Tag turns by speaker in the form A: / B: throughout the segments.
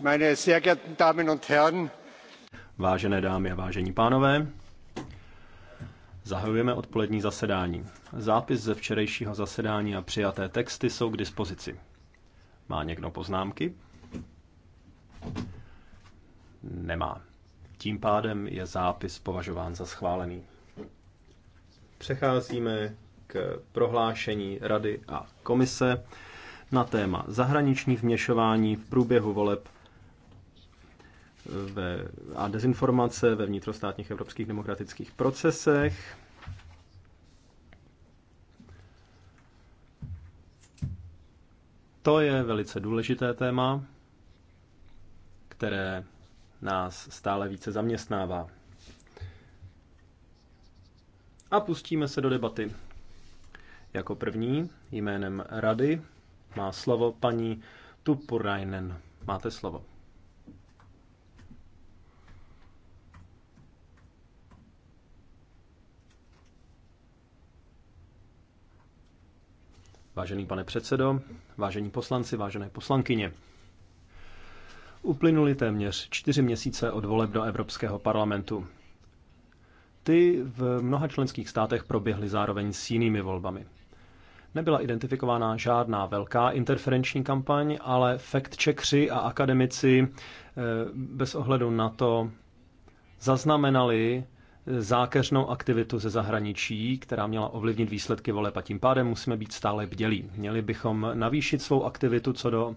A: Meine sehr geehrten Damen und Herren.
B: Vážené dámy a vážení pánové, zahajujeme odpolední zasedání. Zápis ze včerejšího zasedání a přijaté texty jsou k dispozici. Má někdo poznámky? Nemá. Tím pádem je zápis považován za schválený. Přecházíme k prohlášení Rady a Komise na téma zahraniční vměšování v průběhu voleb ve, a dezinformace ve vnitrostátních evropských demokratických procesech. To je velice důležité téma, které nás stále více zaměstnává. A pustíme se do debaty. Jako první jménem rady má slovo paní Tupurainen. Máte slovo. Vážený pane předsedo, vážení poslanci, vážené poslankyně. Uplynuly téměř čtyři měsíce od voleb do Evropského parlamentu. Ty v mnoha členských státech proběhly zároveň s jinými volbami. Nebyla identifikována žádná velká interferenční kampaň, ale fact-checkři a akademici eh, bez ohledu na to zaznamenali zákeřnou aktivitu ze zahraničí, která měla ovlivnit výsledky voleb a tím pádem musíme být stále bdělí. Měli bychom navýšit svou aktivitu co do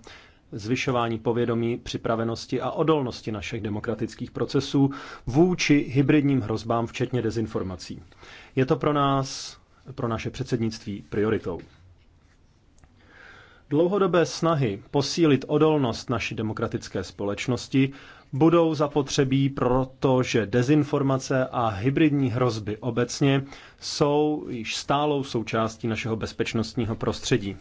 B: zvyšování povědomí, připravenosti a odolnosti našich demokratických procesů vůči hybridním hrozbám, včetně dezinformací. Je to pro nás, pro naše předsednictví, prioritou. Dlouhodobé snahy posílit odolnost naší demokratické společnosti budou zapotřebí, protože dezinformace a hybridní hrozby obecně jsou již stálou součástí našeho bezpečnostního prostředí.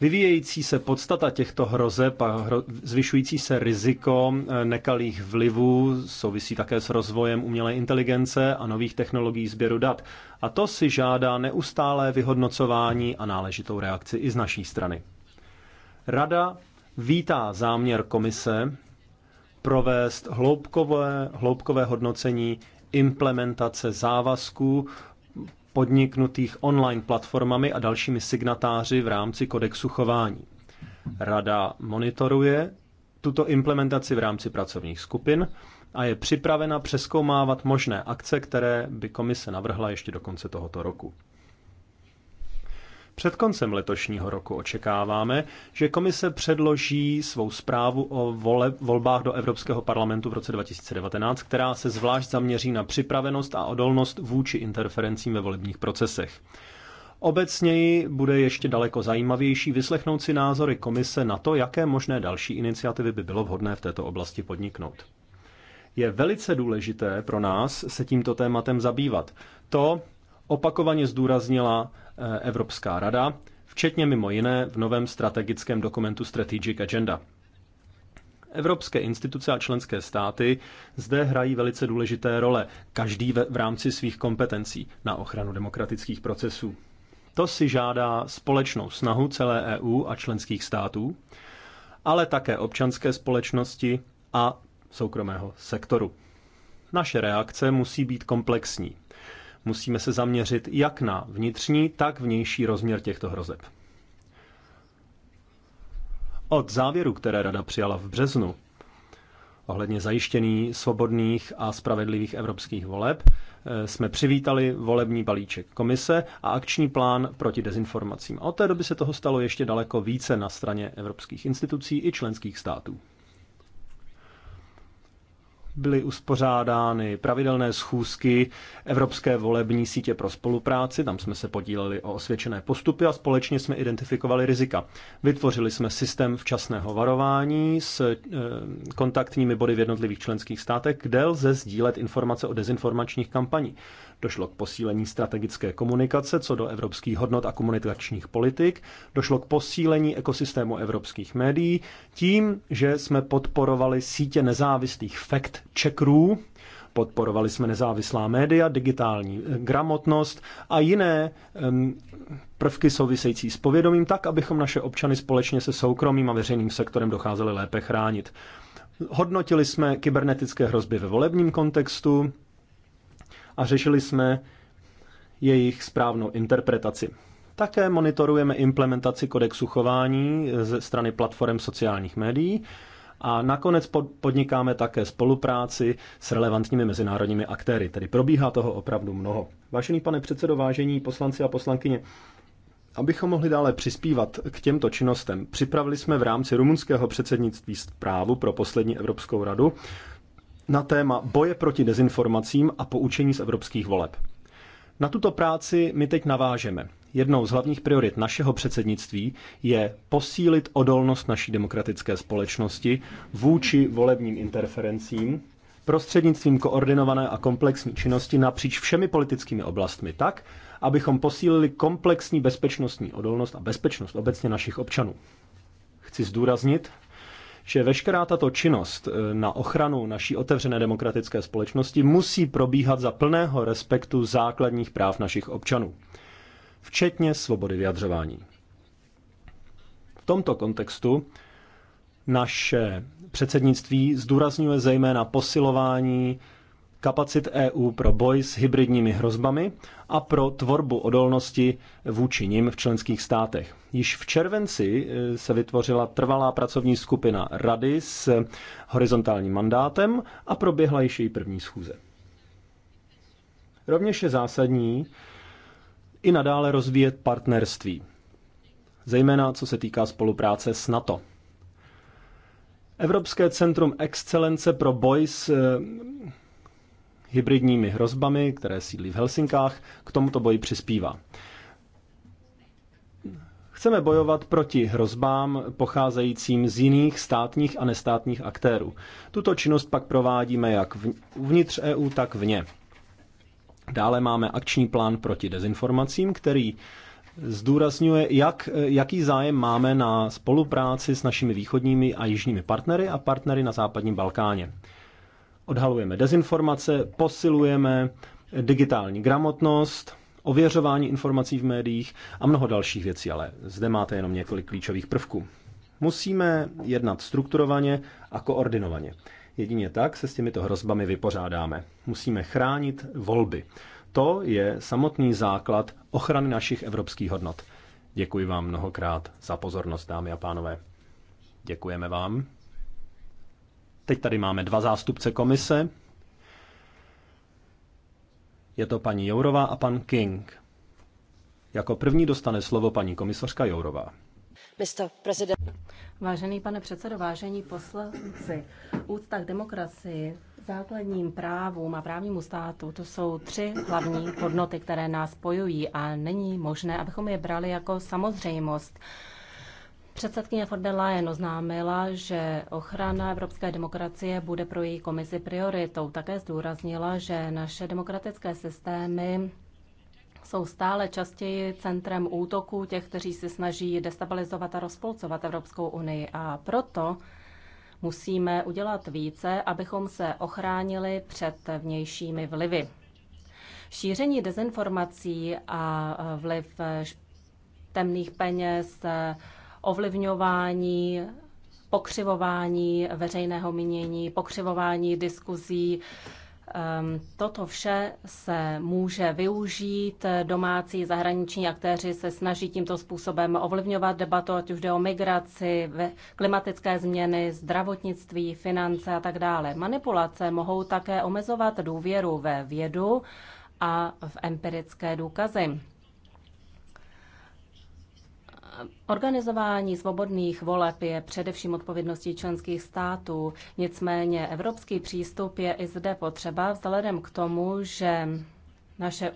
B: Vyvíjející se podstata těchto hrozeb a zvyšující se riziko eh, nekalých vlivů souvisí také s rozvojem umělé inteligence a nových technologií sběru dat. A to si žádá neustálé vyhodnocování a náležitou reakci i z naší strany. Rada vítá záměr komise provést hloubkové, hloubkové hodnocení implementace závazků podniknutých online platformami a dalšími signatáři v rámci kodexu chování. Rada monitoruje tuto implementaci v rámci pracovních skupin a je připravena přeskoumávat možné akce, které by komise navrhla ještě do konce tohoto roku. Před koncem letošního roku očekáváme, že komise předloží svou zprávu o vole, volbách do Evropského parlamentu v roce 2019, která se zvlášť zaměří na připravenost a odolnost vůči interferencím ve volebních procesech. Obecněji bude ještě daleko zajímavější vyslechnout si názory komise na to, jaké možné další iniciativy by bylo vhodné v této oblasti podniknout. Je velice důležité pro nás se tímto tématem zabývat. To opakovaně zdůraznila Eh, Evropská rada, včetně mimo jiné v novém strategickém dokumentu Strategic Agenda. Evropské instituce a členské státy zde hrají velice důležité role, každý v rámci svých kompetencí na ochranu demokratických procesů. To si žádá společnou snahu celé EU a členských států, ale také občanské společnosti a soukromého sektoru. Naše reakce musí být komplexní. Musíme se zaměřit jak na vnitřní, tak vnější rozměr těchto hrozeb. Od závěru, které Rada přijala v březnu, ohledně zajištění svobodných a spravedlivých evropských voleb, eh, jsme přivítali volební balíček komise a akční plán proti dezinformacím. A od té doby se toho stalo ještě daleko více na straně evropských institucí i členských států byly uspořádány pravidelné schůzky Evropské volební sítě pro spolupráci, tam jsme se podíleli o osvědčené postupy a společně jsme identifikovali rizika. Vytvořili jsme systém včasného varování s eh, kontaktními body v jednotlivých členských státech, kde lze sdílet informace o dezinformačních kampaních. Došlo k posílení strategické komunikace co do evropských hodnot a komunikačních politik, došlo k posílení ekosystému evropských médií tím, že jsme podporovali sítě nezávislých fact-checkerů, podporovali jsme nezávislá média, digitální eh, gramotnost a jiné prvky související s povědomím, tak, abychom naše občany společně se soukromým a veřejným sektorem docházeli lépe chránit. Hodnotili jsme kybernetické hrozby ve volebním kontextu, a řešili jsme jejich správnou interpretaci. Také monitorujeme implementaci kodexu chování ze strany platform sociálních médií a nakonec podnikáme také spolupráci s relevantními mezinárodními aktéry. Tedy probíhá toho opravdu mnoho. Vážený pane předsedo, vážení poslanci a poslankyně, Abychom mohli dále přispívat k těmto činnostem, připravili jsme v rámci rumunského předsednictví zprávu pro poslední Evropskou radu na téma boje proti dezinformacím a poučení z evropských voleb. Na tuto práci my teď navážeme. Jednou z hlavních priorit našeho předsednictví je posílit odolnost naší demokratické společnosti vůči volebním interferencím prostřednictvím koordinované a komplexní činnosti napříč všemi politickými oblastmi tak, abychom posílili komplexní bezpečnostní odolnost a bezpečnost obecně našich občanů. Chci zdůraznit, že veškerá tato činnost eh, na ochranu naší otevřené demokratické společnosti musí probíhat za plného respektu základních práv našich občanů, včetně svobody vyjadřování. V tomto kontextu naše předsednictví zdůrazňuje zejména posilování kapacit EU pro boj s hybridními hrozbami a pro tvorbu odolnosti vůči nim v členských státech. Již v červenci e, se vytvořila trvalá pracovní skupina Rady s horizontálním mandátem a proběhla již její první schůze. Rovněž je zásadní i nadále rozvíjet partnerství, zejména co se týká spolupráce s NATO. Evropské centrum excelence pro boj s hybridními hrozbami, které sídlí v Helsinkách, k tomuto boji přispívá. Chceme bojovat proti hrozbám pocházejícím z jiných státních a nestátních aktérů. Tuto činnost pak provádíme jak uvnitř EU, tak vně. Dále máme akční plán proti dezinformacím, který zdůrazňuje, jak, jaký zájem máme na spolupráci s našimi východními a jižními partnery a partnery na západním Balkáně odhalujeme dezinformace, posilujeme digitální gramotnost, ověřování informací v médiích a mnoho dalších věcí, ale zde máte jenom několik klíčových prvků. Musíme jednat strukturovaně a koordinovaně. Jedině tak se s těmito hrozbami vypořádáme. Musíme chránit volby. To je samotný základ ochrany našich evropských hodnot. Děkuji vám mnohokrát za pozornost, dámy a pánové. Děkujeme vám. Teď tady máme dva zástupce komise. Je to paní Jourová a pan King. Jako první dostane slovo paní komisařka Jourová.
C: Vážený pane předsedo, vážení poslanci, úcta k demokracii, základním právům a právnímu státu, to jsou tři hlavní hodnoty, které nás spojují a není možné, abychom je brali jako samozřejmost. Předsedkyně von der Leyen oznámila, že ochrana evropské demokracie bude pro její komisi prioritou. Také zdůraznila, že naše demokratické systémy jsou stále častěji centrem útoků těch, kteří se snaží destabilizovat a rozpolcovat Evropskou unii. A proto musíme udělat více, abychom se ochránili před vnějšími vlivy. Šíření dezinformací a vliv temných peněz, ovlivňování, pokřivování veřejného mínění, pokřivování diskuzí. Ehm, toto vše se může využít. Domácí zahraniční aktéři se snaží tímto způsobem ovlivňovat debatu, ať už jde o migraci, klimatické změny, zdravotnictví, finance a tak dále. Manipulace mohou také omezovat důvěru ve vědu a v empirické důkazy. Organizování svobodných voleb je především odpovědností členských států, nicméně evropský přístup je i zde potřeba vzhledem k tomu, že naše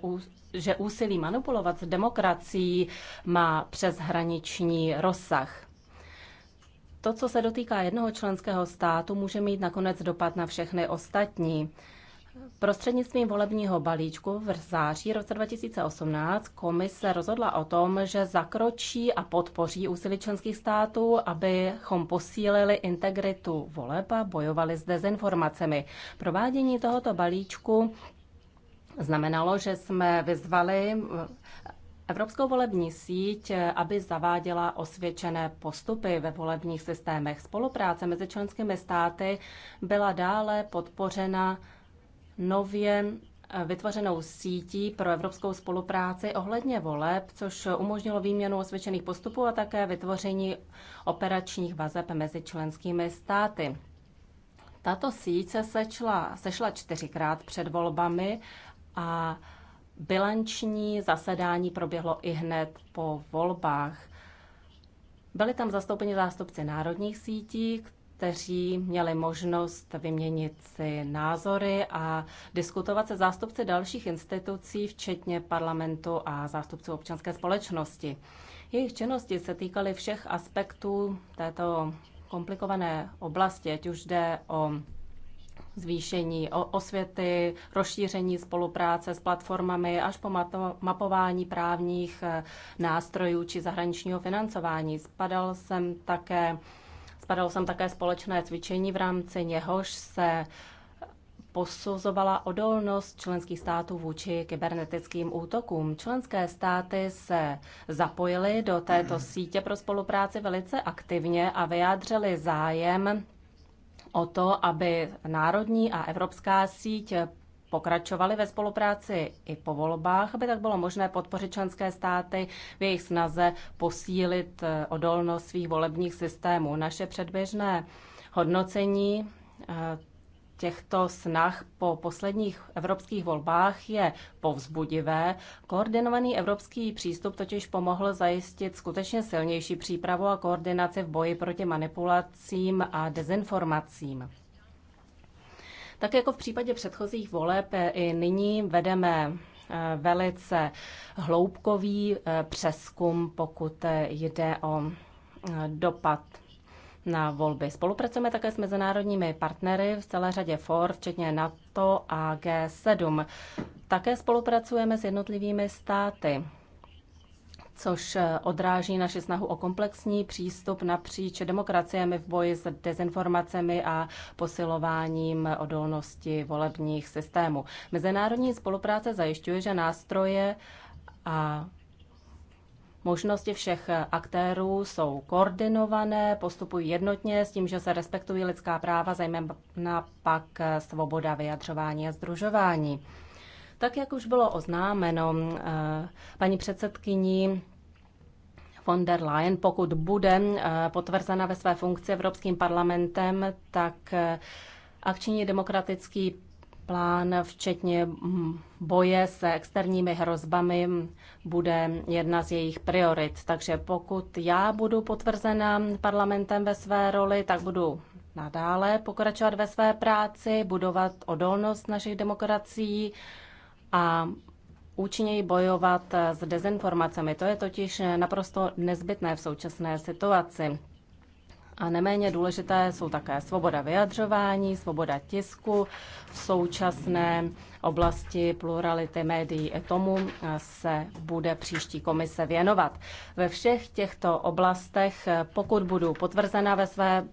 C: že úsilí manipulovat s demokracií má přeshraniční rozsah. To, co se dotýká jednoho členského státu, může mít nakonec dopad na všechny ostatní. Prostřednictvím volebního balíčku v září roce 2018 komise rozhodla o tom, že zakročí a podpoří úsilí členských států, abychom posílili integritu voleb a bojovali s dezinformacemi. Provádění tohoto balíčku znamenalo, že jsme vyzvali eh, Evropskou volební síť, eh, aby zaváděla osvědčené postupy ve volebních systémech. Spolupráce mezi členskými státy byla dále podpořena nově eh, vytvořenou sítí pro evropskou spolupráci ohledně voleb, což umožnilo výměnu osvědčených postupů a také vytvoření operačních vazeb mezi členskými státy. Tato síť se sečla, sešla čtyřikrát před volbami a bilanční zasedání proběhlo i hned po volbách. Byli tam zastoupeni zástupci národních sítí, kteří měli možnost vyměnit si názory a diskutovat se zástupci dalších institucí, včetně parlamentu a zástupců občanské společnosti. Jejich činnosti se týkaly všech aspektů této komplikované oblasti, ať už jde o zvýšení osvěty, rozšíření spolupráce s platformami až po mapování právních eh, nástrojů či zahraničního financování. Spadal jsem také Spadalo jsem také společné cvičení, v rámci něhož se posuzovala odolnost členských států vůči kybernetickým útokům. Členské státy se zapojily do této sítě pro spolupráci velice aktivně a vyjádřili zájem o to, aby národní a evropská síť pokračovali ve spolupráci i po volbách, aby tak bylo možné podpořit členské státy v jejich snaze posílit eh, odolnost svých volebních systémů. Naše předběžné hodnocení eh, těchto snah po posledních evropských volbách je povzbudivé. Koordinovaný evropský přístup totiž pomohl zajistit skutečně silnější přípravu a koordinaci v boji proti manipulacím a dezinformacím. Tak jako v případě předchozích voleb, eh, i nyní vedeme eh, velice hloubkový eh, přeskum, pokud jde o dopad na volby. Spolupracujeme také s mezinárodními partnery v celé řadě for, včetně NATO a G7. Také spolupracujeme s jednotlivými státy což eh, odráží naši snahu o komplexní přístup napříč demokraciemi v boji s dezinformacemi a posilováním odolnosti volebních systémů. Mezinárodní spolupráce zajišťuje, že nástroje a Možnosti všech aktérů jsou koordinované, postupují jednotně s tím, že se respektují lidská práva, zejména pak eh, svoboda vyjadřování a združování. Tak, jak už bylo oznámeno eh, paní předsedkyní von der Leyen, pokud bude eh, potvrzena ve své funkci Evropským parlamentem, tak eh, akční demokratický plán, včetně mm, boje se externími hrozbami, bude jedna z jejich priorit. Takže pokud já budu potvrzena parlamentem ve své roli, tak budu nadále pokračovat ve své práci, budovat odolnost našich demokracií a účinněji bojovat s dezinformacemi. To je totiž naprosto nezbytné v současné situaci. A neméně důležité jsou také svoboda vyjadřování, svoboda tisku. V současné oblasti plurality médií i tomu se bude příští komise věnovat. Ve všech těchto oblastech, pokud budu potvrzena ve své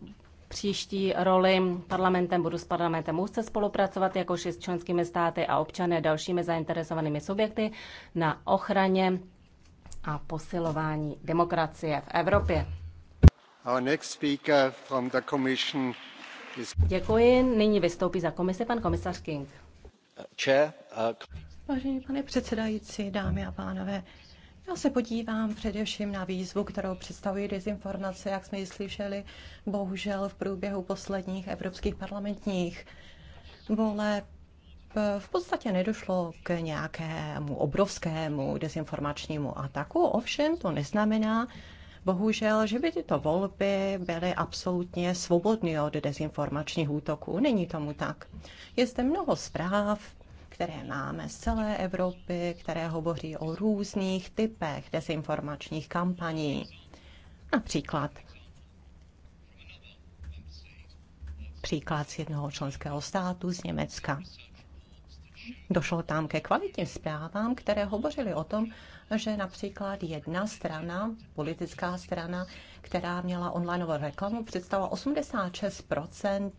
C: příští roli parlamentem, budu s parlamentem úzce spolupracovat, jakož i s členskými státy a občany a dalšími zainteresovanými subjekty na ochraně a posilování demokracie v Evropě.
D: Our next speaker from the
E: commission is...
A: Děkuji. Nyní vystoupí za komisi pan komisař King.
E: Chair, uh...
A: Vážený pane předsedající, dámy a pánové, já se podívám především na výzvu, kterou představují dezinformace, jak jsme ji slyšeli, bohužel v průběhu posledních evropských parlamentních voleb v podstatě nedošlo k nějakému obrovskému dezinformačnímu ataku, ovšem to neznamená, bohužel, že by tyto volby byly absolutně svobodné od dezinformačních útoků. Není tomu tak. Je zde mnoho zpráv, které máme z celé Evropy, které hovoří o různých typech dezinformačních kampaní. Například příklad z jednoho členského státu z Německa. Došlo tam ke kvalitním zprávám, které hovořily o tom, že například jedna strana, politická strana, která měla onlineovou reklamu, představila 86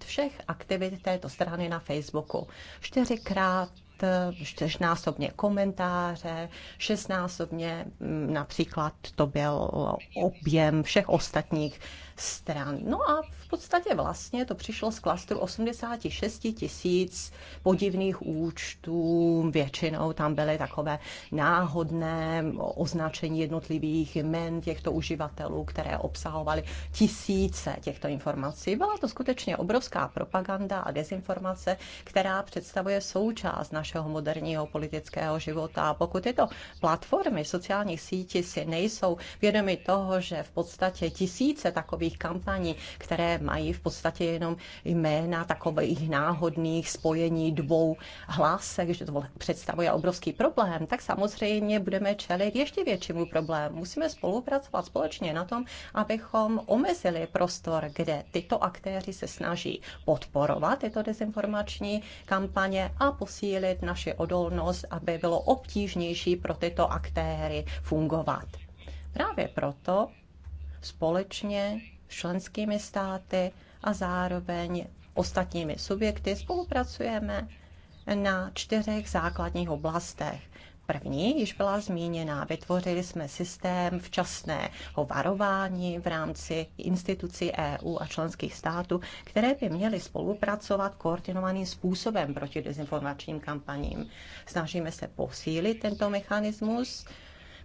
A: všech aktivit této strany na Facebooku. Čtyřikrát čtyřnásobně komentáře, šestnásobně mm, například to byl objem všech ostatních stran. No a v podstatě vlastně to přišlo z klastru 86 tisíc podivných účtů. Většinou tam byly takové náhodné označení jednotlivých jmen těchto uživatelů, které obsahovaly tisíce těchto informací. Byla to skutečně obrovská propaganda a dezinformace, která představuje součást našeho moderního politického života. A pokud tyto platformy sociálních sítí si nejsou vědomi toho, že v podstatě tisíce takových jejich kampaní, které mají v podstatě jenom jména takových náhodných spojení dvou hlásek, že to představuje obrovský problém, tak samozřejmě budeme čelit ještě většímu problému. Musíme spolupracovat společně na tom, abychom omezili prostor, kde tyto aktéři se snaží podporovat tyto dezinformační kampaně a posílit naši odolnost, aby bylo obtížnější pro tyto aktéry fungovat. Právě proto společně členskými státy a zároveň ostatními subjekty spolupracujeme na čtyřech základních oblastech. První již byla zmíněna. Vytvořili jsme systém včasného varování v rámci institucí EU a členských států, které by měly spolupracovat koordinovaným způsobem proti dezinformačním kampaním. Snažíme se posílit tento mechanismus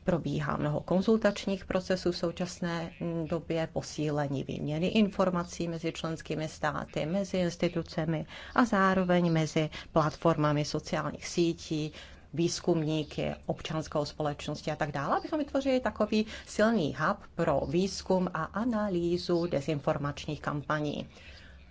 A: Probíhá mnoho konzultačních procesů v současné době, posílení výměny informací mezi členskými státy, mezi institucemi a zároveň mezi platformami sociálních sítí, výzkumníky, občanskou společností a tak dále, abychom vytvořili takový silný hub pro výzkum a analýzu dezinformačních kampaní.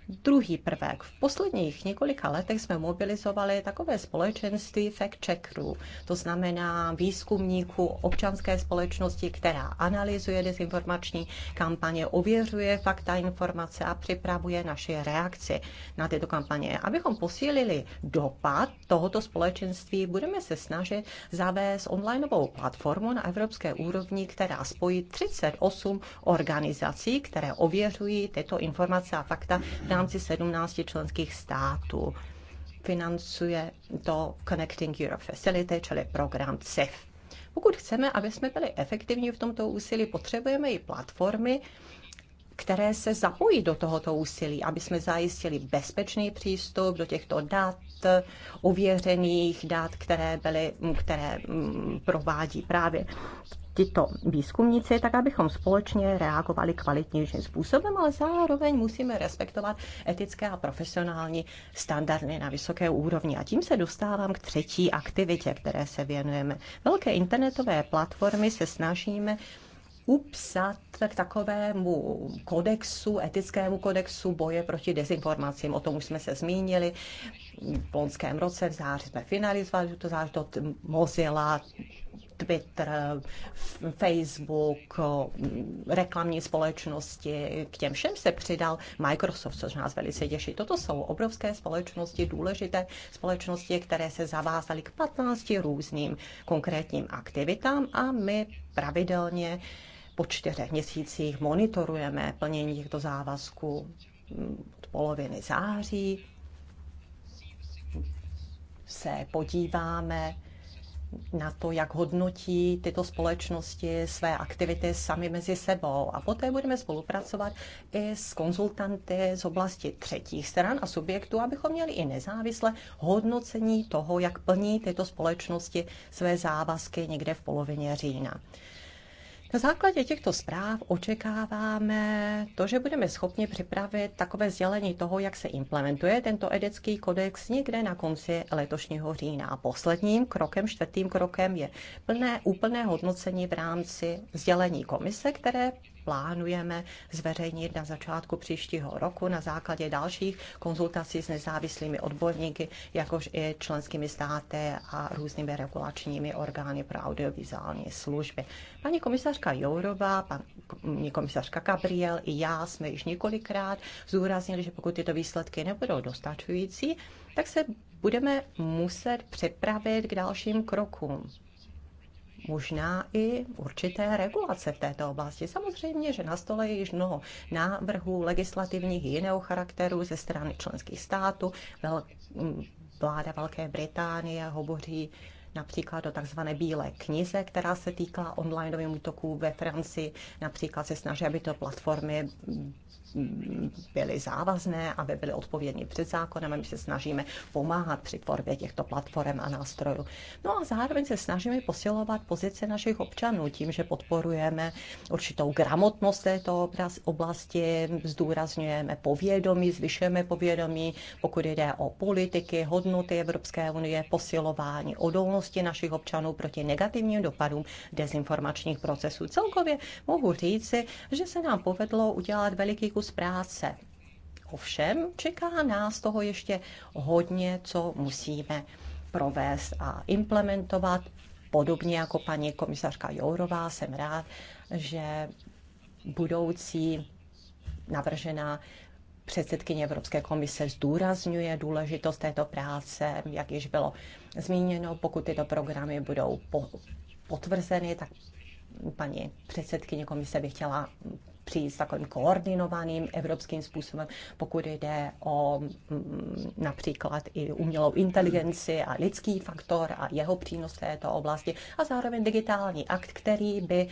A: Druhý prvek. V posledních několika letech jsme mobilizovali takové společenství fact-checkerů, to znamená výzkumníků občanské společnosti, která analyzuje dezinformační kampaně, ověřuje fakta informace a připravuje naše reakci na tyto kampaně. Abychom posílili dopad tohoto společenství, budeme se snažit zavést onlineovou platformu na evropské úrovni, která spojí 38 organizací, které ověřují tyto informace a fakta na rámci 17 členských států. Financuje to Connecting Europe Facility, čili program CEF. Pokud chceme, aby jsme byli efektivní v tomto úsilí, potřebujeme i platformy, které se zapojí do tohoto úsilí, aby jsme zajistili bezpečný přístup do těchto dat, ověřených dat, které, byly, které mm, provádí právě tito výzkumníci, tak abychom společně reagovali kvalitnějším způsobem, ale zároveň musíme respektovat etické a profesionální standardy na vysoké úrovni. A tím se dostávám k třetí aktivitě, které se věnujeme. Velké internetové platformy se snažíme upsat k takovému kodexu, etickému kodexu boje proti dezinformacím. O tom už jsme se zmínili. V loňském roce v září jsme finalizovali tuto záležitost Mozilla, Twitter, Facebook, reklamní společnosti, k těm všem se přidal Microsoft, což nás velice těší. Toto jsou obrovské společnosti, důležité společnosti, které se zavázaly k 15 různým konkrétním aktivitám a my pravidelně po čtyřech měsících monitorujeme plnění těchto závazků od poloviny září se podíváme na to, jak hodnotí tyto společnosti své aktivity sami mezi sebou. A poté budeme spolupracovat i s konzultanty z oblasti třetích stran a subjektů, abychom měli i nezávisle hodnocení toho, jak plní tyto společnosti své závazky někde v polovině října. Na základě těchto zpráv očekáváme to, že budeme schopni připravit takové sdělení toho, jak se implementuje tento edický kodex někde na konci letošního října. A posledním krokem, čtvrtým krokem je plné, úplné hodnocení v rámci sdělení komise, které plánujeme zveřejnit na začátku příštího roku na základě dalších konzultací s nezávislými odborníky, jakož i členskými státy a různými regulačními orgány pro audiovizuální služby. Paní komisařka Jourova, paní komisařka Gabriel i já jsme již několikrát zúraznili, že pokud tyto výsledky nebudou dostačující, tak se budeme muset připravit k dalším krokům možná i určité regulace v této oblasti. Samozřejmě, že na stole je již mnoho návrhů legislativních i jiného charakteru ze strany členských států. Vláda Velké Británie hovoří například o takzvané bílé knize, která se týkala onlineových útoků ve Francii. Například se snaží, aby to platformy byly závazné, aby byly odpovědní před zákonem a my se snažíme pomáhat při tvorbě těchto platform a nástrojů. No a zároveň se snažíme posilovat pozice našich občanů tím, že podporujeme určitou gramotnost této oblasti, zdůrazňujeme povědomí, zvyšujeme povědomí, pokud jde o politiky, hodnoty Evropské unie, posilování odolnosti našich občanů proti negativním dopadům dezinformačních procesů. Celkově mohu říci, že se nám povedlo udělat veliký kus kus práce. Ovšem, čeká nás toho ještě hodně, co musíme provést a implementovat. Podobně jako paní komisařka Jourová, jsem rád, že budoucí navržená předsedkyně Evropské komise zdůrazňuje důležitost této práce, jak již bylo zmíněno, pokud tyto programy budou potvrzeny, tak paní předsedkyně komise by chtěla při s takovým koordinovaným evropským způsobem, pokud jde o mm, například i umělou inteligenci a lidský faktor a jeho přínos v této oblasti a zároveň digitální akt, který by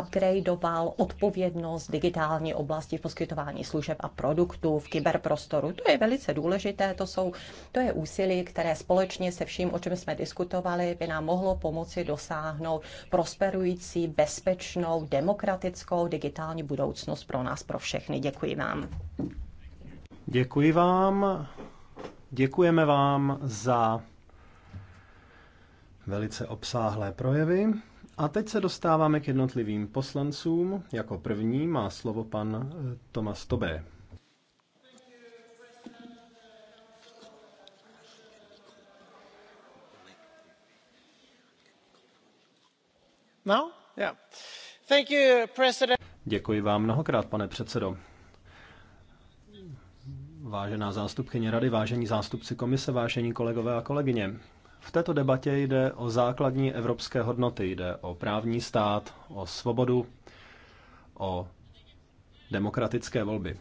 A: upgradeoval odpovědnost digitální oblasti poskytování služeb a produktů v kyberprostoru. To je velice důležité, to, jsou, to je úsilí, které společně se vším, o čem jsme diskutovali, by nám mohlo pomoci dosáhnout prosperující, bezpečnou, demokratickou digitální budoucnost pro nás, pro všechny. Děkuji vám.
B: Děkuji vám. Děkujeme vám za velice obsáhlé projevy. A teď se dostáváme k jednotlivým poslancům. Jako první má slovo pan eh, Tomas Tobé.
F: No? Yeah.
A: Thank you, president.
B: Děkuji vám mnohokrát, pane předsedo. Vážená zástupkyně rady, vážení zástupci komise, vážení kolegové a kolegyně. V této debatě jde o základní evropské hodnoty, jde o právní stát, o svobodu, o demokratické volby.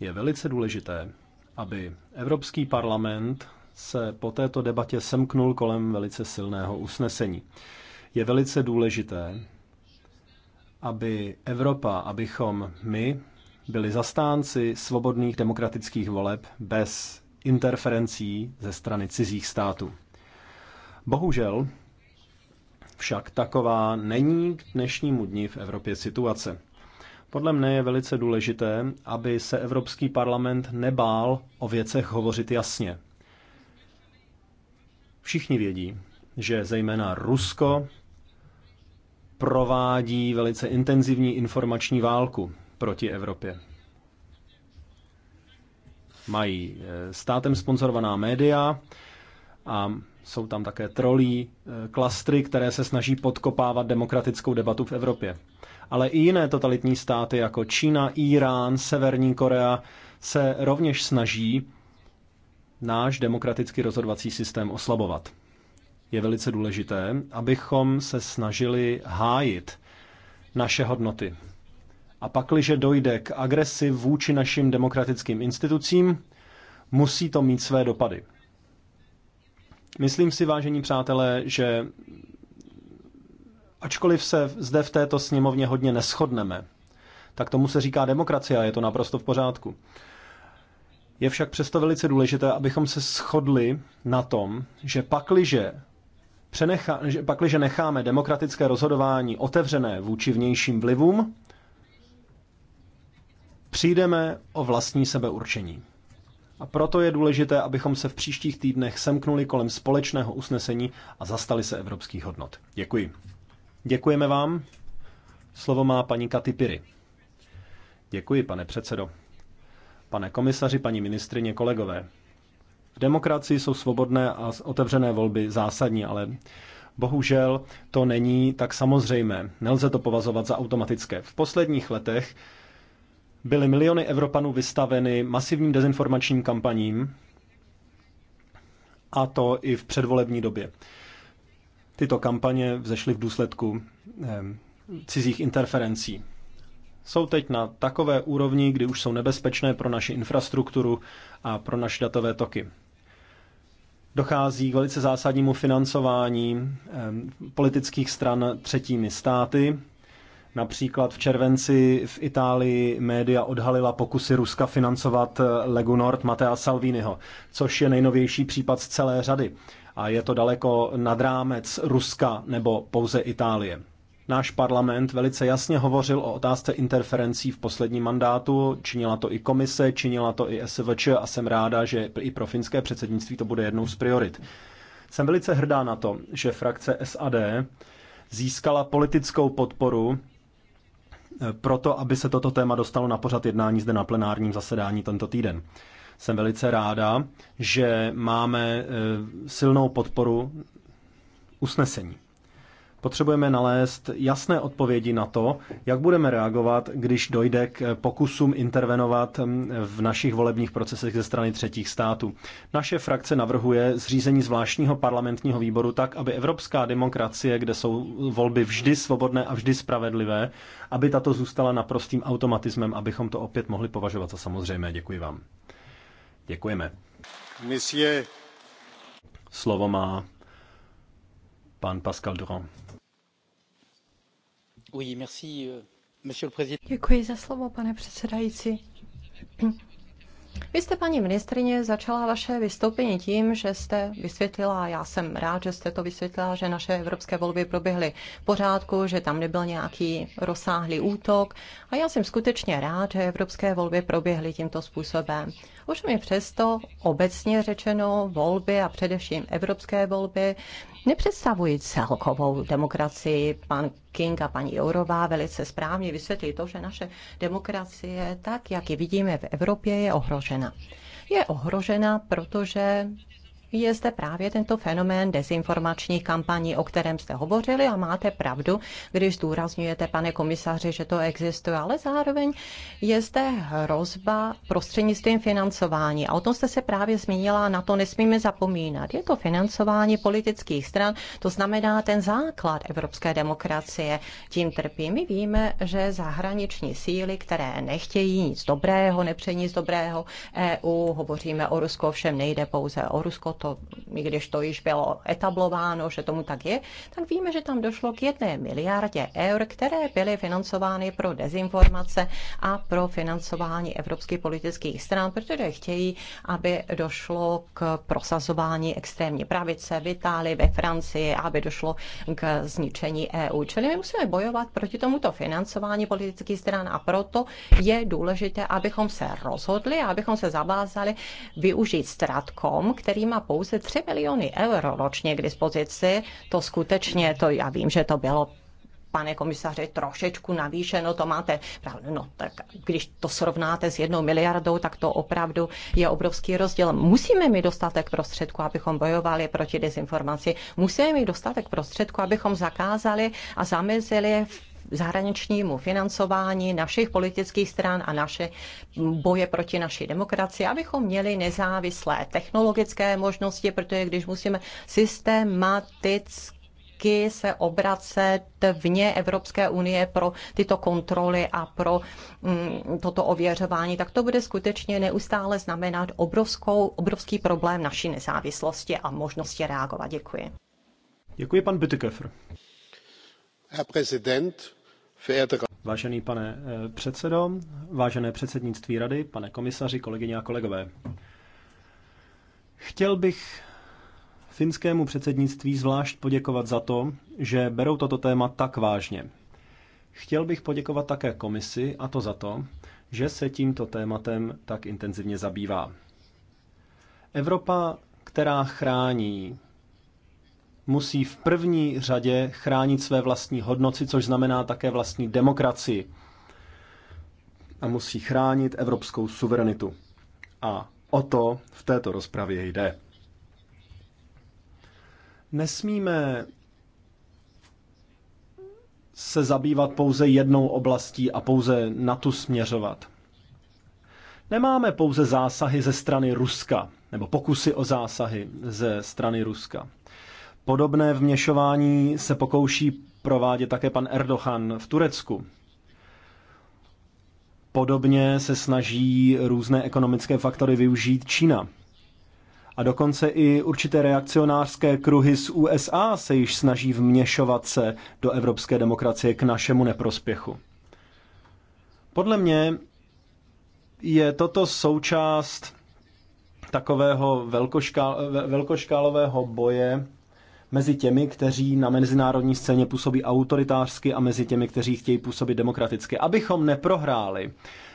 B: Je velice důležité, aby Evropský parlament se po této debatě semknul kolem velice silného usnesení. Je velice důležité, aby Evropa, abychom my byli zastánci svobodných demokratických voleb bez interferencí ze strany cizích států. Bohužel však taková není k dnešnímu dní v Evropě situace. Podle mne je velice důležité, aby se Evropský parlament nebál o věcech hovořit jasně. Všichni vědí, že zejména Rusko provádí velice intenzivní informační válku proti Evropě. Mají eh, státem sponzorovaná média a jsou tam také trolí, eh, klastry, které se snaží podkopávat demokratickou debatu v Evropě. Ale i jiné totalitní státy jako Čína, Irán, Severní Korea se rovněž snaží náš demokratický rozhodovací systém oslabovat. Je velice důležité, abychom se snažili hájit naše hodnoty. A pakliže dojde k agresi vůči našim demokratickým institucím, musí to mít své dopady. Myslím si, vážení přátelé, že ačkoliv se zde v této sněmovně hodně neschodneme, tak tomu se říká demokracie a je to naprosto v pořádku. Je však přesto velice důležité, abychom se shodli na tom, že pakliže, přenecha, že pakliže necháme demokratické rozhodování otevřené vůči vnějším vlivům, přijdeme o vlastní sebeurčení. A proto je důležité, abychom se v příštích týdnech semknuli kolem společného usnesení a zastali se evropských hodnot. Děkuji. Děkujeme vám. Slovo má paní Katy Piry. Děkuji, pane předsedo. Pane komisaři, paní ministrině, kolegové. V demokracii jsou svobodné a otevřené volby zásadní, ale bohužel to není tak samozřejmé. Nelze to považovat za automatické. V posledních letech byly miliony Evropanů vystaveny masivním dezinformačním kampaním, a to i v předvolební době. Tyto kampaně vzešly v důsledku cizích interferencí. Jsou teď na takové úrovni, kdy už jsou nebezpečné pro naši infrastrukturu a pro naše datové toky. Dochází k velice zásadnímu financování politických stran třetími státy, Například v červenci v Itálii média odhalila pokusy Ruska financovat eh, Legu Nord Matea Salviniho, což je nejnovější případ z celé řady. A je to daleko nad rámec Ruska nebo pouze Itálie. Náš parlament velice jasně hovořil o otázce interferencí v posledním mandátu, činila to i komise, činila to i SVČ a jsem ráda, že i pro finské předsednictví to bude jednou z priorit. Jsem velice hrdá na to, že frakce SAD získala politickou podporu Eh, proto, aby se toto téma dostalo na pořad jednání zde na plenárním zasedání tento týden. Jsem velice ráda, že máme eh, silnou podporu usnesení. Potřebujeme nalézt jasné odpovědi na to, jak budeme reagovat, když dojde k pokusům intervenovat mm, v našich volebních procesech ze strany třetích států. Naše frakce navrhuje zřízení zvláštního parlamentního výboru tak, aby evropská demokracie, kde jsou volby vždy svobodné a vždy spravedlivé, aby tato zůstala naprostým automatismem, abychom to opět mohli považovat za samozřejmé. Děkuji vám. Děkujeme. Monsieur. Slovo má pan Pascal Durand.
G: Euh,
A: Děkuji za slovo, pane předsedající. Vy jste, paní ministrině, začala vaše vystoupení tím, že jste vysvětlila, já jsem rád, že jste to vysvětlila, že naše evropské volby proběhly v pořádku, že tam nebyl nějaký rozsáhlý útok. A já jsem skutečně rád, že evropské volby proběhly tímto způsobem. Už mi přesto obecně řečeno volby a především evropské volby nepředstavují celkovou demokracii. Pan King a paní Jourová velice správně vysvětlí to, že naše demokracie, tak jak ji vidíme v Evropě, je ohrožena. Je ohrožena, protože je zde právě tento fenomén dezinformační kampaní, o kterém jste hovořili a máte pravdu, když zdůrazňujete, pane komisaři, že to existuje, ale zároveň je zde hrozba prostřednictvím financování. A o tom jste se právě zmínila, na to nesmíme zapomínat. Je to financování politických stran, to znamená ten základ evropské demokracie. Tím trpí. My víme, že zahraniční síly, které nechtějí nic dobrého, nepřejí nic dobrého EU, hovoříme o Rusko, všem nejde pouze o Rusko, to, i když to již bylo etablováno, že tomu tak je, tak víme, že tam došlo k jedné miliardě eur, které byly financovány pro dezinformace a pro financování evropských politických stran, protože chtějí, aby došlo k prosazování extrémní pravice v Itálii, ve Francii, aby došlo k zničení EU. Čili my musíme bojovat proti tomuto financování politických stran a proto je důležité, abychom se rozhodli a abychom se zavázali využít stratkom, který má pouze 3 miliony euro ročně k dispozici. To skutečně, to já vím, že to bylo pane komisaři, trošičku navýšeno, to máte pravdu. No, tak když to srovnáte s jednou miliardou, tak to opravdu je obrovský rozdíl. Musíme mít dostatek prostředků, abychom bojovali proti dezinformaci. Musíme mít dostatek prostředků, abychom zakázali a zamezili zahraničnímu financování našich politických stran a naše boje proti naší demokracii, abychom měli nezávislé technologické možnosti, protože když musíme systematicky se obracet vně Evropské unie pro tyto kontroly a pro mm, toto ověřování, tak to bude skutečně neustále znamenat obrovskou, obrovský problém naší nezávislosti a možnosti reagovat. Děkuji.
B: Děkuji, pan Bütikofer. Herr Präsident, Vážený pane eh, předsedo, vážené předsednictví rady, pane komisaři, kolegyně a kolegové. Chtěl bych finskému předsednictví zvlášť poděkovat za to, že berou toto téma tak vážně. Chtěl bych poděkovat také komisi, a to za to, že se tímto tématem tak intenzivně zabývá. Evropa, která chrání musí v první řadě chránit své vlastní hodnoty, což znamená také vlastní demokracii. A musí chránit evropskou suverenitu. A o to v této rozpravě jde. Nesmíme se zabývat pouze jednou oblastí a pouze na tu směřovat. Nemáme pouze zásahy ze strany Ruska, nebo pokusy o zásahy ze strany Ruska. Podobné vměšování se pokouší provádět také pan Erdogan v Turecku. Podobně se snaží různé ekonomické faktory využít Čína. A dokonce i určité reakcionářské kruhy z USA se již snaží vměšovat se do evropské demokracie k našemu neprospěchu. Podle mě je toto součást takového velkoškálového boje mezi těmi, kteří na mezinárodní scéně působí autoritářsky a mezi těmi, kteří chtějí působit demokraticky. Abychom neprohráli,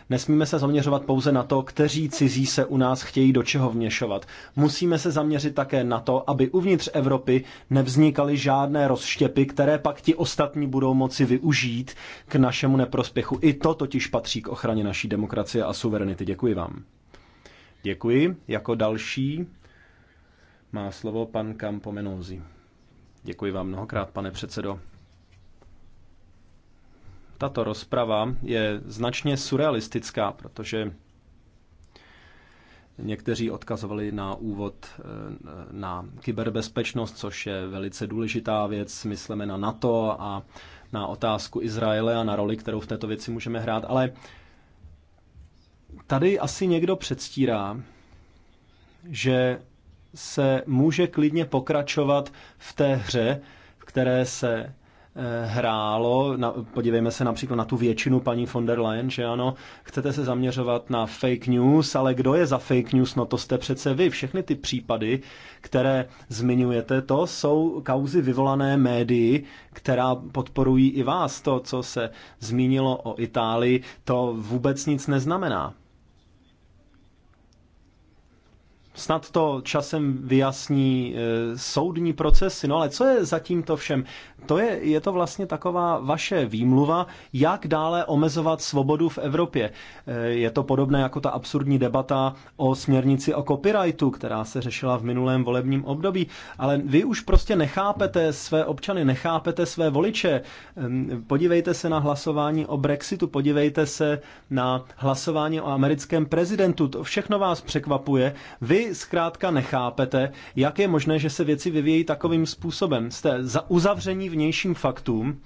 B: nesmíme se zaměřovat pouze na to, kteří cizí se u nás chtějí do čeho vněšovat. Musíme se zaměřit také na to, aby uvnitř Evropy nevznikaly žádné rozštěpy, které pak ti ostatní budou moci využít k našemu neprospěchu. I to totiž patří k ochraně naší demokracie a suverenity. Děkuji vám. Děkuji. Jako další má slovo pan Campomenozi. Děkuji vám mnohokrát, pane předsedo. Tato rozprava je značně surrealistická, protože Někteří odkazovali na úvod eh, na kyberbezpečnost, což je velice důležitá věc. Myslíme na NATO a na otázku Izraele a na roli, kterou v této věci můžeme hrát. Ale tady asi někdo předstírá, že se může klidně pokračovat v té hře, v které se eh, hrálo, na, podívejme se například na tu většinu paní von der Leyen, že ano, chcete se zaměřovat na fake news, ale kdo je za fake news, no to jste přece vy. Všechny ty případy, které zmiňujete, to jsou kauzy vyvolané médii, která podporují i vás. To, co se zmínilo o Itálii, to vůbec nic neznamená. Snad to časem vyjasní eh, soudní procesy, no ale co je za tímto všem? To je, je to vlastně taková vaše výmluva, jak dále omezovat svobodu v Evropě. E, je to podobné jako ta absurdní debata o směrnici o copyrightu, která se řešila v minulém volebním období, ale vy už prostě nechápete své občany, nechápete své voliče. E, podívejte se na hlasování o Brexitu, podívejte se na hlasování o americkém prezidentu. To všechno vás překvapuje. Vy zkrátka nechápete, jak je možné, že se věci vyvíjí takovým způsobem. Jste za uzavření vnějším faktům.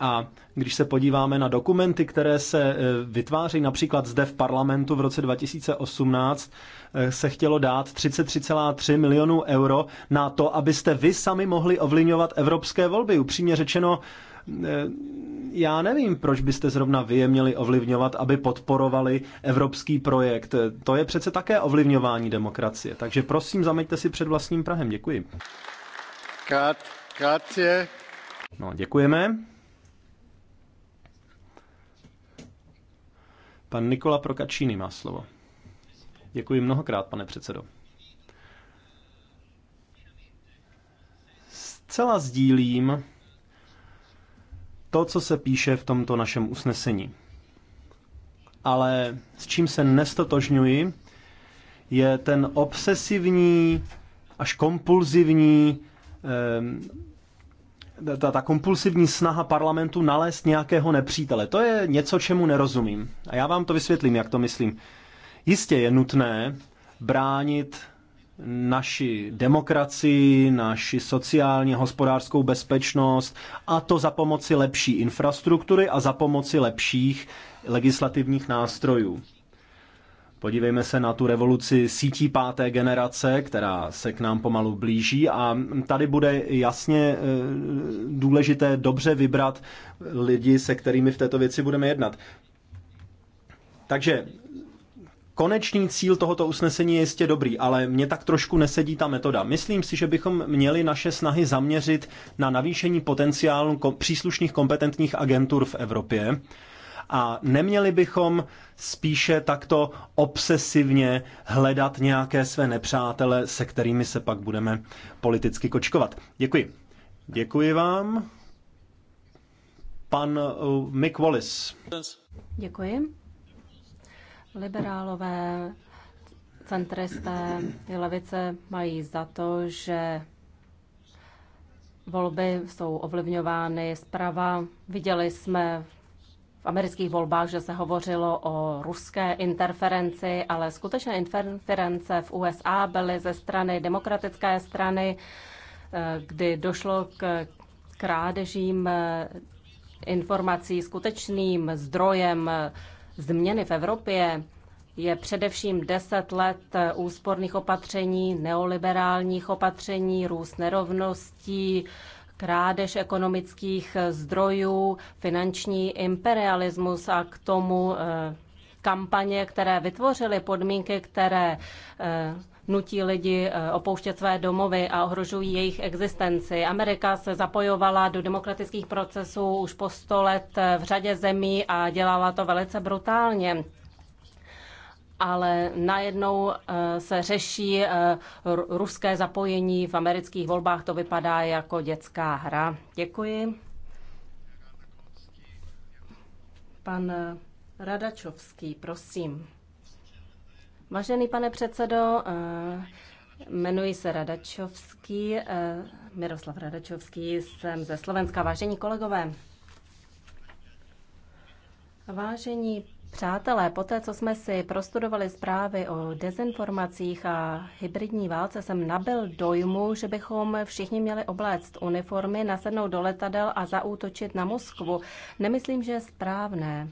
B: A když se podíváme na dokumenty, které se eh, vytváří například zde v parlamentu v roce 2018, eh, se chtělo dát 33,3 milionů euro na to, abyste vy sami mohli ovlivňovat evropské volby. Upřímně řečeno, eh, já nevím, proč byste zrovna vy je měli ovlivňovat, aby podporovali evropský projekt. To je přece také ovlivňování demokracie. Takže prosím, zameďte si před vlastním Prahem. Děkuji. Cut. Grazie. No, děkujeme. Pan Nikola Prokačíny má slovo. Děkuji mnohokrát, pane předsedo. Zcela sdílím to, co se píše v tomto našem usnesení. Ale s čím se nestotožňuji, je ten obsesivní až kompulzivní Ehm, ta, ta kompulsivní snaha parlamentu nalézt nějakého nepřítele. To je něco, čemu nerozumím. A já vám to vysvětlím, jak to myslím. Jistě je nutné bránit naši demokracii, naši sociálně hospodářskou bezpečnost a to za pomoci lepší infrastruktury a za pomoci lepších legislativních nástrojů. Podívejme se na tu revoluci sítí páté generace, která se k nám pomalu blíží a tady bude jasně e, důležité dobře vybrat lidi, se kterými v této věci budeme jednat. Takže konečný cíl tohoto usnesení je jistě dobrý, ale mě tak trošku nesedí ta metoda. Myslím si, že bychom měli naše snahy zaměřit na navýšení potenciálu příslušných kompetentních agentur v Evropě, a neměli bychom spíše takto obsesivně hledat nějaké své nepřátele, se kterými se pak budeme politicky kočkovat. Děkuji. Děkuji vám. Pan eh, Mick Wallace.
C: Děkuji. Liberálové centristé i levice mají za to, že volby jsou ovlivňovány zprava. Viděli jsme v amerických volbách, že se hovořilo o ruské interferenci, ale skutečné interference v USA byly ze strany demokratické strany, eh, kdy došlo k krádežím eh, informací skutečným zdrojem eh, změny v Evropě je především 10 let úsporných opatření, neoliberálních opatření, růst nerovností, krádež ekonomických zdrojů, finanční imperialismus a k tomu eh, kampaně, které vytvořily podmínky, které eh, nutí lidi eh, opouštět své domovy a ohrožují jejich existenci. Amerika se zapojovala do demokratických procesů už po sto let v řadě zemí a dělala to velice brutálně ale najednou eh, se řeší eh, ruské zapojení v amerických volbách. To vypadá jako dětská hra. Děkuji. Pan eh, Radačovský, prosím. Vážený pane předsedo, jmenuji se Radačovský, Miroslav Radačovský, jsem ze Slovenska. Vážení kolegové, vážení Přátelé, poté co jsme si prostudovali zprávy o dezinformacích a hybridní válce, jsem nabil dojmu, že bychom všichni měli obléct uniformy, nasednout do letadel a zaútočit na Moskvu. Nemyslím, že je správné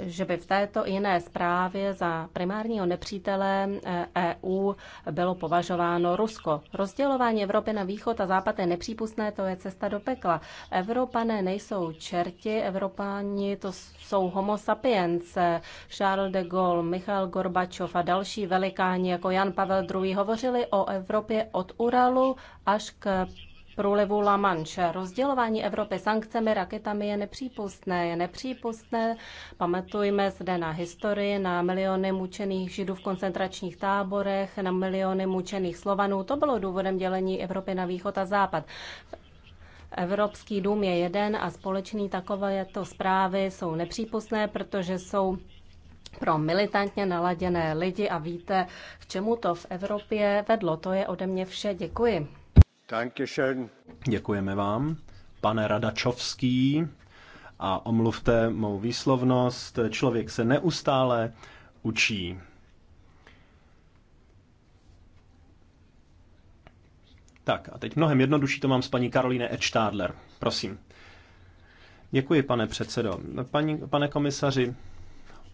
C: že by v této jiné zprávě za primárního nepřítele EU eh, e bylo považováno Rusko. Rozdělování Evropy na východ a západ je nepřípustné, to je cesta do pekla. Evropané nejsou čerti, Evropáni to jsou homo sapiens. Charles de Gaulle, Michal Gorbačov a další velikáni jako Jan Pavel II. hovořili o Evropě od Uralu až k průlivu La Manche. Rozdělování Evropy sankcemi, raketami je nepřípustné. Je nepřípustné, pamatujme zde na historii, na miliony mučených židů v koncentračních táborech, na miliony mučených Slovanů. To bylo důvodem dělení Evropy na východ a západ. Evropský dům je jeden a společný takovéto zprávy jsou nepřípustné, protože jsou pro militantně naladěné lidi a víte, k čemu to v Evropě vedlo. To je ode mě vše. Děkuji.
B: Děkujeme vám. Pane Radačovský, a omluvte mou výslovnost, člověk se neustále učí. Tak a teď mnohem jednodušší to mám s paní Karolíne Edstadler. Prosím. Děkuji, pane předsedo. Paní, pane komisaři,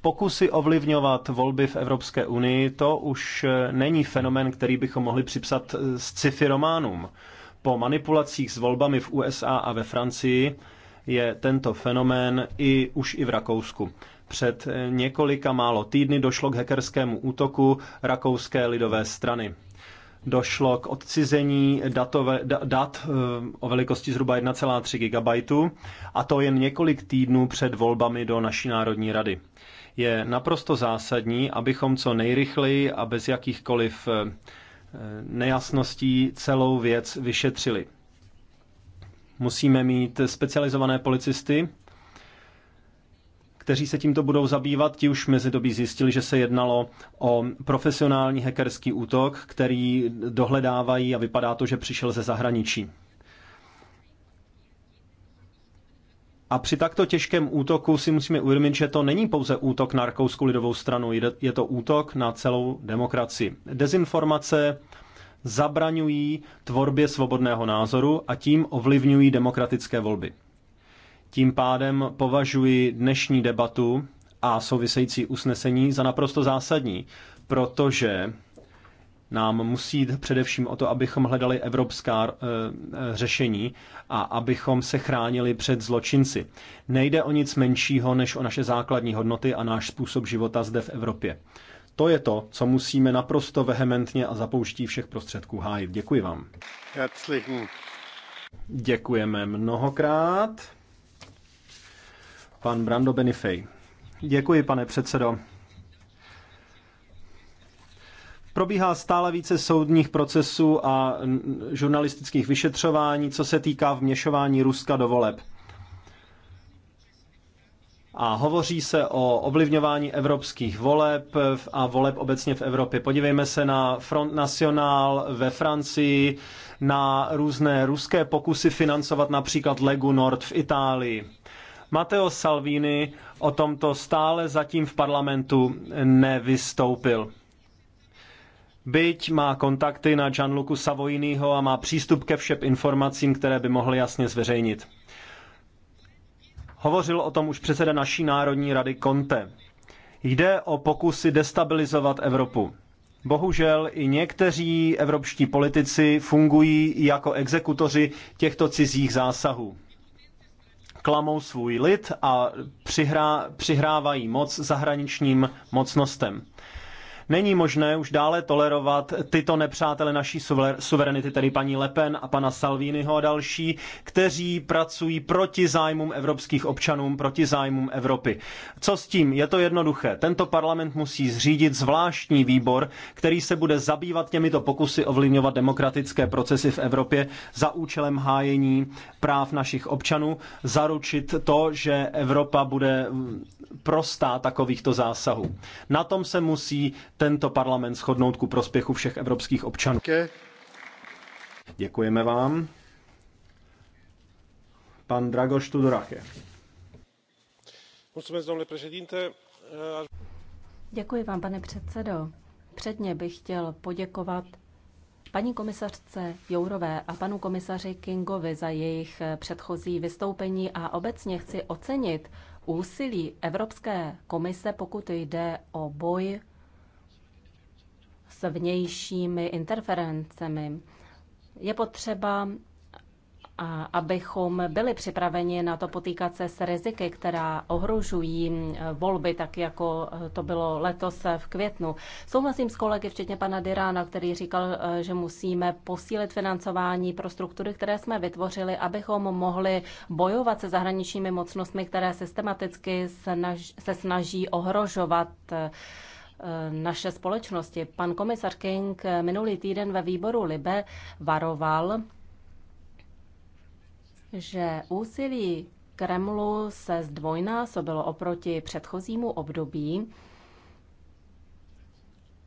B: Pokusy ovlivňovat volby v Evropské unii, to už eh, není fenomen, který bychom mohli připsat eh, sci-fi románům. Po manipulacích s volbami v USA a ve Francii je tento fenomén i už i v Rakousku. Před eh, několika málo týdny došlo k hackerskému útoku rakouské lidové strany. Došlo k odcizení datové, dat o velikosti zhruba 1,3 GB a to jen několik týdnů před volbami do naší Národní rady je naprosto zásadní, abychom co nejrychleji a bez jakýchkoliv eh, nejasností celou věc vyšetřili. Musíme mít specializované policisty, kteří se tímto budou zabývat, ti už mezi dobí zjistili, že se jednalo o profesionální hackerský útok, který dohledávají a vypadá to, že přišel ze zahraničí. A při takto těžkém útoku si musíme uvědomit, že to není pouze útok na Rakouskou lidovou stranu, je to útok na celou demokracii. Dezinformace zabraňují tvorbě svobodného názoru a tím ovlivňují demokratické volby. Tím pádem považuji dnešní debatu a související usnesení za naprosto zásadní, protože nám musí jít především o to, abychom hledali evropská eh, eh, řešení a abychom se chránili před zločinci. Nejde o nic menšího než o naše základní hodnoty a náš způsob života zde v Evropě. To je to, co musíme naprosto vehementně a zapouští všech prostředků hájit. Děkuji vám.
F: Herzlichen.
B: Děkujeme mnohokrát. Pan Brando Benifej. Děkuji, pane předsedo. Probíhá stále více soudních procesů a žurnalistických vyšetřování, co se týká vměšování Ruska do voleb. A hovoří se o ovlivňování evropských voleb a voleb obecně v Evropě. Podívejme se na Front National ve Francii, na různé ruské pokusy financovat například Legu Nord v Itálii. Matteo Salvini o tomto stále zatím v parlamentu nevystoupil byť má kontakty na Gianluku Savoiniho a má přístup ke všem informacím, které by mohl jasně zveřejnit. Hovořil o tom už předseda naší Národní rady Conte. Jde o pokusy destabilizovat Evropu. Bohužel i někteří evropští politici fungují jako exekutoři těchto cizích zásahů. Klamou svůj lid a přihrá, přihrávají moc zahraničním mocnostem. Není možné už dále tolerovat tyto nepřátele naší suverenity, tedy paní Lepen a pana Salviniho a další, kteří pracují proti zájmům evropských občanům, proti zájmům Evropy. Co s tím? Je to jednoduché. Tento parlament musí zřídit zvláštní výbor, který se bude zabývat těmito pokusy ovlivňovat demokratické procesy v Evropě za účelem hájení práv našich občanů, zaručit to, že Evropa bude prostá takovýchto zásahů. Na tom se musí tento parlament shodnout ku prospěchu všech evropských občanů. Děkujeme vám. Pan Dragoš
G: Tudorache.
C: Děkuji vám, pane předsedo. Předně bych chtěl poděkovat paní komisařce Jourové a panu komisaři Kingovi za jejich předchozí vystoupení a obecně chci ocenit úsilí Evropské komise, pokud jde o boj vnějšími interferencemi. Je potřeba, abychom byli připraveni na to potýkat se s riziky, která ohrožují volby, tak jako e, to bylo letos v květnu. Souhlasím s kolegy, včetně pana Dirána, který říkal, e, že musíme posílit financování pro struktury, které jsme vytvořili, abychom mohli bojovat se zahraničními mocnostmi, které systematicky se snaží ohrožovat e, naše společnosti. Pan komisař King minulý týden ve výboru Libe varoval, že úsilí Kremlu se zdvojnásobilo oproti předchozímu období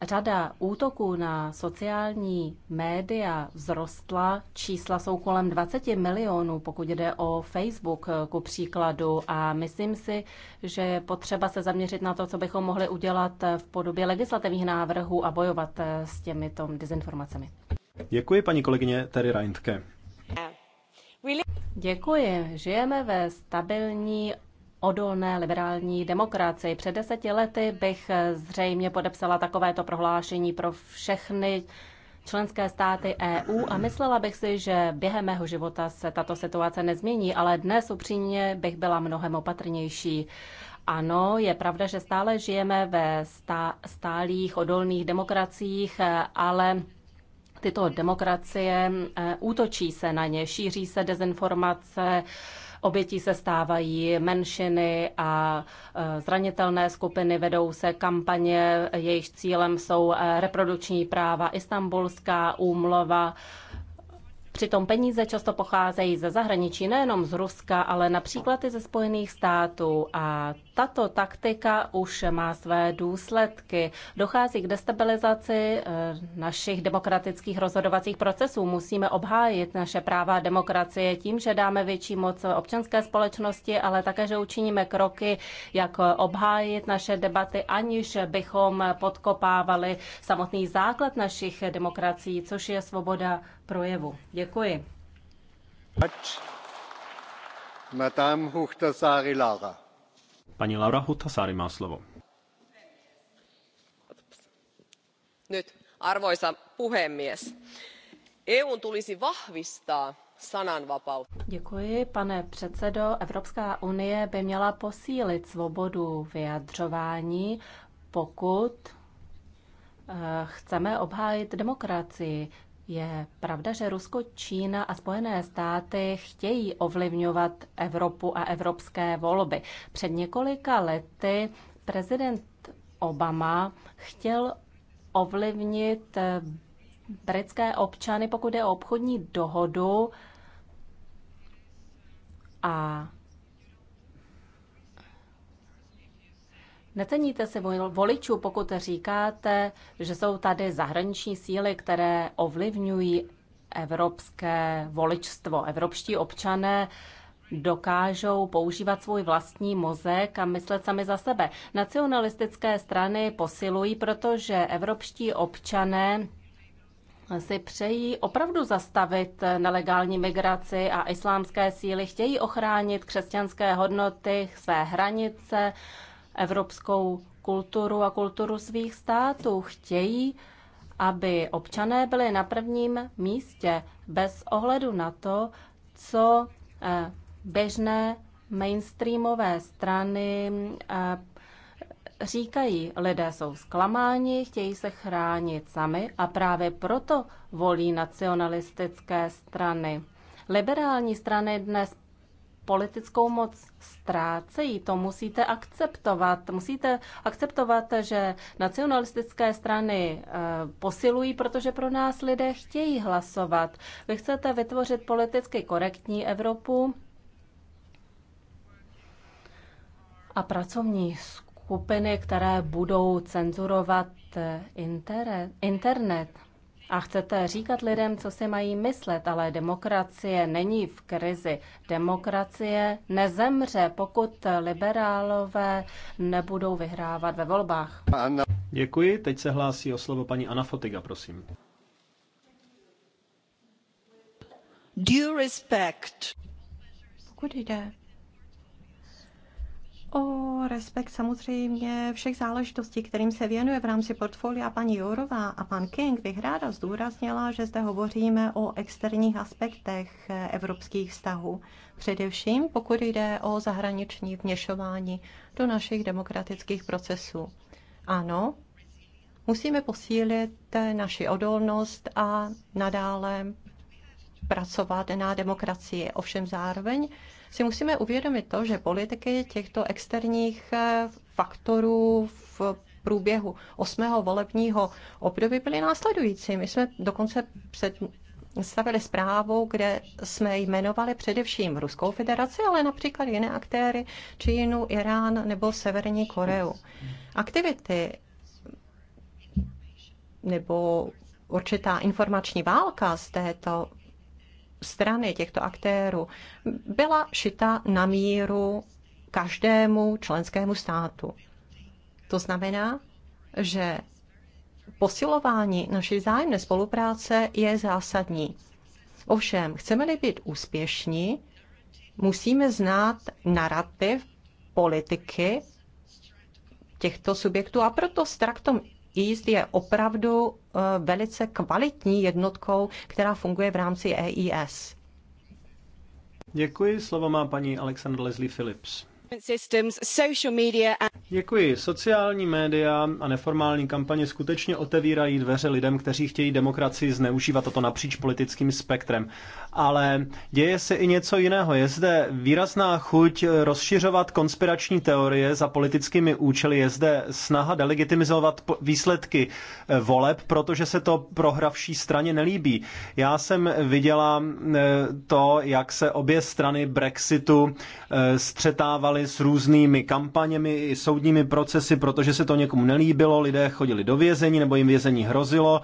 C: Řada útoků na sociální média vzrostla, čísla jsou kolem 20 milionů, pokud jde o Facebook ku příkladu a myslím si, že je potřeba se zaměřit na to, co bychom mohli udělat v podobě legislativních návrhů a bojovat eh, s těmito dezinformacemi.
B: Děkuji paní kolegyně Terry Reintke.
C: Děkuji. Žijeme ve stabilní odolné liberální demokracii. Před deseti lety bych zřejmě podepsala takovéto prohlášení pro všechny členské státy EU a myslela bych si, že během mého života se tato situace nezmění, ale dnes upřímně bych byla mnohem opatrnější. Ano, je pravda, že stále žijeme ve stálých odolných demokraciích, ale tyto demokracie eh, útočí se na ně, šíří se dezinformace, Obětí se stávají menšiny a e, zranitelné skupiny, vedou se kampaně, jejich cílem jsou e, reprodukční práva, istambulská úmlova, Přitom peníze často pocházejí ze zahraničí, nejenom z Ruska, ale například i ze Spojených států. A tato taktika už má své důsledky. Dochází k destabilizaci eh, našich demokratických rozhodovacích procesů. Musíme obhájit naše práva a demokracie tím, že dáme větší moc občanské společnosti, ale také, že učiníme kroky, jak obhájit naše debaty, aniž bychom podkopávali samotný základ našich demokracií, což je svoboda projevu. Děkuji.
B: Paní Laura Huhtasári má slovo.
D: Nyt, arvoisa puhemies. EUn tulisi vahvistaa sananvapautta.
C: Děkuji, pane předsedo. Evropská unie by měla posílit svobodu vyjadřování, pokud eh, chceme obhájit demokracii. Je pravda, že Rusko, Čína a Spojené státy chtějí ovlivňovat Evropu a evropské volby. Před několika lety prezident Obama chtěl ovlivnit britské občany, pokud je o obchodní dohodu a Neceníte si voličů, pokud říkáte, že jsou tady zahraniční síly, které ovlivňují evropské voličstvo. Evropští občané dokážou používat svůj vlastní mozek a myslet sami za sebe. Nacionalistické strany posilují, protože evropští občané si přejí opravdu zastavit nelegální migraci a islámské síly chtějí ochránit křesťanské hodnoty, své hranice evropskou kulturu a kulturu svých států. Chtějí, aby občané byli na prvním místě bez ohledu na to, co eh, běžné mainstreamové strany eh, říkají. Lidé jsou zklamáni, chtějí se chránit sami a právě proto volí nacionalistické strany. Liberální strany dnes politickou moc ztrácejí. To musíte akceptovat. Musíte akceptovat, že nacionalistické strany eh, posilují, protože pro nás lidé chtějí hlasovat. Vy chcete vytvořit politicky korektní Evropu a pracovní skupiny, které budou cenzurovat eh, internet a chcete říkat lidem, co si mají myslet, ale demokracie není v krizi. Demokracie nezemře, pokud liberálové nebudou vyhrávat ve volbách.
B: Děkuji, teď se hlásí o slovo paní Anna Fotiga, prosím.
A: Due respect. Pokud jde o respekt samozřejmě všech záležitostí, kterým se věnuje v rámci portfolia paní Jourová a pan King, bych ráda zdůraznila, že zde hovoříme o externích aspektech evropských vztahů. Především pokud jde o zahraniční vněšování do našich demokratických procesů. Ano, musíme posílit naši odolnost a nadále pracovat na demokracii. Ovšem zároveň si musíme uvědomit to, že politiky těchto externích eh, faktorů v průběhu osmého volebního období byly následující. My jsme dokonce před stavili zprávu, kde jsme jmenovali především Ruskou federaci, ale například jiné aktéry, Čínu, Irán nebo Severní Koreu. Aktivity nebo určitá informační válka z této strany těchto aktérů byla šita na míru každému členskému státu. To znamená, že posilování naší zájemné spolupráce je zásadní. Ovšem, chceme-li být úspěšní, musíme znát narrativ politiky těchto subjektů a proto s traktom EIS je opravdu eh, velice kvalitní jednotkou, která funguje v rámci EIS.
B: Děkuji, slovo má paní Alexandra Leslie Phillips. Děkuji. Sociální média a neformální kampaně skutečně otevírají dveře lidem, kteří chtějí demokracii zneužívat toto napříč politickým spektrem. Ale děje se i něco jiného. Je zde výrazná chuť rozšiřovat konspirační teorie za politickými účely. Je zde snaha delegitimizovat výsledky eh, voleb, protože se to prohravší straně nelíbí. Já jsem viděla eh, to, jak se obě strany Brexitu eh, střetávaly bojovali s různými kampaněmi i soudními procesy, protože se to někomu nelíbilo, lidé chodili do vězení nebo jim vězení hrozilo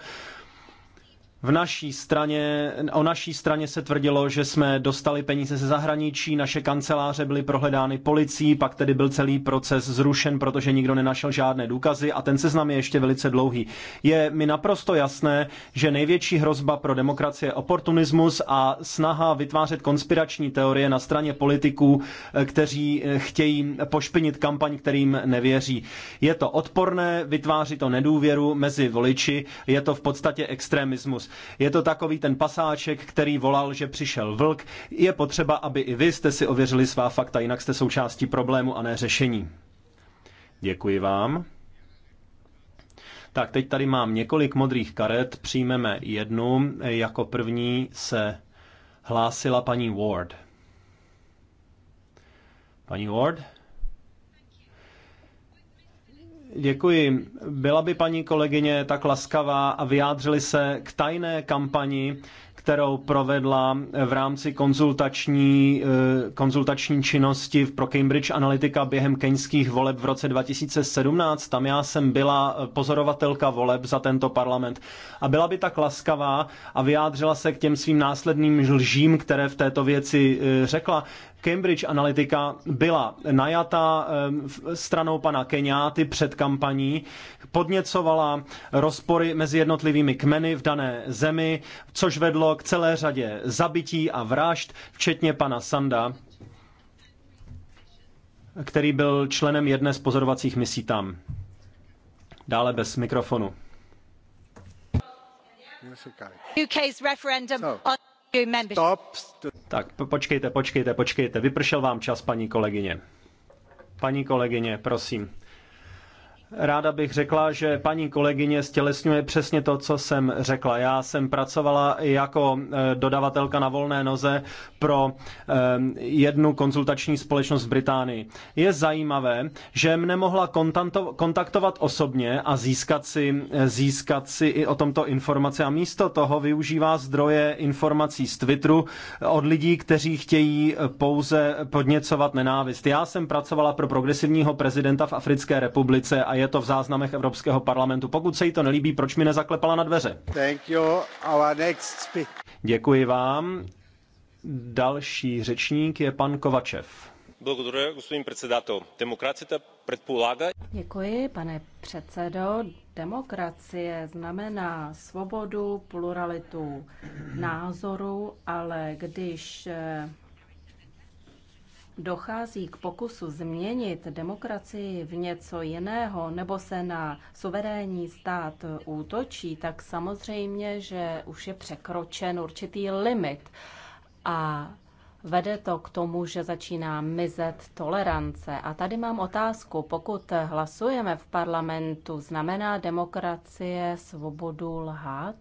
B: v naší straně, o naší straně se tvrdilo, že jsme dostali peníze ze zahraničí, naše kanceláře byly prohledány policií, pak tedy byl celý proces zrušen, protože nikdo nenašel žádné důkazy a ten seznam je ještě velice dlouhý. Je mi naprosto jasné, že největší hrozba pro demokracie je oportunismus a snaha vytvářet konspirační teorie na straně politiků, eh, kteří eh, chtějí pošpinit kampaň, kterým nevěří. Je to odporné, vytváří to nedůvěru mezi voliči, je to v podstatě extremismus. Je to takový ten pasáček, který volal, že přišel vlk. Je potřeba, aby i vy jste si ověřili svá fakta, jinak jste součástí problému a ne řešení. Děkuji vám. Tak, teď tady mám několik modrých karet, přijmeme jednu. Jako první se hlásila paní Ward. Paní Ward? Děkuji. Byla by paní kolegyně tak laskavá a vyjádřili se k tajné kampani, kterou provedla v rámci konzultační, eh, konzultační činnosti pro Cambridge Analytica během keňských voleb v roce 2017. Tam já jsem byla eh, pozorovatelka voleb za tento parlament. A byla by tak laskavá a vyjádřila se k těm svým následným lžím, které v této věci eh, řekla. Cambridge Analytica byla najata stranou pana Kenyáty před kampaní, podněcovala rozpory mezi jednotlivými kmeny v dané zemi, což vedlo k celé řadě zabití a vražd, včetně pana Sanda, který byl členem jedné z pozorovacích misí tam. Dále bez mikrofonu.
D: UK's referendum on Stop.
B: Tak počkejte, počkejte, počkejte. Vypršel vám čas, paní kolegyně. Paní kolegyně, prosím. Ráda bych řekla, že paní kolegyně stělesňuje přesně to, co jsem řekla. Já jsem pracovala jako e, dodavatelka na volné noze pro e, jednu konzultační společnost v Británii. Je zajímavé, že mne mohla kontaktovat osobně a získat si, e, získat si i o tomto informace a místo toho využívá zdroje informací z Twitteru od lidí, kteří chtějí pouze podněcovat nenávist. Já jsem pracovala pro progresivního prezidenta v Africké republice a je to v záznamech Evropského parlamentu. Pokud se jí to nelíbí, proč mi nezaklepala na dveře? Thank you. Our next Děkuji vám. Další řečník je pan Kovačev.
C: Děkuji, pane předsedo. Demokracie znamená svobodu, pluralitu názoru, ale když eh, dochází k pokusu změnit demokracii v něco jiného nebo se na suverénní stát útočí, tak samozřejmě, že už je překročen určitý limit a vede to k tomu, že začíná mizet tolerance. A tady mám otázku. Pokud hlasujeme v parlamentu, znamená demokracie svobodu lhát?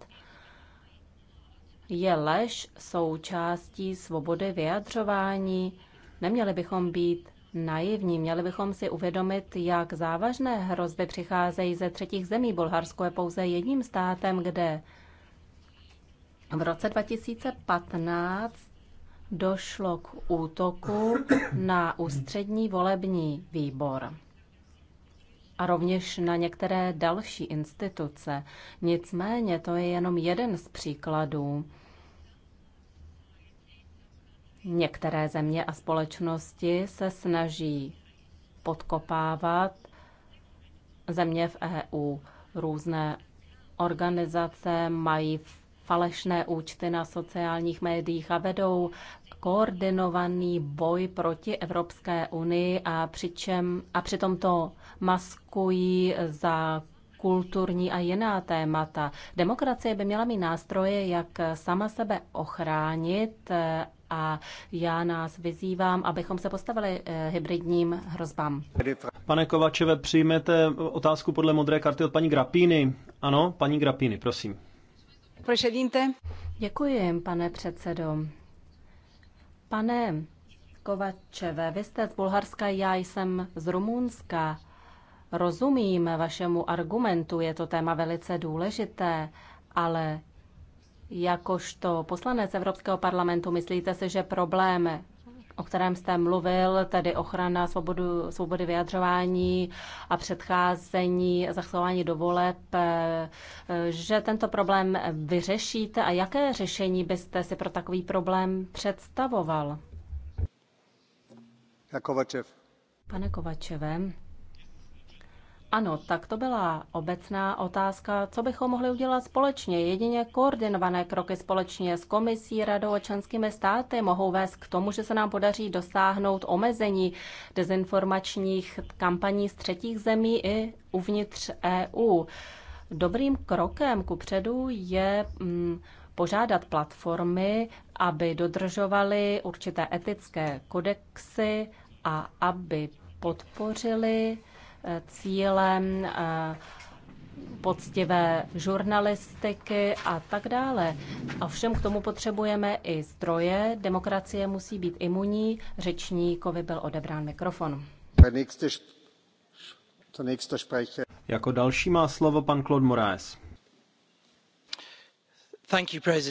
C: Je lež součástí svobody vyjadřování? Neměli bychom být naivní, měli bychom si uvědomit, jak závažné hrozby přicházejí ze třetích zemí. Bulharsko je pouze jedním státem, kde v roce 2015 došlo k útoku na ústřední volební výbor a rovněž na některé další instituce. Nicméně to je jenom jeden z příkladů. Některé země a společnosti se snaží podkopávat země v EU. Různé organizace mají falešné účty na sociálních médiích a vedou koordinovaný boj proti Evropské unii a, přičem, a přitom to maskují za kulturní a jiná témata. Demokracie by měla mít nástroje, jak sama sebe ochránit eh, a já nás vyzývám, abychom se postavili eh, hybridním hrozbám.
B: Pane Kovačeve, přijmete otázku podle modré karty od paní Grapíny. Ano, paní Grapíny, prosím.
C: Prošedíte? Děkuji, pane předsedo. Pane Kovačeve, vy jste z Bulharska, já jsem z Rumunska. Rozumím vašemu argumentu, je to téma velice důležité, ale jakožto poslanec Evropského parlamentu myslíte si, že problém o kterém jste mluvil, tedy ochrana svobodu, svobody vyjadřování a předcházení zachování dovoleb, eh, že tento problém vyřešíte a jaké řešení byste si pro takový problém představoval? Pane Kovačeve, ano, tak to byla obecná otázka, co bychom mohli udělat společně. Jedině koordinované kroky společně s komisí, radou a členskými státy mohou vést k tomu, že se nám podaří dosáhnout omezení dezinformačních kampaní z třetích zemí i uvnitř EU. Dobrým krokem ku předu je mm, požádat platformy, aby dodržovaly určité etické kodexy a aby podpořili cílem eh, poctivé žurnalistiky a tak dále. A všem k tomu potřebujeme i zdroje. Demokracie musí být imunní. Řečníkovi byl odebrán mikrofon.
B: Jako další má slovo pan Claude Moraes.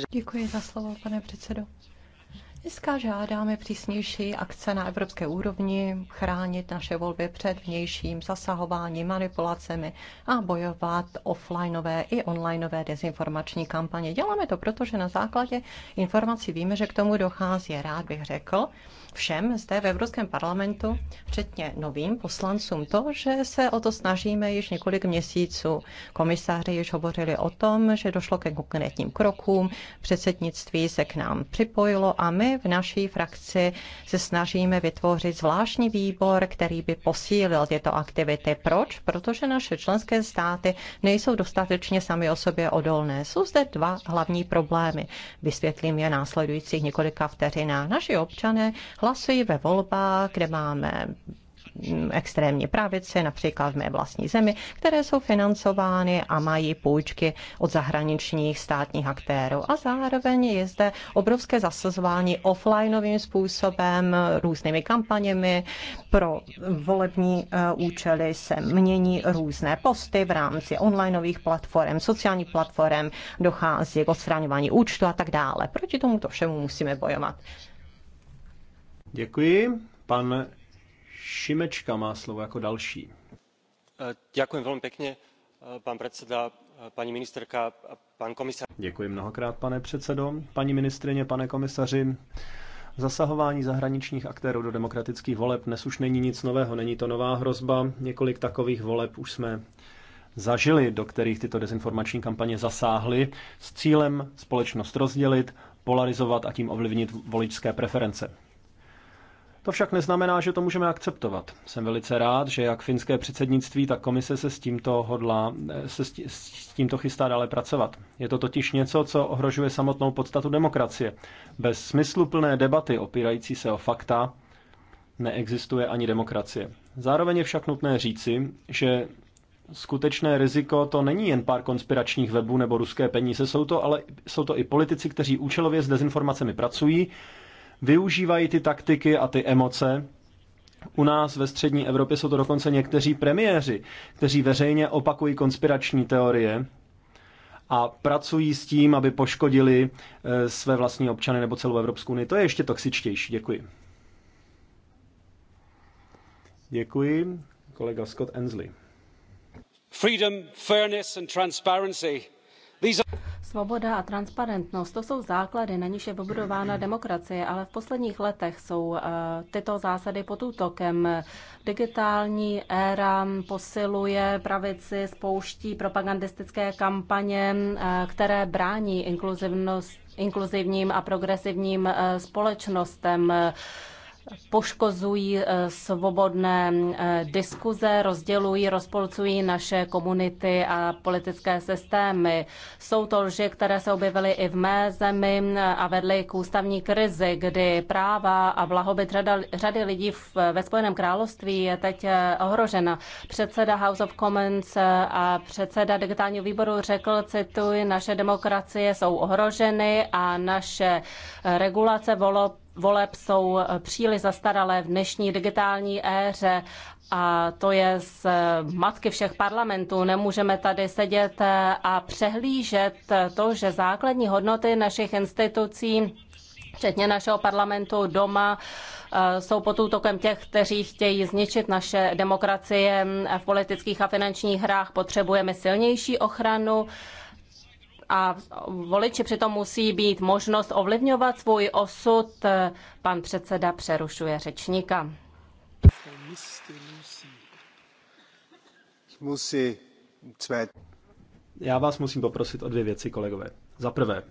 A: Děkuji za slovo, pane předsedo. Dneska žádáme přísnější akce na evropské úrovni, chránit naše volby před vnějším zasahováním, manipulacemi a bojovat offlineové i onlineové dezinformační kampaně. Děláme to, protože na základě informací víme, že k tomu dochází. Rád bych řekl všem zde v Evropském parlamentu, včetně novým poslancům, to, že se o to snažíme již několik měsíců. Komisáři již hovořili o tom, že došlo ke konkrétním krokům, předsednictví se k nám připojilo a my v naší frakci se snažíme vytvořit zvláštní výbor, který by posílil tyto aktivity. Proč? Protože naše členské státy nejsou dostatečně sami o sobě odolné. Jsou zde dva hlavní problémy. Vysvětlím je následujících několika vteřinách. Naši občané hlasují ve volbách, kde máme Mm, extrémní pravici, například v mé vlastní zemi, které jsou financovány a mají půjčky od zahraničních státních aktérů. A zároveň je zde obrovské zasazování offlineovým způsobem, různými kampaněmi pro volební e, účely se mění různé posty v rámci onlineových platform, sociálních platform, dochází k odstraňování účtu a tak dále. Proti tomuto všemu musíme bojovat.
B: Děkuji. Pan Šimečka má slovo jako další. Děkuji eh, velmi pěkně, eh, pan předseda, eh, paní ministerka, pan komisař. Děkuji mnohokrát, pane předsedo, paní ministrině, pane komisaři. Zasahování zahraničních aktérů do demokratických voleb dnes už není nic nového, není to nová hrozba. Několik takových voleb už jsme zažili, do kterých tyto dezinformační kampaně zasáhly s cílem společnost rozdělit, polarizovat a tím ovlivnit voličské preference. To však neznamená, že to můžeme akceptovat. Jsem velice rád, že jak finské předsednictví, tak komise se s tímto hodlá, eh, se s tímto chystá dále pracovat. Je to totiž něco, co ohrožuje samotnou podstatu demokracie. Bez smysluplné debaty opírající se o fakta neexistuje ani demokracie. Zároveň je však nutné říci, že skutečné riziko to není jen pár konspiračních webů nebo ruské peníze, jsou to, ale, jsou to i politici, kteří účelově s dezinformacemi pracují využívají ty taktiky a ty emoce. U nás ve střední Evropě jsou to dokonce někteří premiéři, kteří veřejně opakují konspirační teorie a pracují s tím, aby poškodili eh, své vlastní občany nebo celou Evropskou unii. To je ještě toxičtější. Děkuji. Děkuji. Kolega Scott Ensley. Freedom, fairness and transparency.
C: These are... Svoboda a transparentnost, to jsou základy, na níž je vybudována demokracie, ale v posledních letech jsou eh, tyto zásady pod útokem. Digitální éra posiluje pravici, spouští propagandistické kampaně, eh, které brání inkluzivnost, inkluzivním a progresivním eh, společnostem poškozují eh, svobodné eh, diskuze, rozdělují, rozpolcují naše komunity a politické systémy. Jsou to lži, které se objevily i v mé zemi eh, a vedly k ústavní krizi, kdy práva a blahobyt řady lidí v, ve Spojeném království je teď ohrožena. Předseda House of Commons a předseda digitálního výboru řekl, cituji, naše demokracie jsou ohroženy a naše regulace volob voleb jsou eh, příliš zastaralé v dnešní digitální éře a to je z eh, matky všech parlamentů. Nemůžeme tady sedět eh, a přehlížet to, že základní hodnoty našich institucí včetně našeho parlamentu doma, jsou pod útokem těch, kteří chtějí zničit naše demokracie v politických a finančních hrách. Potřebujeme silnější ochranu a voliči přitom musí být možnost ovlivňovat svůj osud. Pan předseda přerušuje řečníka.
B: Já vás musím poprosit o dvě věci, kolegové. Za prvé,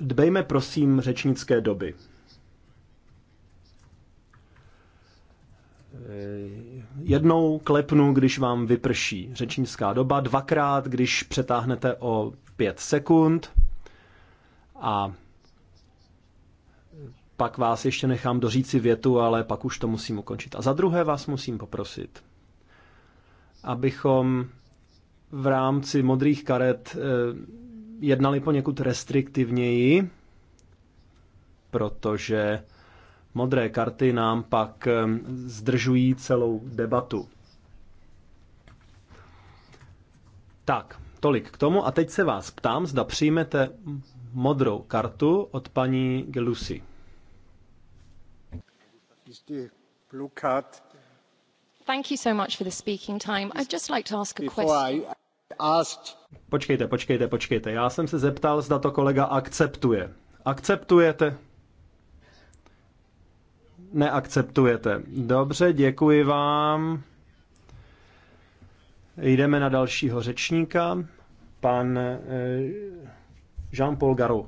B: dbejme prosím řečnické doby. Jednou klepnu, když vám vyprší řečnická doba, dvakrát, když přetáhnete o pět sekund a pak vás ještě nechám doříci větu, ale pak už to musím ukončit. A za druhé vás musím poprosit, abychom v rámci modrých karet eh, jednali poněkud restriktivněji, protože Modré karty nám pak zdržují celou debatu. Tak, tolik k tomu. A teď se vás ptám, zda přijmete modrou kartu od paní Gelusi.
E: Thank you so much for the speaking time. I'd just like to ask a question.
B: Počkejte, počkejte, počkejte. Já jsem se zeptal, zda to kolega akceptuje. Akceptujete? neakceptujete. Dobře, děkuji vám. Jdeme na dalšího řečníka, pan eh, Jean-Paul président.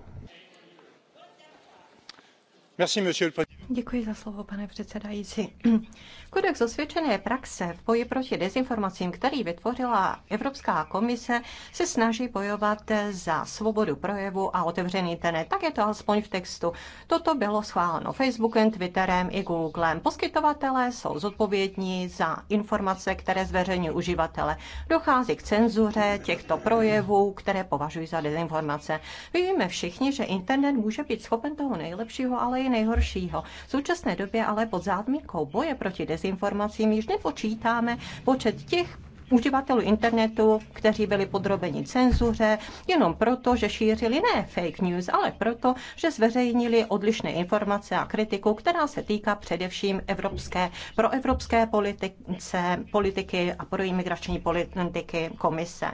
A: Děkuji za slovo, pane předsedající. Kodex osvědčené praxe v boji proti dezinformacím, který vytvořila Evropská komise, se snaží bojovat za svobodu projevu a otevřený internet. Tak je to alespoň v textu. Toto bylo schváleno Facebookem, Twitterem i Googlem. Poskytovatelé jsou zodpovědní za informace, které zveřejňují uživatele. Dochází k cenzuře těchto projevů, které považují za dezinformace. Víme všichni, že internet může být schopen toho nejlepšího, ale i nejhoršího. V současné době ale pod zádmínkou boje proti dezinformacím již nepočítáme počet těch uživatelů internetu, kteří byli podrobeni cenzuře, jenom proto, že šířili ne fake news, ale proto, že zveřejnili odlišné informace a kritiku, která se týká především evropské, pro evropské politice, politiky a pro imigrační politiky komise.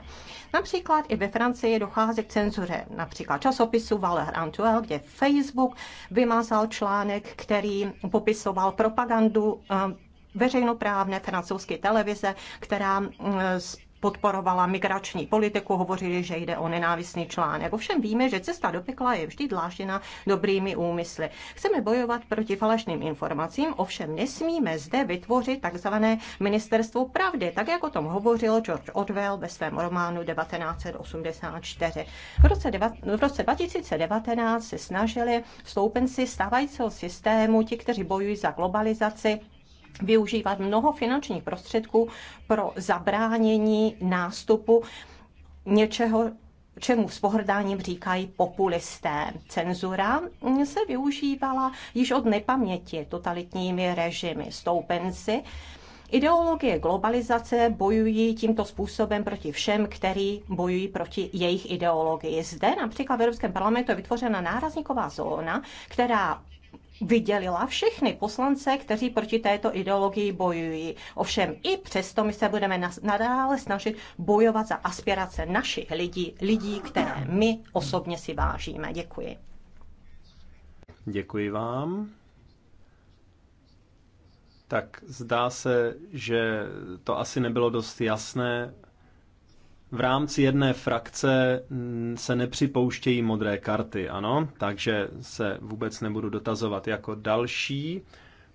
A: Například i ve Francii dochází k cenzuře, například časopisu Valer Antuel, kde Facebook vymazal článek, který popisoval propagandu eh, veřejnoprávné francouzské televize, která mm, podporovala migrační politiku, hovořili, že jde o nenávistný článek. Ovšem víme, že cesta do pekla je vždy dlážděna dobrými úmysly. Chceme bojovat proti falešným informacím, ovšem nesmíme zde vytvořit takzvané ministerstvo pravdy, tak jak o tom hovořil George Orwell ve svém románu 1984. V roce, deva, v roce 2019 se snažili stoupenci stávajícího systému, ti, kteří bojují za globalizaci, využívat mnoho finančních prostředků pro zabránění nástupu něčeho, čemu s pohrdáním říkají populisté. Cenzura se využívala již od nepaměti totalitními režimy. Stoupenci Ideologie globalizace bojují tímto způsobem proti všem, kteří bojují proti jejich ideologii. Zde například v Evropském parlamentu je vytvořena nárazníková zóna, která vydělila všechny poslance, kteří proti této ideologii bojují. Ovšem i přesto my se budeme nadále snažit bojovat za aspirace našich lidí, lidí, které my osobně si vážíme. Děkuji.
B: Děkuji vám. Tak zdá se, že to asi nebylo dost jasné v rámci jedné frakce se nepřipouštějí modré karty, ano, takže se vůbec nebudu dotazovat. Jako další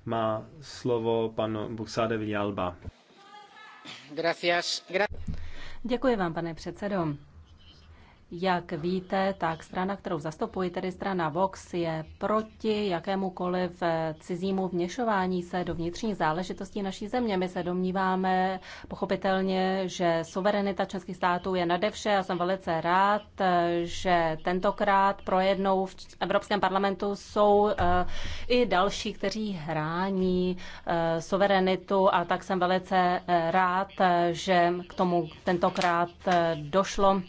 B: má slovo pan Buxade Vialba.
C: Gracias. Gra- Děkuji vám, pane předsedo. Jak víte, tak strana, kterou zastupuji, tedy strana Vox, je proti jakémukoliv eh, cizímu vněšování se do vnitřní záležitostí naší země. My se domníváme pochopitelně, že suverenita českých států je nade vše a jsem velice rád, eh, že tentokrát projednou v Evropském parlamentu jsou eh, i další, kteří hrání suverenitu a tak jsem velice rád, že k tomu tentokrát došlo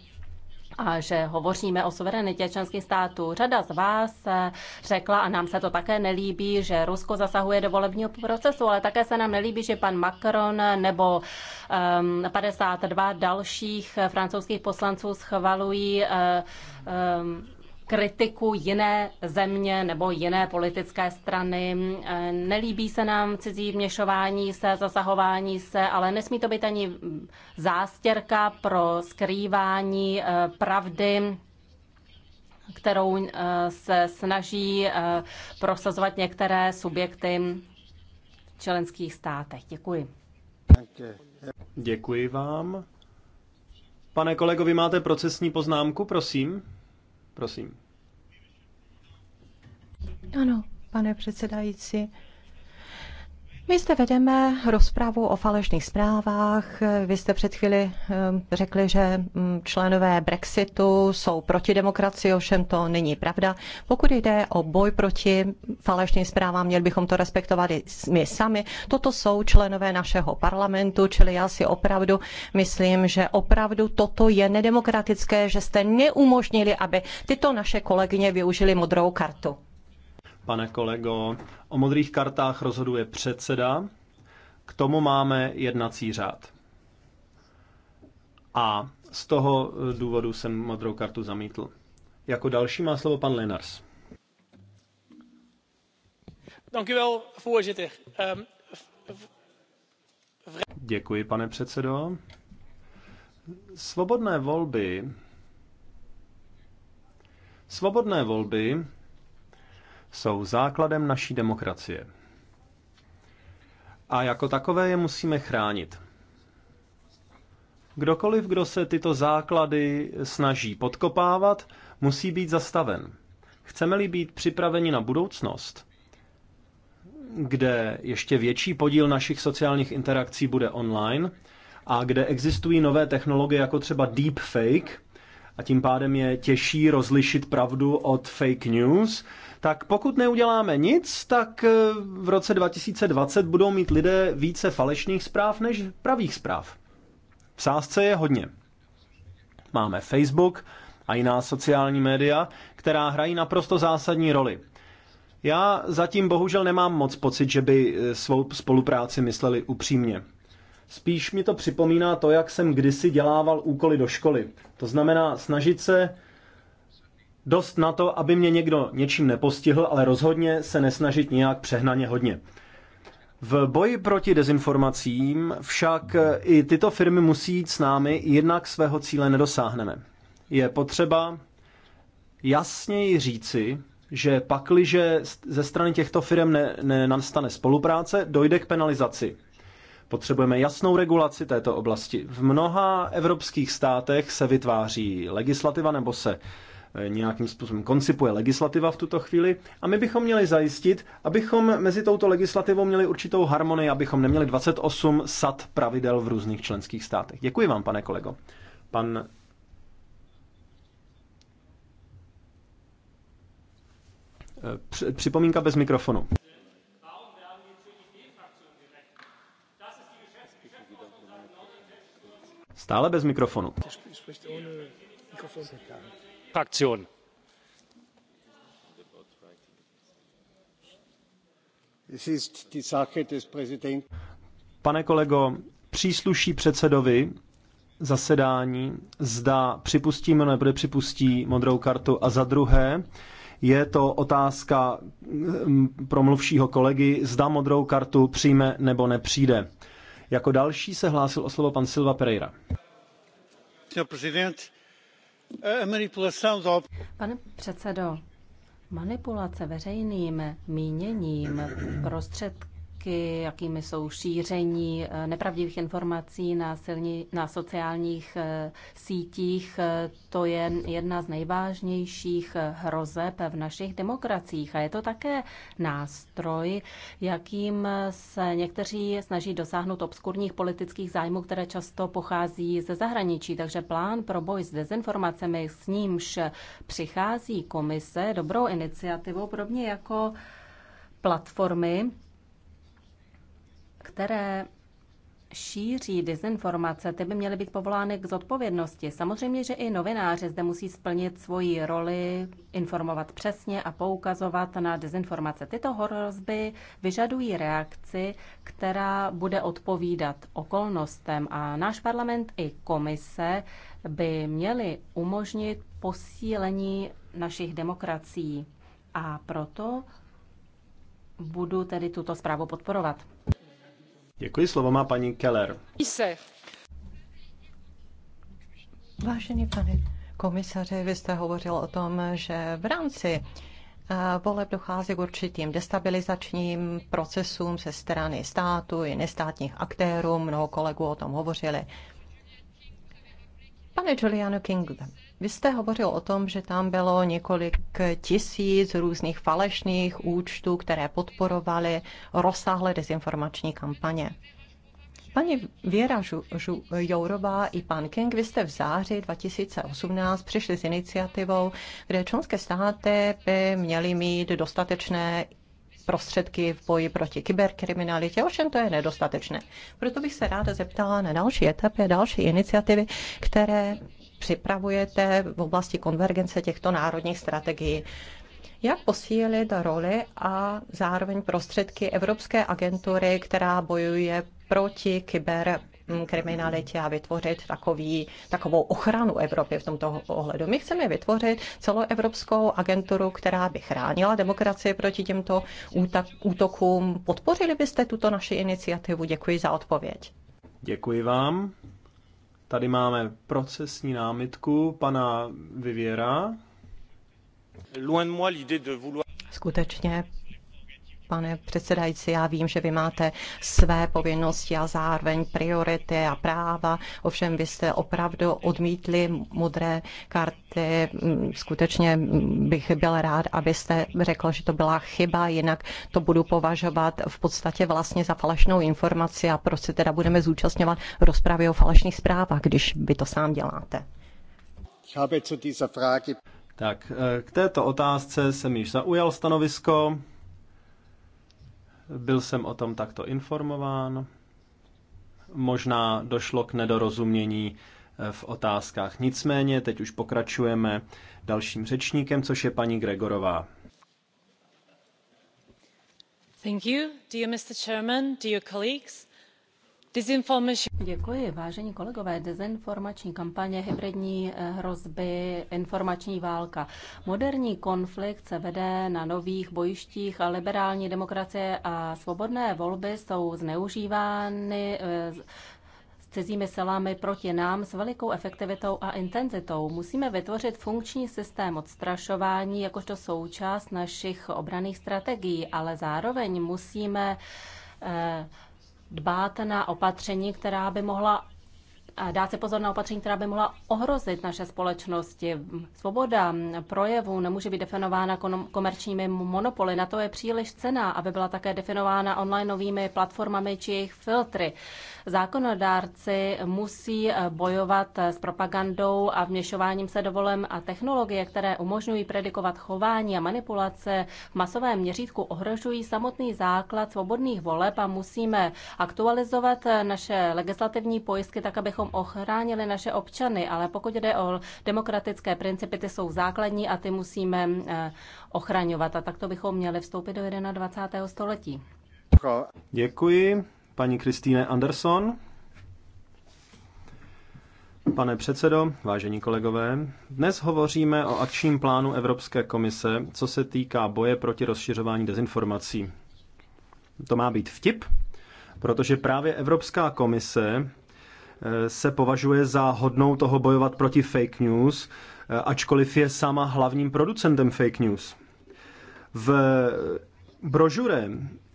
C: a že hovoříme o suverenitě členských států. Řada z vás eh, řekla, a nám se to také nelíbí, že Rusko zasahuje do volebního procesu, ale také se nám nelíbí, že pan Macron nebo um, ehm, 52 dalších eh, francouzských poslanců schvalují um, kritiku jiné země nebo jiné politické strany. E, nelíbí se nám cizí vměšování se, zasahování se, ale nesmí to být ani zástěrka pro skrývání e, pravdy kterou e, se snaží prosazovat některé subjekty v členských státech. Děkuji.
B: Děkuji vám. Pane kolego, vy máte procesní poznámku, prosím. Prosím.
A: Ano, pane předsedající, my zde vedeme rozpravu o falešných zprávách. Vy jste před chvíli ehm, řekli, že mm, členové Brexitu jsou proti demokracii, ovšem to není pravda. Pokud jde o boj proti falešným zprávám, měli bychom to respektovat i my sami. Toto jsou členové našeho parlamentu, čili já si opravdu myslím, že opravdu toto je nedemokratické, že jste neumožnili, aby tyto naše kolegyně využili modrou kartu
B: pane kolego. O modrých kartách rozhoduje předseda. K tomu máme jednací řád. A z toho důvodu jsem modrou kartu zamítl. Jako další má slovo pan Lenars. Ehm, Děkuji, pane předsedo. Svobodné volby Svobodné volby jsou základem naší demokracie. A jako takové je musíme chránit. Kdokoliv, kdo se tyto základy snaží podkopávat, musí být zastaven. Chceme-li být připraveni na budoucnost, kde ještě větší podíl našich sociálních interakcí bude online a kde existují nové technologie jako třeba deepfake, a tím pádem je těžší rozlišit pravdu od fake news, tak pokud neuděláme nic, tak eh, v roce 2020 budou mít lidé více falešných zpráv než pravých zpráv. V sázce je hodně. Máme Facebook a jiná sociální média, která hrají naprosto zásadní roli. Já zatím bohužel nemám moc pocit, že by eh, svou spolupráci mysleli upřímně. Spíš mi to připomíná to, jak jsem kdysi dělával úkoly do školy. To znamená snažit se dost na to, aby mě někdo něčím nepostihl, ale rozhodně se nesnažit nějak přehnaně hodně. V boji proti dezinformacím však i tyto firmy musí jít s námi, jinak svého cíle nedosáhneme. Je potřeba jasněji říci, že pakliže ze strany těchto firm ne, ne nastane spolupráce, dojde k penalizaci. Potřebujeme jasnou regulaci této oblasti. V mnoha evropských státech se vytváří legislativa nebo se eh, nějakým způsobem koncipuje legislativa v tuto chvíli a my bychom měli zajistit, abychom mezi touto legislativou měli určitou harmonii, abychom neměli 28 sad pravidel v různých členských státech. Děkuji vám, pane kolego. Pan eh, Připomínka bez mikrofonu. Stále bez mikrofonu. Fraktion. Pane kolego, přísluší předsedovi zasedání, zda připustíme nebo nepřipustí modrou kartu a za druhé, je to otázka mm, promluvšího kolegy, zda modrou kartu přijme nebo nepřijde. Jako další se hlásil o slovo pan Silva Pereira.
C: Pane předsedo, manipulace veřejným míněním prostředky, prvky, jakými jsou šíření eh, nepravdivých informací na, silni, na sociálních eh, sítích. Eh, to je jedna z nejvážnějších hrozeb v našich demokraciích a je to také nástroj, jakým se někteří snaží dosáhnout obskurních politických zájmů, které často pochází ze zahraničí. Takže plán pro boj s dezinformacemi, s nímž přichází komise dobrou iniciativou, podobně jako platformy, které šíří dezinformace, ty by měly být povolány k zodpovědnosti. Samozřejmě, že i novináři zde musí splnit svoji roli, informovat přesně a poukazovat na dezinformace. Tyto hrozby vyžadují reakci, která bude odpovídat okolnostem a náš parlament i komise by měly umožnit posílení našich demokracií. A proto budu tedy tuto zprávu podporovat.
B: Děkuji, slovo má paní Keller.
A: Vážený pane komisaře, vy jste hovořil o tom, že v rámci eh, voleb dochází k určitým destabilizačním procesům ze strany státu i nestátních aktérů. Mnoho kolegů o tom hovořili. Pane Giuliano King, vy jste hovořil o tom, že tam bylo několik tisíc různých falešných účtů, které podporovaly rozsáhlé dezinformační kampaně. Paní Věra Žu, Žu, Jourová i pan King, vy jste v září 2018 přišli s iniciativou, kde členské státy by měly mít dostatečné prostředky v boji proti kyberkriminalitě, ovšem to je nedostatečné. Proto bych se ráda zeptala na další etapy, další iniciativy, které připravujete v oblasti konvergence těchto národních strategií jak posílit roli a zároveň prostředky Evropské agentury, která bojuje proti kyber kriminalitě a vytvořit takový, takovou ochranu Evropy v tomto ohledu. My chceme vytvořit celoevropskou agenturu, která by chránila demokracii proti těmto útokům. Podpořili byste tuto naši iniciativu? Děkuji za odpověď.
B: Děkuji vám. Tady máme procesní námitku pana Viviera.
A: Skutečně pane předsedající. Já vím, že vy máte své povinnosti a zároveň priority a práva. Ovšem, vy jste opravdu odmítli modré karty. Skutečně bych byl rád, abyste řekl, že to byla chyba, jinak to budu považovat v podstatě vlastně za falešnou informaci a proč se teda budeme zúčastňovat rozpravy o falešných zprávách, když vy to sám děláte.
B: Tak, eh, k této otázce jsem již zaujal stanovisko. Byl jsem o tom takto informován. Možná došlo k nedorozumění eh, v otázkách. Nicméně teď už pokračujeme dalším řečníkem, což je paní Gregorová.
A: Thank you, dear Mr. Chairman, dear colleagues.
C: Děkuji, vážení kolegové. Dezinformační kampaně, hybridní eh, hrozby, informační válka. Moderní konflikt se vede na nových bojištích a liberální demokracie a svobodné volby jsou zneužívány eh, cizími silami proti nám s velikou efektivitou a intenzitou. Musíme vytvořit funkční systém odstrašování jakožto součást našich obraných strategií, ale zároveň musíme eh, dbát na opatření, která by mohla dát se pozor na opatření, která by mohla ohrozit naše společnosti. Svoboda projevu nemůže být definována komerčními monopoly. Na to je příliš cená, aby byla také definována online novými platformami či jejich filtry. Zákonodárci musí eh, bojovat eh, s propagandou a vměšováním se dovolem a technologie, které umožňují predikovat chování a manipulace v masovém měřítku, ohrožují samotný základ svobodných voleb a musíme aktualizovat eh, naše legislativní pojistky tak, abychom abychom ochránili naše občany, ale pokud jde o demokratické principy, ty jsou základní a ty musíme eh, ochraňovat. A takto bychom měli vstoupit do 21. století.
B: Děkuji, paní Kristýne Anderson. Pane předsedo, vážení kolegové, dnes hovoříme o akčním plánu Evropské komise, co se týká boje proti rozšiřování dezinformací. To má být vtip, protože právě Evropská komise Eh, se považuje za hodnou toho bojovat proti fake news, eh, ačkoliv je sama hlavním producentem fake news. V brožure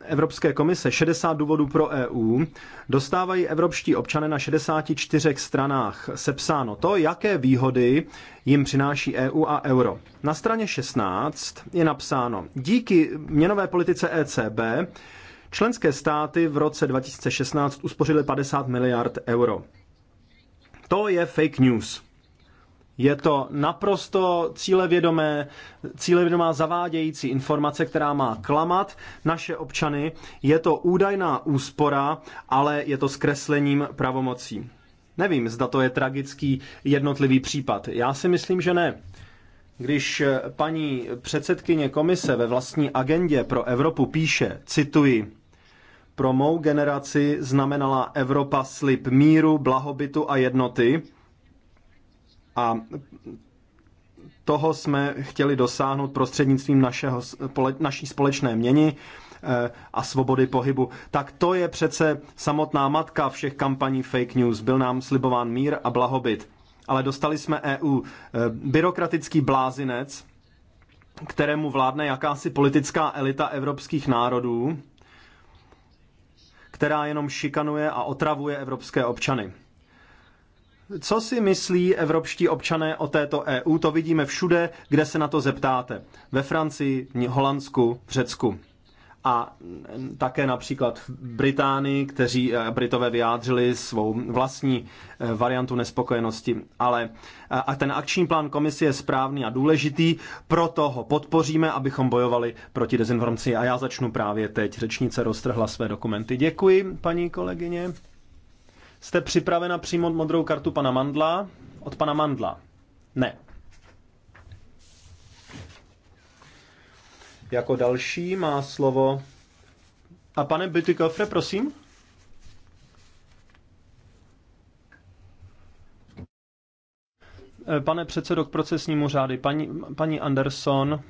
B: Evropské komise 60 důvodů pro EU dostávají evropští občané na 64 stranách sepsáno to, jaké výhody jim přináší EU a euro. Na straně 16 je napsáno, díky měnové politice ECB Členské státy v roce 2016 uspořily 50 miliard euro. To je fake news. Je to naprosto cílevědomé, cílevědomá zavádějící informace, která má klamat naše občany. Je to údajná úspora, ale je to zkreslením pravomocí. Nevím, zda to je tragický jednotlivý případ. Já si myslím, že ne. Když paní předsedkyně komise ve vlastní agendě pro Evropu píše, cituji, pro mou generaci znamenala Evropa slib míru, blahobytu a jednoty. A toho jsme chtěli dosáhnout prostřednictvím našeho, naší společné měny eh, a svobody pohybu. Tak to je přece samotná matka všech kampaní fake news. Byl nám slibován mír a blahobyt. Ale dostali jsme EU eh, byrokratický blázinec, kterému vládne jakási politická elita evropských národů, která jenom šikanuje a otravuje evropské občany. Co si myslí evropští občané o této EU? To vidíme všude, kde se na to zeptáte. Ve Francii, Holandsku, v Řecku a také například v Británii, kteří eh, Britové vyjádřili svou vlastní eh, variantu nespokojenosti. Ale eh, a ten akční plán komise je správný a důležitý, proto ho podpoříme, abychom bojovali proti dezinformaci. A já začnu právě teď. Řečnice roztrhla své dokumenty. Děkuji, paní kolegyně. Jste připravena přijmout modrou kartu pana Mandla? Od pana Mandla? Ne. Jako další má slovo... A pane Bytykofre, prosím. E, pane předsedo k procesnímu řády, paní, paní Anderson,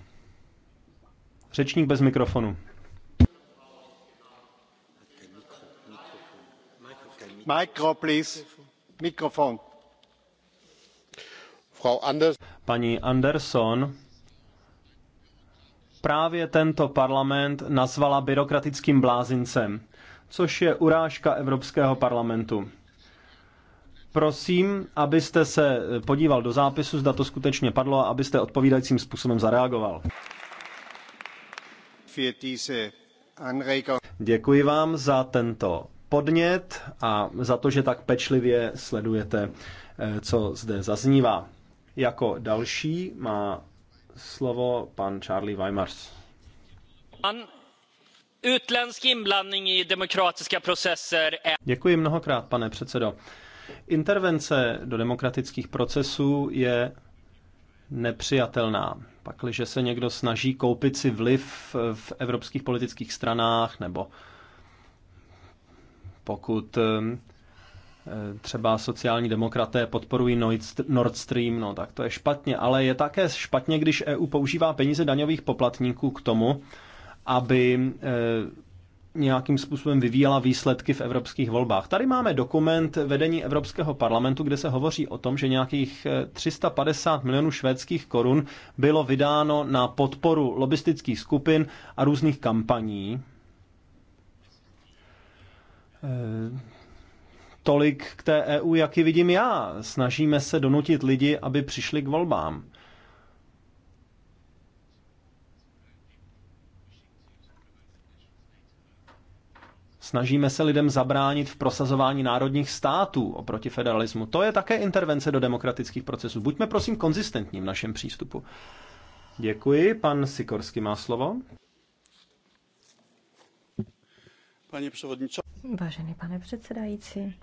B: řečník bez mikrofonu. Mikro, please. Mikrofon. Frau Anders- paní Anderson, právě tento parlament nazvala byrokratickým blázincem, což je urážka Evropského parlamentu. Prosím, abyste se podíval do zápisu, zda to skutečně padlo a abyste odpovídajícím způsobem zareagoval. Děkuji vám za tento podnět a za to, že tak pečlivě sledujete, eh, co zde zaznívá. Jako další má slovo pan Charlie Weimars.
A: Pan utländsk inblandning i demokratiska processer.
B: Děkuji mnohokrát, pane předsedo. Intervence do demokratických procesů je nepřijatelná. Pakliže se někdo snaží koupit si vliv v evropských politických stranách, nebo pokud eh, Eh, třeba sociální demokraté podporují Nord Stream, no tak to je špatně, ale je také špatně, když EU používá peníze daňových poplatníků k tomu, aby eh, nějakým způsobem vyvíjela výsledky v evropských volbách. Tady máme dokument vedení Evropského parlamentu, kde se hovoří o tom, že nějakých 350 eh, milionů švédských korun bylo vydáno na podporu lobistických skupin a různých kampaní tolik k té EU, jak ji vidím já. Snažíme se donutit lidi, aby přišli k volbám. Snažíme se lidem zabránit v prosazování národních států oproti federalismu. To je také intervence do demokratických procesů. Buďme prosím konzistentní v našem přístupu. Děkuji. Pan Sikorsky má slovo.
A: Vážený pane předsedající,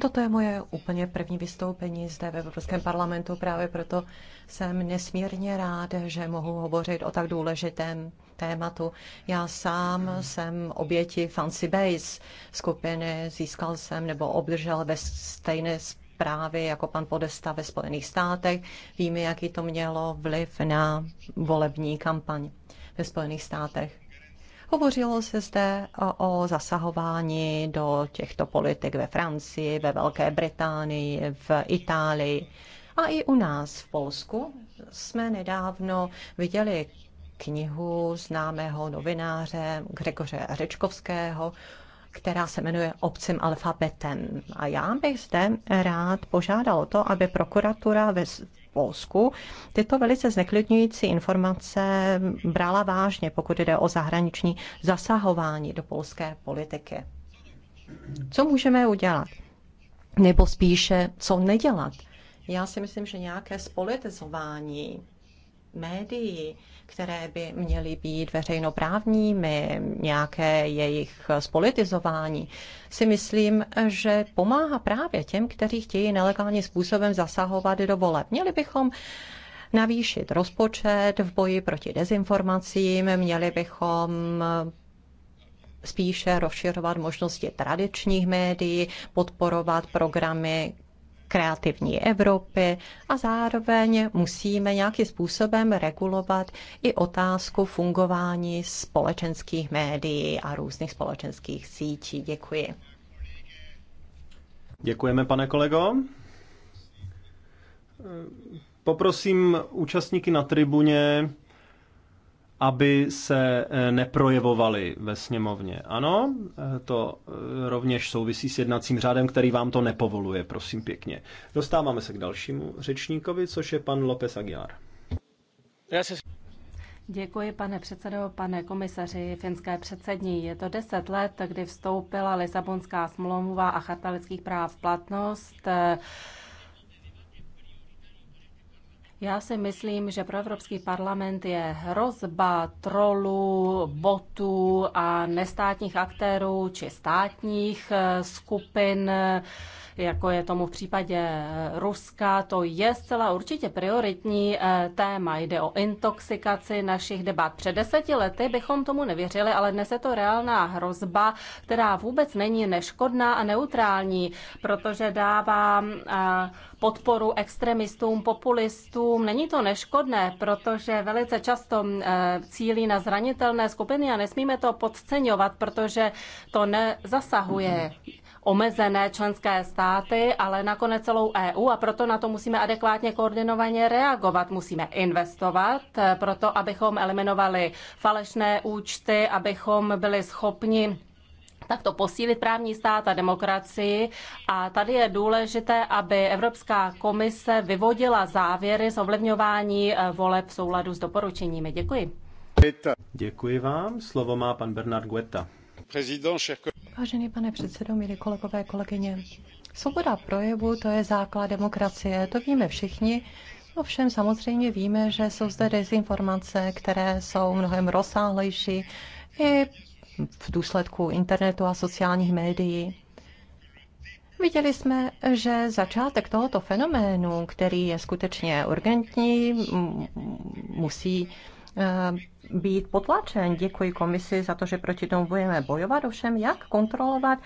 A: Toto je moje úplně první vystoupení zde ve Evropském parlamentu, právě proto jsem nesmírně rád, že mohu hovořit o tak důležitém tématu. Já sám jsem oběti Fancy Base skupiny, získal jsem nebo obdržel ve stejné právě jako pan Podesta ve Spojených státech. Víme, jaký to mělo vliv na volební kampaň ve Spojených státech. Hovořilo se zde o zasahování do těchto politik ve Francii, ve Velké Británii, v Itálii. A i u nás v Polsku jsme nedávno viděli knihu známého novináře Gregoře Řečkovského, která se jmenuje Obcím alfabetem. A já bych zde rád požádal to, aby prokuratura Polsku tyto velice zneklidňující informace brala vážně, pokud jde o zahraniční zasahování do polské politiky. Co můžeme udělat? Nebo spíše, co nedělat? Já si myslím, že nějaké spolitizování médií, které by měly být veřejnoprávními, nějaké jejich spolitizování, si myslím, že pomáhá právě těm, kteří chtějí nelegálním způsobem zasahovat do voleb. Měli bychom navýšit rozpočet v boji proti dezinformacím, měli bychom spíše rozšiřovat možnosti tradičních médií, podporovat programy, kreativní Evropy a zároveň musíme nějakým způsobem regulovat i otázku fungování společenských médií a různých společenských sítí. Děkuji.
B: Děkujeme, pane kolego. Poprosím účastníky na tribuně, aby se eh, neprojevovaly ve sněmovně. Ano, eh, to eh, rovněž souvisí s jednacím řádem, který vám to nepovoluje, prosím pěkně. Dostáváme se k dalšímu řečníkovi, což je pan López Aguilar.
C: Děkuji, pane předsedo, pane komisaři. Finské předsední je to deset let, kdy vstoupila Lisabonská smlouva a charta lidských práv v platnost. Já si myslím, že pro Evropský parlament je hrozba trolů, botů a nestátních aktérů či státních eh, skupin jako je tomu v případě eh, Ruska. To je zcela určitě prioritní eh, téma. Jde o intoxikaci našich debat. Před deseti lety bychom tomu nevěřili, ale dnes je to reálná hrozba, která vůbec není neškodná a neutrální, protože dává eh, podporu extremistům, populistům. Není to neškodné, protože velice často cílí na zranitelné skupiny a nesmíme to podceňovat, protože to nezasahuje omezené členské státy, ale nakonec celou EU a proto na to musíme adekvátně koordinovaně reagovat. Musíme investovat eh, proto, abychom eliminovali falešné účty, abychom byli schopni tak to posílit právní stát a demokracii. A tady je důležité, aby Evropská komise vyvodila závěry z ovlivňování eh, voleb v souladu s doporučeními. Děkuji.
B: Děkuji vám. Slovo má pan Bernard Guetta.
A: Vážený pane předsedo, milí kolegové, kolegyně, svoboda projevu to je základ demokracie, to víme všichni. Ovšem samozřejmě víme, že jsou zde dezinformace, které jsou mnohem rozsáhlejší i v důsledku internetu a sociálních médií. Viděli jsme, že začátek tohoto fenoménu, který je skutečně urgentní, musí eh, být potlačen. Děkuji komisi za to, že proti tomu budeme bojovat. Ovšem, jak kontrolovat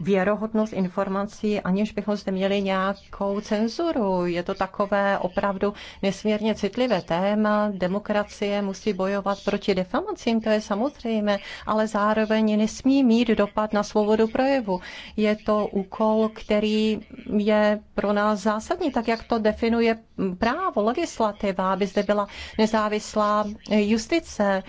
A: věrohodnost informací, aniž bychom zde měli nějakou cenzuru. Je to takové opravdu nesmírně citlivé téma. Demokracie musí bojovat proti defamacím, to je samozřejmé, ale zároveň nesmí mít dopad na svobodu projevu. Je to úkol, který je pro nás zásadní, tak jak to definuje právo, legislativa, aby zde byla nezávislá justice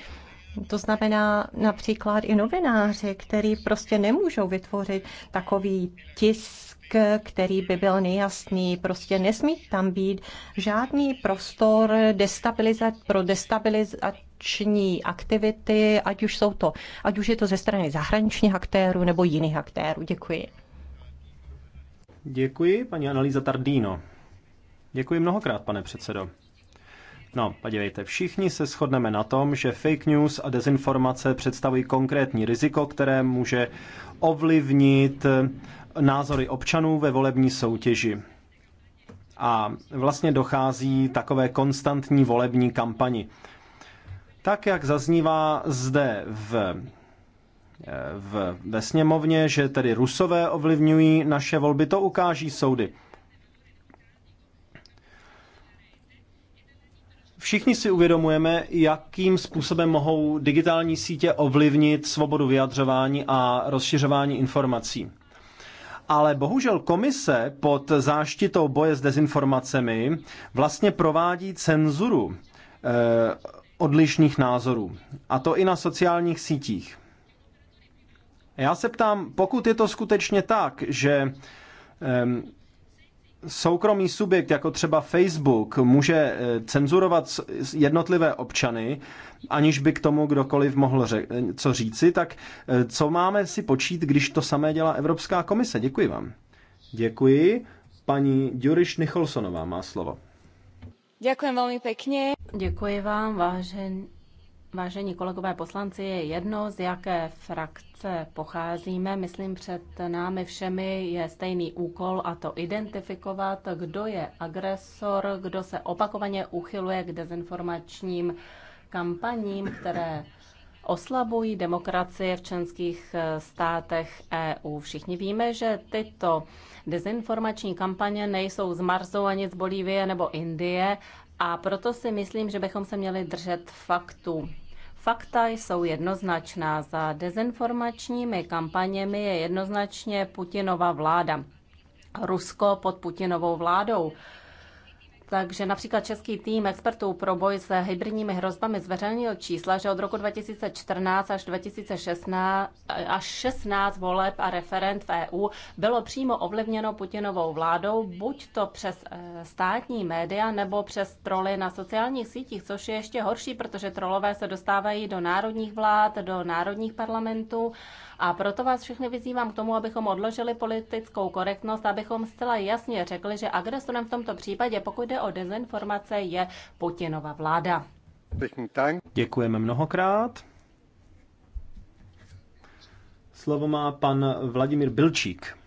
A: to znamená například i novináři, kteří prostě nemůžou vytvořit takový tisk, který by byl nejasný. Prostě nesmí tam být žádný prostor destabilizat, pro destabilizační aktivity, ať už, jsou to, ať už je to ze strany zahraničních aktérů nebo jiných aktérů. Děkuji.
B: Děkuji, paní Analýza Tardino. Děkuji mnohokrát, pane předsedo. No, podívejte, všichni se shodneme na tom, že fake news a dezinformace představují konkrétní riziko, které může ovlivnit eh, názory občanů ve volební soutěži. A vlastně dochází takové konstantní volební kampani. Tak, jak zaznívá zde v eh, v, ve sněmovně, že tedy rusové ovlivňují naše volby, to ukáží soudy. Všichni si uvědomujeme, jakým způsobem mohou digitální sítě ovlivnit svobodu vyjadřování a rozšiřování informací. Ale bohužel komise pod záštitou boje s dezinformacemi vlastně provádí cenzuru eh, odlišných názorů. A to i na sociálních sítích. Já se ptám, pokud je to skutečně tak, že eh, soukromý subjekt, jako třeba Facebook, může eh, cenzurovat jednotlivé občany, aniž by k tomu kdokoliv mohl co říci, tak eh, co máme si počít, když to samé dělá Evropská komise? Děkuji vám. Děkuji. Paní Duriš Nicholsonová má slovo.
C: Děkuji velmi pěkně. Děkuji vám, vážen, Vážení kolegové poslanci, je jedno, z jaké frakce pocházíme. Myslím, před námi všemi je stejný úkol a to identifikovat, kdo je agresor, kdo se opakovaně uchyluje k dezinformačním kampaním, které oslabují demokracie v členských eh, státech EU. Všichni víme, že tyto dezinformační kampaně nejsou z Marsu ani z Bolívie nebo Indie a proto si myslím, že bychom se měli držet faktů. Fakta jsou jednoznačná. Za dezinformačními kampaněmi je jednoznačně Putinova vláda. Rusko pod Putinovou vládou. Takže například český tým expertů pro boj s hybridními hrozbami zveřejnil čísla, že od roku 2014 až 2016 až 16 voleb a referent v EU bylo přímo ovlivněno Putinovou vládou, buď to přes eh, státní média nebo přes troly na sociálních sítích, což je ještě horší, protože trolové se dostávají do národních vlád, do národních parlamentů a proto vás všechny vyzývám k tomu, abychom odložili politickou korektnost, abychom zcela jasně řekli, že agresorem v tomto případě, pokud jde o dezinformace, je Putinova vláda.
B: Děkujeme mnohokrát. Slovo má pan Vladimír Bilčík.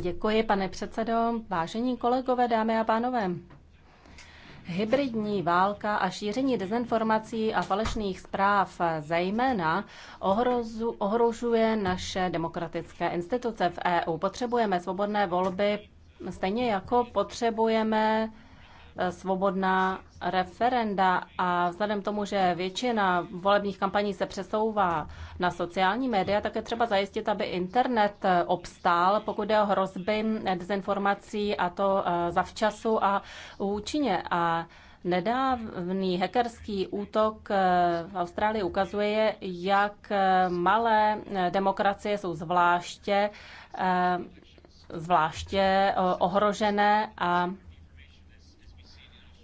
C: Děkuji, pane předsedo. Vážení kolegové, dámy a pánové. Hybridní válka a šíření dezinformací a falešných zpráv zejména ohrozu, ohrožuje naše demokratické instituce v EU. Potřebujeme svobodné volby stejně jako potřebujeme svobodná referenda a vzhledem tomu, že většina volebních kampaní se přesouvá na sociální média, tak je třeba zajistit, aby internet eh, obstál, pokud je o hrozby eh, dezinformací a to eh, zavčasu a účinně. A Nedávný hackerský útok v Austrálii ukazuje, jak malé demokracie jsou zvláště, zvláště ohrožené a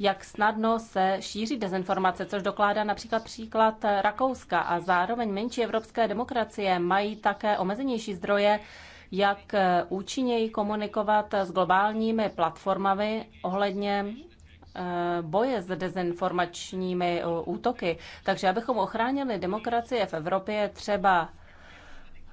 C: jak snadno se šíří dezinformace, což dokládá například příklad Rakouska a zároveň menší evropské demokracie mají také omezenější zdroje, jak účinněji komunikovat s globálními platformami ohledně eh, boje s dezinformačními eh, útoky. Takže abychom ochránili demokracie v Evropě, třeba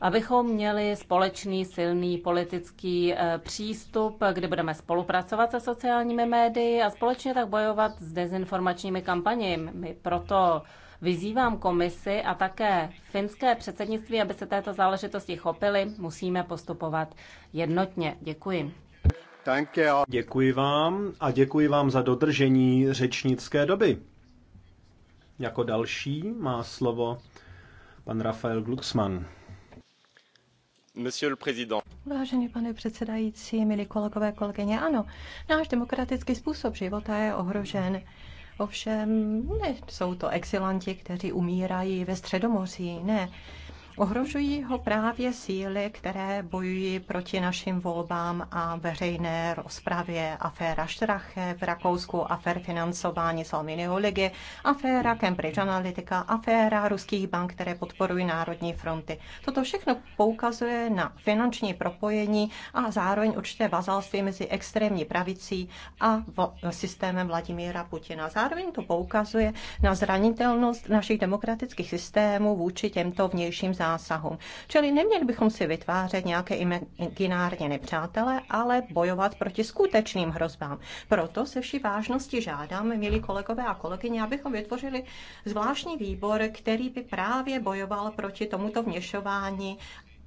C: abychom měli společný silný politický eh, přístup, kdy budeme spolupracovat se sociálními médii a společně tak bojovat s dezinformačními kampaněmi. Proto Vyzývám komisi a také finské předsednictví, aby se této záležitosti chopili. Musíme postupovat jednotně. Děkuji.
B: Děkuji vám a děkuji vám za dodržení řečnické doby. Jako další má slovo pan Rafael Glucksmann.
A: Vážený pane předsedající, milí kolegové, kolegyně, ano, náš demokratický způsob života je ohrožen. Ovšem, ne, jsou to exilanti, kteří umírají ve Středomoří, ne. Ohrožují ho právě síly, které bojují proti našim volbám a veřejné rozpravě. Aféra Štrache v Rakousku, afér financování Salmini Oligy, aféra Cambridge Analytica, aféra ruských bank, které podporují Národní fronty. Toto všechno poukazuje na finanční propojení a zároveň určité vazalství mezi extrémní pravicí a systémem Vladimíra Putina. Zároveň to poukazuje na zranitelnost našich demokratických systémů vůči těmto vnějším zásahům. Čili neměli bychom si vytvářet nějaké imaginárně nepřátele, ale bojovat proti skutečným hrozbám. Proto se vší vážnosti žádám, milí kolegové a kolegyně, abychom vytvořili zvláštní výbor, který by právě bojoval proti tomuto vněšování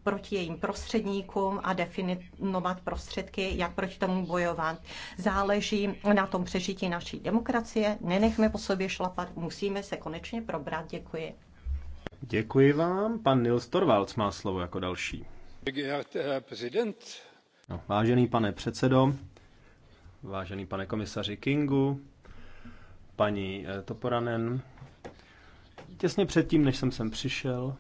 A: proti jejím prostředníkům a definovat prostředky, jak proti tomu bojovat. Záleží na tom přežití naší demokracie. Nenechme po sobě šlapat, musíme se konečně probrat. Děkuji.
B: Děkuji vám. Pan Nils Torvalds má slovo jako další. No, vážený pane předsedo, vážený pane komisaři Kingu, paní eh, Toporanen, těsně předtím, než jsem sem přišel,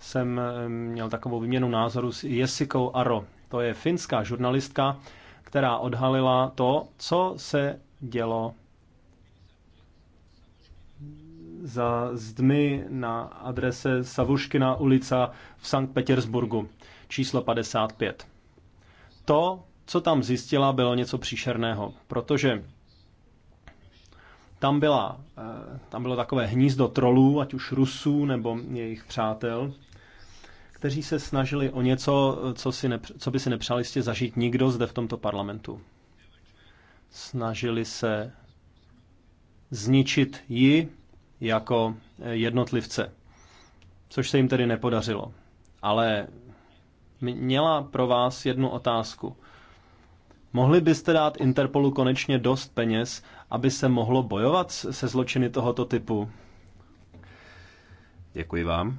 B: jsem eh, měl takovou výměnu názoru s Jessikou Aro. To je finská žurnalistka, která odhalila to, co se dělo za zdmi na adrese Savuškina ulica v Sankt Petersburgu, číslo 55. To, co tam zjistila, bylo něco příšerného, protože tam, byla, eh, tam bylo takové hnízdo trolů, ať už Rusů nebo jejich přátel, kteří se snažili o něco, co, si ne, co by si nepřál jistě zažít nikdo zde v tomto parlamentu. Snažili se zničit ji jako eh, jednotlivce, což se jim tedy nepodařilo. Ale měla pro vás jednu otázku. Mohli byste dát Interpolu konečně dost peněz, aby se mohlo bojovat se zločiny tohoto typu? Děkuji vám.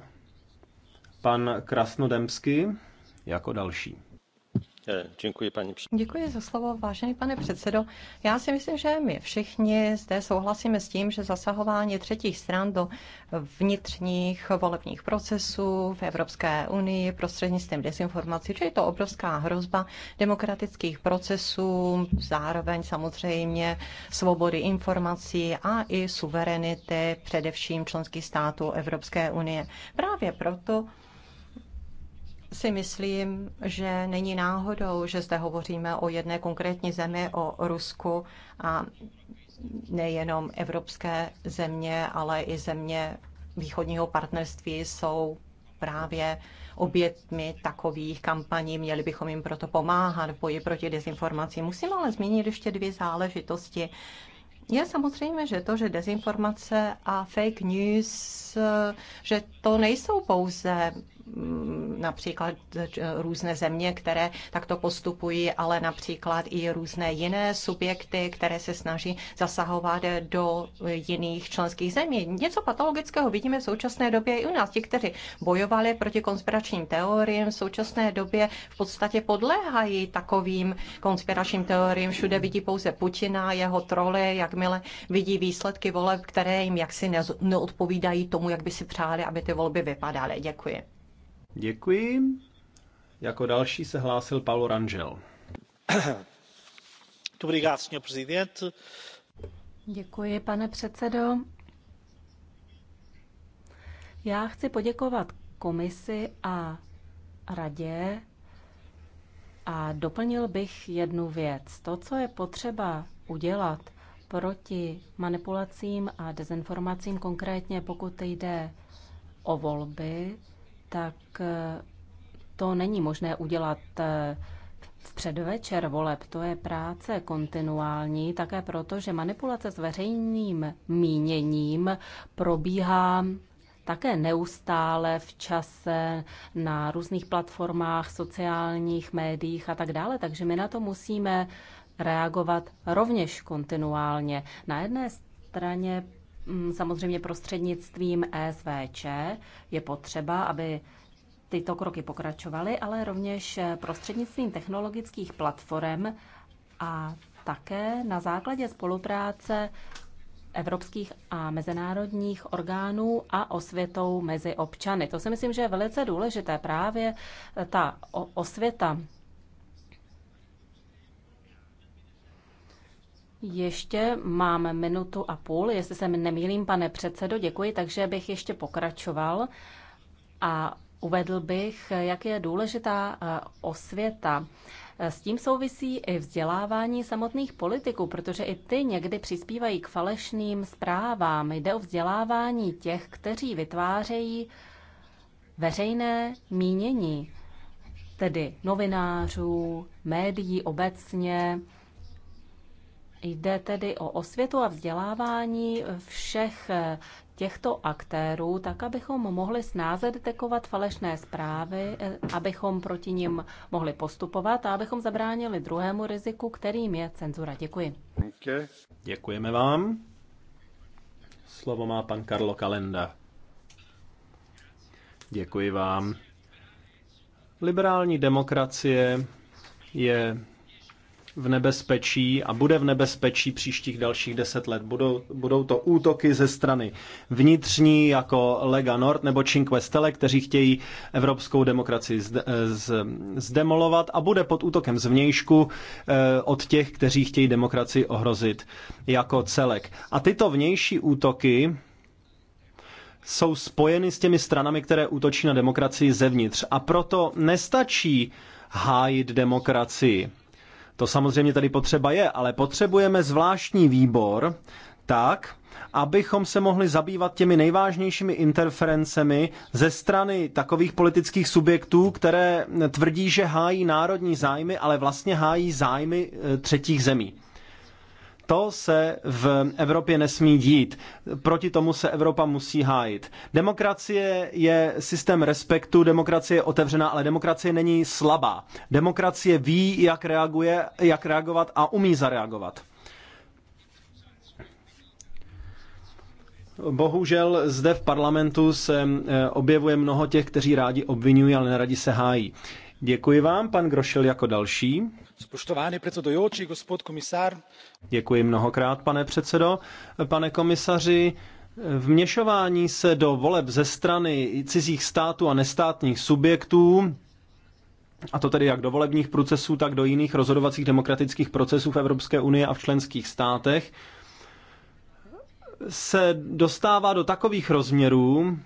B: Pan Krasnodemský jako další. Eh, děkuji, paní
A: Děkuji za slovo, vážený pane předsedo. Já si myslím, že my všichni zde souhlasíme s tím, že zasahování třetích stran do vnitřních volebních procesů v Evropské unii prostřednictvím dezinformací, že je to obrovská hrozba demokratických procesů, zároveň samozřejmě svobody informací a i suverenity především členských států Evropské unie. Právě proto si myslím, že není náhodou, že zde hovoříme o jedné konkrétní zemi, o Rusku a nejenom evropské země, ale i země východního partnerství jsou právě obětmi takových kampaní. Měli bychom jim proto pomáhat v boji proti dezinformacím. Musím ale zmínit ještě dvě záležitosti. Je samozřejmě, že to, že dezinformace a fake news, že to nejsou pouze Mm, například eh, různé země, které takto postupují, ale například i různé jiné subjekty, které se snaží zasahovat do jiných členských zemí. Něco patologického vidíme v současné době i u nás. Ti, kteří bojovali proti konspiračním teoriím, v současné době v podstatě podléhají takovým konspiračním teoriím. Všude vidí pouze Putina, jeho troly, jakmile vidí výsledky voleb, které jim jaksi neodpovídají tomu, jak by si přáli, aby ty volby vypadaly. Děkuji.
B: Děkuji. Jako další se hlásil Paulo Rangel.
C: Děkuji, pane předsedo. Já chci poděkovat komisi a radě a doplnil bych jednu věc. To, co je potřeba udělat proti manipulacím a dezinformacím, konkrétně pokud jde o volby, tak eh, to není možné udělat eh, v předvečer voleb. To je práce kontinuální, také proto, že manipulace s veřejným míněním probíhá také neustále v čase na různých platformách, sociálních médiích a tak dále. Takže my na to musíme reagovat rovněž kontinuálně. Na jedné straně Mm, samozřejmě prostřednictvím ESVČ. Je potřeba, aby tyto kroky pokračovaly, ale rovněž eh, prostřednictvím technologických platform a také na základě spolupráce evropských a mezinárodních orgánů a osvětou mezi občany. To si myslím, že je velice důležité. Právě ta osvěta Ještě máme minutu a půl, jestli se nemýlím, pane předsedo, děkuji, takže bych ještě pokračoval a uvedl bych, jak je důležitá eh, osvěta. Eh, s tím souvisí i vzdělávání samotných politiků, protože i ty někdy přispívají k falešným zprávám. Jde o vzdělávání těch, kteří vytvářejí veřejné mínění, tedy novinářů, médií obecně, Jde tedy o osvětu a vzdělávání všech eh, těchto aktérů, tak abychom mohli snáze detekovat falešné zprávy, eh, abychom proti nim mohli postupovat a abychom zabránili druhému riziku, kterým je cenzura. Děkuji.
B: Děkujeme vám. Slovo má pan Karlo Kalenda. Děkuji vám. Liberální demokracie je v nebezpečí a bude v nebezpečí příštích dalších deset let. Budou, budou to útoky ze strany vnitřní, jako Lega Nord nebo Cinque Stelle, kteří chtějí evropskou demokracii z, eh, z, zdemolovat a bude pod útokem zvnějšku eh, od těch, kteří chtějí demokracii ohrozit jako celek. A tyto vnější útoky jsou spojeny s těmi stranami, které útočí na demokracii zevnitř. A proto nestačí hájit demokracii. To samozřejmě tady potřeba je, ale potřebujeme zvláštní výbor, tak, abychom se mohli zabývat těmi nejvážnějšími interferencemi ze strany takových politických subjektů, které tvrdí, že hájí národní zájmy, ale vlastně hájí zájmy e, třetích zemí. To se v Evropě nesmí dít. Proti tomu se Evropa musí hájit. Demokracie je systém respektu, demokracie je otevřená, ale demokracie není slabá. Demokracie ví, jak reaguje, jak reagovat a umí zareagovat. Bohužel zde v parlamentu se eh, objevuje mnoho těch, kteří rádi obvinují, ale neradi se hájí. Děkuji vám, pan Grošil jako další. Spoštovani predsedujoči, gospod komisar. Děkuji mnohokrát, pane předsedo. Pane komisaři, Vměšování se do voleb ze strany cizích států a nestátních subjektů a to tedy jak do volebních procesů, tak do jiných rozhodovacích demokratických procesů v Evropské unii a v členských státech, se dostává do takových rozměrů,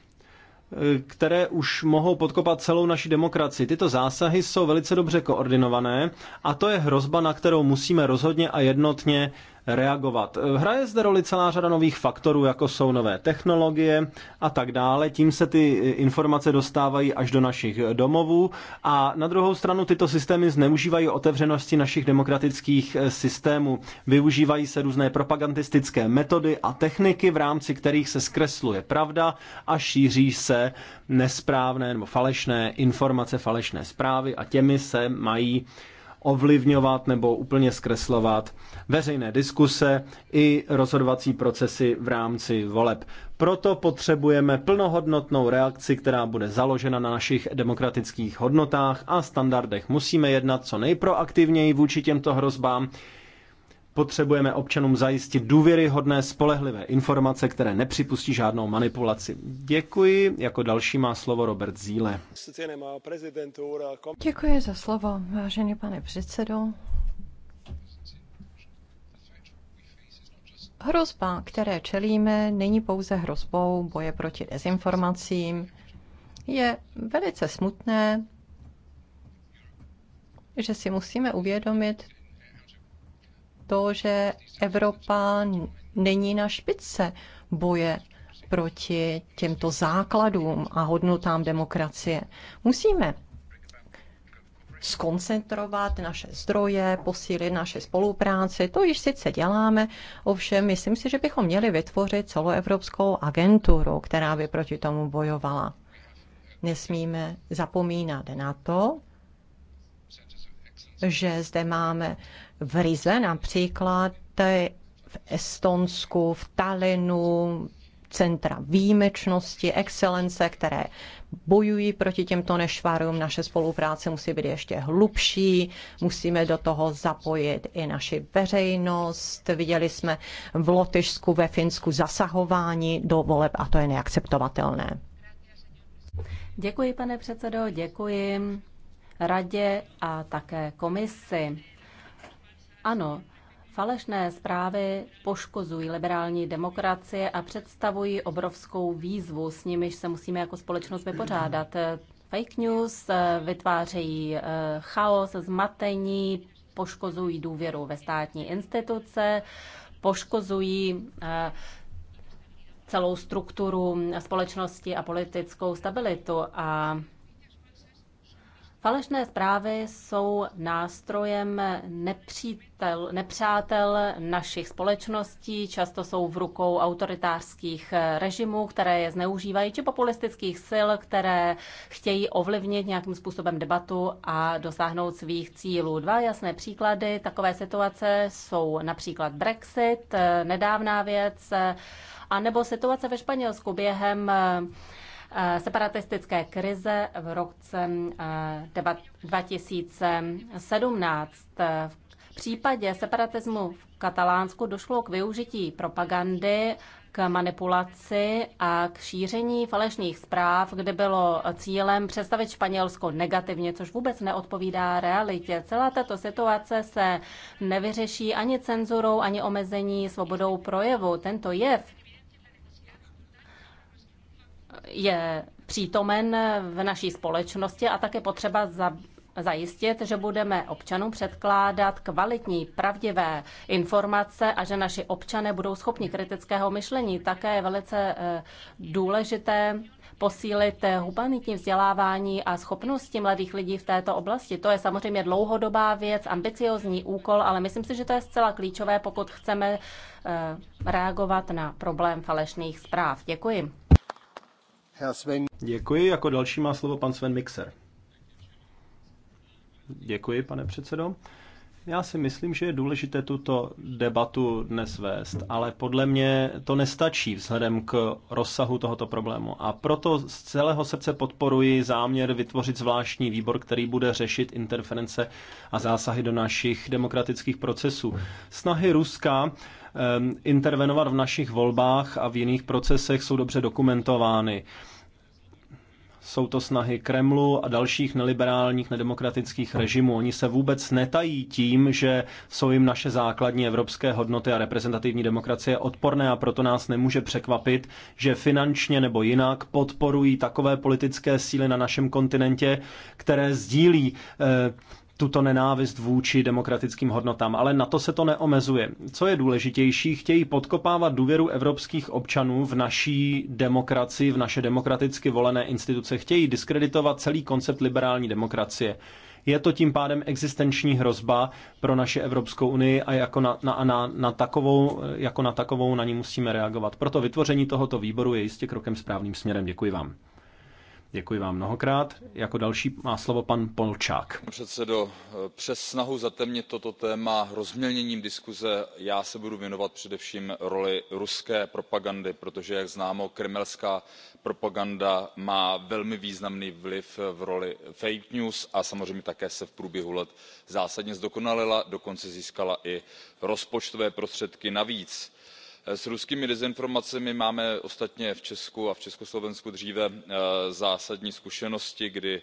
B: které už mohou podkopat celou naši demokracii. Tyto zásahy jsou velice dobře koordinované a to je hrozba, na kterou musíme rozhodně a jednotně reagovat. Hraje zde roli celá řada nových faktorů, jako jsou nové technologie a tak dále. Tím se ty informace dostávají až do našich domovů a na druhou stranu tyto systémy zneužívají otevřenosti našich demokratických systémů. Využívají se různé propagandistické metody a techniky, v rámci kterých se zkresluje pravda a šíří se nesprávné nebo falešné informace, falešné zprávy a těmi se mají ovlivňovat nebo úplně zkreslovat veřejné diskuse i rozhodovací procesy v rámci voleb. Proto potřebujeme plnohodnotnou reakci, která bude založena na našich demokratických hodnotách a standardech. Musíme jednat co nejproaktivněji vůči těmto hrozbám, Potřebujeme občanům zajistit důvěryhodné, spolehlivé informace, které nepřipustí žádnou manipulaci. Děkuji. Jako další má slovo Robert Zíle.
A: Děkuji za slovo, vážený pane předsedo. Hrozba, které čelíme, není pouze hrozbou boje proti dezinformacím. Je velice smutné, že si musíme uvědomit to, že Evropa není na špice boje proti těmto základům a hodnotám demokracie. Musíme skoncentrovat naše zdroje, posílit naše spolupráci. To již sice děláme, ovšem myslím si, že bychom měli vytvořit celoevropskou agenturu, která by proti tomu bojovala. Nesmíme zapomínat na to, že zde máme v Rize například, v Estonsku, v Talinu, centra výjimečnosti, excelence, které bojují proti těmto nešvarům. Naše spolupráce musí být ještě hlubší, musíme do toho zapojit i naši veřejnost. Viděli jsme v Lotyšsku, ve Finsku zasahování do voleb a to je neakceptovatelné.
C: Děkuji, pane předsedo, děkuji radě a také komisi. Ano, falešné zprávy poškozují liberální demokracie a představují obrovskou výzvu, s nimiž se musíme jako společnost vypořádat. Fake news eh, vytvářejí eh, chaos, zmatení, poškozují důvěru ve státní instituce, poškozují eh, celou strukturu společnosti a politickou stabilitu. A Falešné zprávy jsou nástrojem nepřítel, nepřátel našich společností, často jsou v rukou autoritářských režimů, které je zneužívají, či populistických sil, které chtějí ovlivnit nějakým způsobem debatu a dosáhnout svých cílů. Dva jasné příklady takové situace jsou například Brexit, nedávná věc, anebo situace ve Španělsku během Eh, separatistické krize v roce 2017. Eh, eh, v případě separatismu v Katalánsku došlo k využití propagandy k manipulaci a k šíření falešných zpráv, kde bylo cílem představit Španělsko negativně, což vůbec neodpovídá realitě. Celá tato situace se nevyřeší ani cenzurou, ani omezení svobodou projevu. Tento jev je přítomen v naší společnosti a také potřeba za, zajistit, že budeme občanům předkládat kvalitní, pravdivé informace a že naši občané budou schopni kritického myšlení. Také je velice eh, důležité posílit humanitní vzdělávání a schopnosti mladých lidí v této oblasti. To je samozřejmě dlouhodobá věc, ambiciozní úkol, ale myslím si, že to je zcela klíčové, pokud chceme eh, reagovat na problém falešných zpráv. Děkuji.
B: Děkuji. Jako další má slovo pan Sven Mixer. Děkuji, pane předsedo. Já si myslím, že je důležité tuto debatu dnes vést, ale podle mě to nestačí vzhledem k rozsahu tohoto problému. A proto z celého srdce podporuji záměr vytvořit zvláštní výbor, který bude řešit interference a zásahy do našich demokratických procesů. Snahy Ruska Ehm, intervenovat v našich volbách a v jiných procesech jsou dobře dokumentovány. Jsou to snahy Kremlu a dalších neliberálních, nedemokratických režimů. Oni se vůbec netají tím, že jsou jim naše základní evropské hodnoty a reprezentativní demokracie odporné a proto nás nemůže překvapit, že finančně nebo jinak podporují takové politické síly na našem kontinentě, které sdílí eh, tuto nenávist vůči demokratickým hodnotám, ale na to se to neomezuje. Co je důležitější, chtějí podkopávat důvěru evropských občanů v naší demokracii, v naše demokraticky volené instituce. Chtějí diskreditovat celý koncept liberální demokracie. Je to tím pádem existenční hrozba pro naše Evropskou unii a jako na, na, na, na takovou, jako na takovou na ní musíme reagovat. Proto vytvoření tohoto výboru je jistě krokem správným směrem. Děkuji vám. Děkuji vám mnohokrát. Jako další má slovo pan Polčák.
G: Předsedo, přes snahu zatemnit toto téma rozmělněním diskuze já se budu věnovat především roli ruské propagandy, protože, jak známo, kremelská propaganda má velmi významný vliv v roli fake news a samozřejmě také se v průběhu let zásadně zdokonalila, dokonce získala i rozpočtové prostředky navíc Eh, s ruskými dezinformacemi máme ostatně v česku a v československu dříve eh, zásadní zkušenosti kdy eh,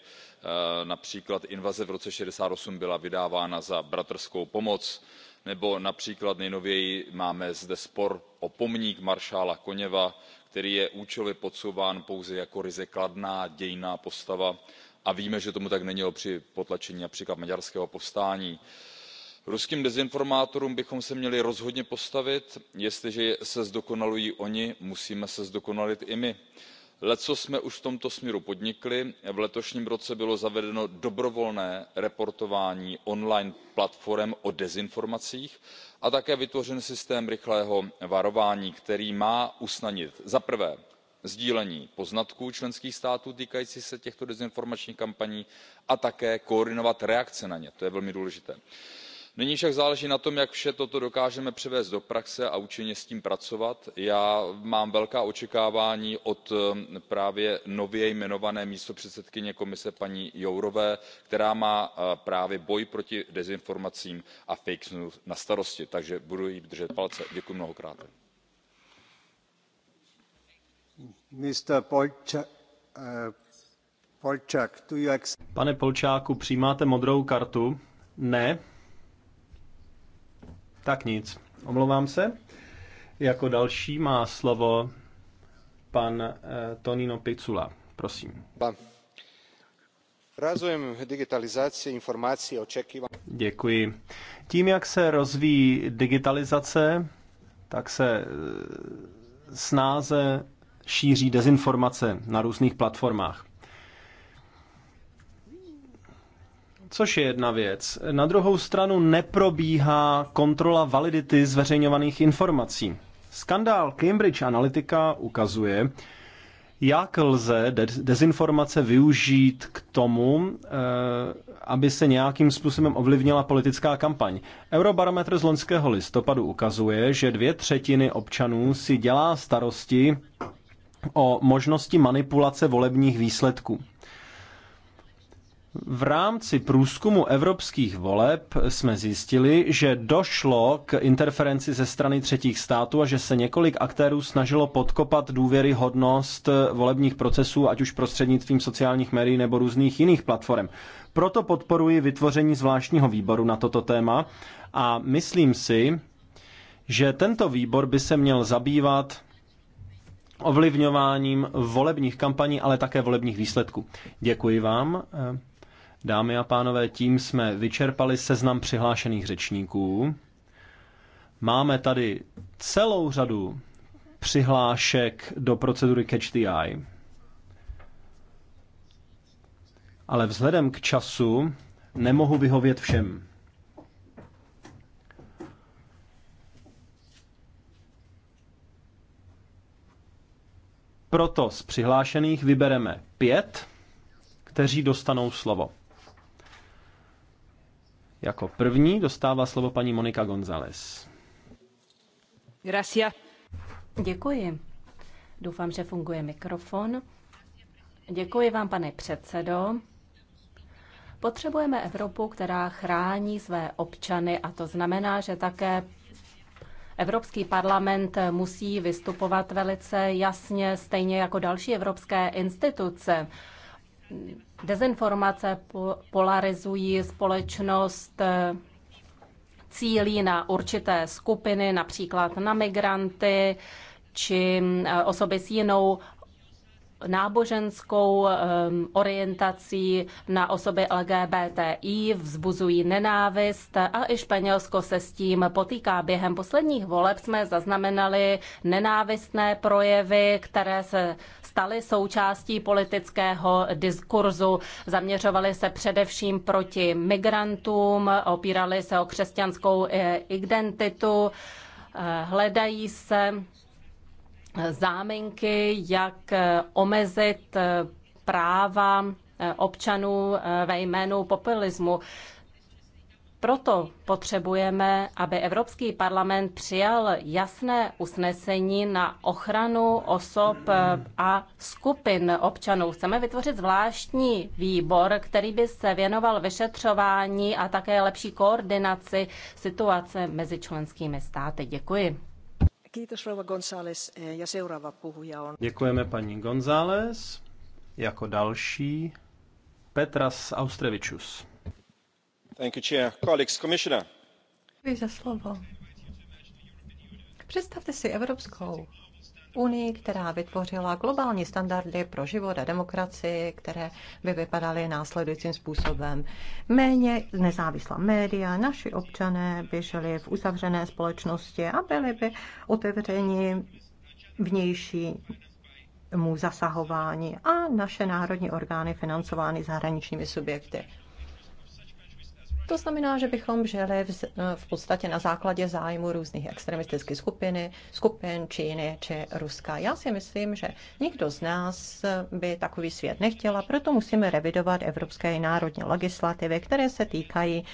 G: například invaze v roce one thousand nine hundred and sixty eight byla vydávána za bratrskou pomoc nebo například nejnověji máme zde spor o pomník maršála koněva který je účelově podsouván pouze jako ryze kladná dějinná postava a víme že tomu tak není při potlačení například maďarského povstání ruským dezinformátorům bychom se měli rozhodně postavit jestliže se zdokonalují oni musíme se zdokonalit i my. leccos jsme už v tomto směru podnikli v letošním roce bylo zavedeno dobrovolné reportování on line platforem o dezinformacích a také vytvořen systém rychlého varování který má usnadnit za prvé sdílení poznatků členských států týkajících se těchto dezinformačních kampaní a také koordinovat reakce na ně to je velmi důležité nyní však záleží na tom jak vše toto dokážeme převést do praxe a účinně s tím pracovat. já mám velká očekávání od ehm, právě nově jmenované místopředsedkyně komise paní jourové která má eh, právě boj proti dezinformacím a fake news na starosti takže budu jí držet palce. děkuji mnohokrát.
B: Eh, pane polčáku přijímáte modrou kartu? ne? Tak nic, omlouvám se. Jako další má slovo pan eh, Tonino Picula. Prosím. Pan.
D: Rozvojem digitalizace informací očekávám.
B: Děkuji. Tím, jak se rozvíjí digitalizace, tak se eh, snáze šíří dezinformace na různých platformách. Což je jedna věc. Na druhou stranu neprobíhá kontrola validity zveřejňovaných informací. Skandál Cambridge Analytica ukazuje, jak lze dezinformace využít k tomu, eh, aby se nějakým způsobem ovlivnila politická kampaň. Eurobarometr z loňského listopadu ukazuje, že dvě třetiny občanů si dělá starosti o možnosti manipulace volebních výsledků. V rámci průzkumu evropských voleb jsme zjistili, že došlo k interferenci ze strany třetích států a že se několik aktérů snažilo podkopat důvěryhodnost volebních procesů, ať už prostřednictvím sociálních médií nebo různých jiných platform. Proto podporuji vytvoření zvláštního výboru na toto téma a myslím si, že tento výbor by se měl zabývat ovlivňováním volebních kampaní, ale také volebních výsledků. Děkuji vám. Dámy a pánové, tím jsme vyčerpali seznam přihlášených řečníků. Máme tady celou řadu přihlášek do procedury Catch the Eye. Ale vzhledem k času nemohu vyhovět všem. Proto z přihlášených vybereme pět, kteří dostanou slovo. Jako první dostává slovo paní Monika González.
H: Gracias.
C: Děkuji. Doufám, že funguje mikrofon. Děkuji vám, pane předsedo. Potřebujeme Evropu, která chrání své občany a to znamená, že také Evropský parlament musí vystupovat velice jasně, stejně jako další evropské instituce dezinformace polarizují společnost, eh, cílí na určité skupiny, například na migranty či eh, osoby s jinou náboženskou eh, orientací na osoby LGBTI, vzbuzují nenávist a i Španělsko se s tím potýká. Během posledních voleb jsme zaznamenali nenávistné projevy, které se staly součástí politického diskurzu. Zaměřovali se především proti migrantům, opírali se o křesťanskou eh, identitu, eh, hledají se záminky, jak eh, omezit práva občanů ve jménu populismu. Proto potřebujeme, aby Evropský parlament přijal jasné usnesení na ochranu osob eh, a skupin občanů. Chceme vytvořit zvláštní výbor, který by se věnoval vyšetřování a také lepší koordinaci situace mezi členskými státy. Děkuji. Eh,
B: Děkujeme paní González. Jako další Petras Austrevičus. Děkuji
A: za slovo. Představte si Evropskou unii, která vytvořila globální standardy pro život a demokracii, které by vypadaly následujícím způsobem. Méně nezávislá média, naši občané by žili v uzavřené společnosti a byli by otevřeni vnější zasahování a naše národní orgány financovány zahraničními subjekty. To znamená, že bychom žili v, eh, v podstatě na základě zájmu různých extremistických skupiny, skupin Číny či Ruska. Já si myslím, že nikdo z nás by takový svět nechtěla, proto musíme revidovat evropské i národní legislativy, které se týkají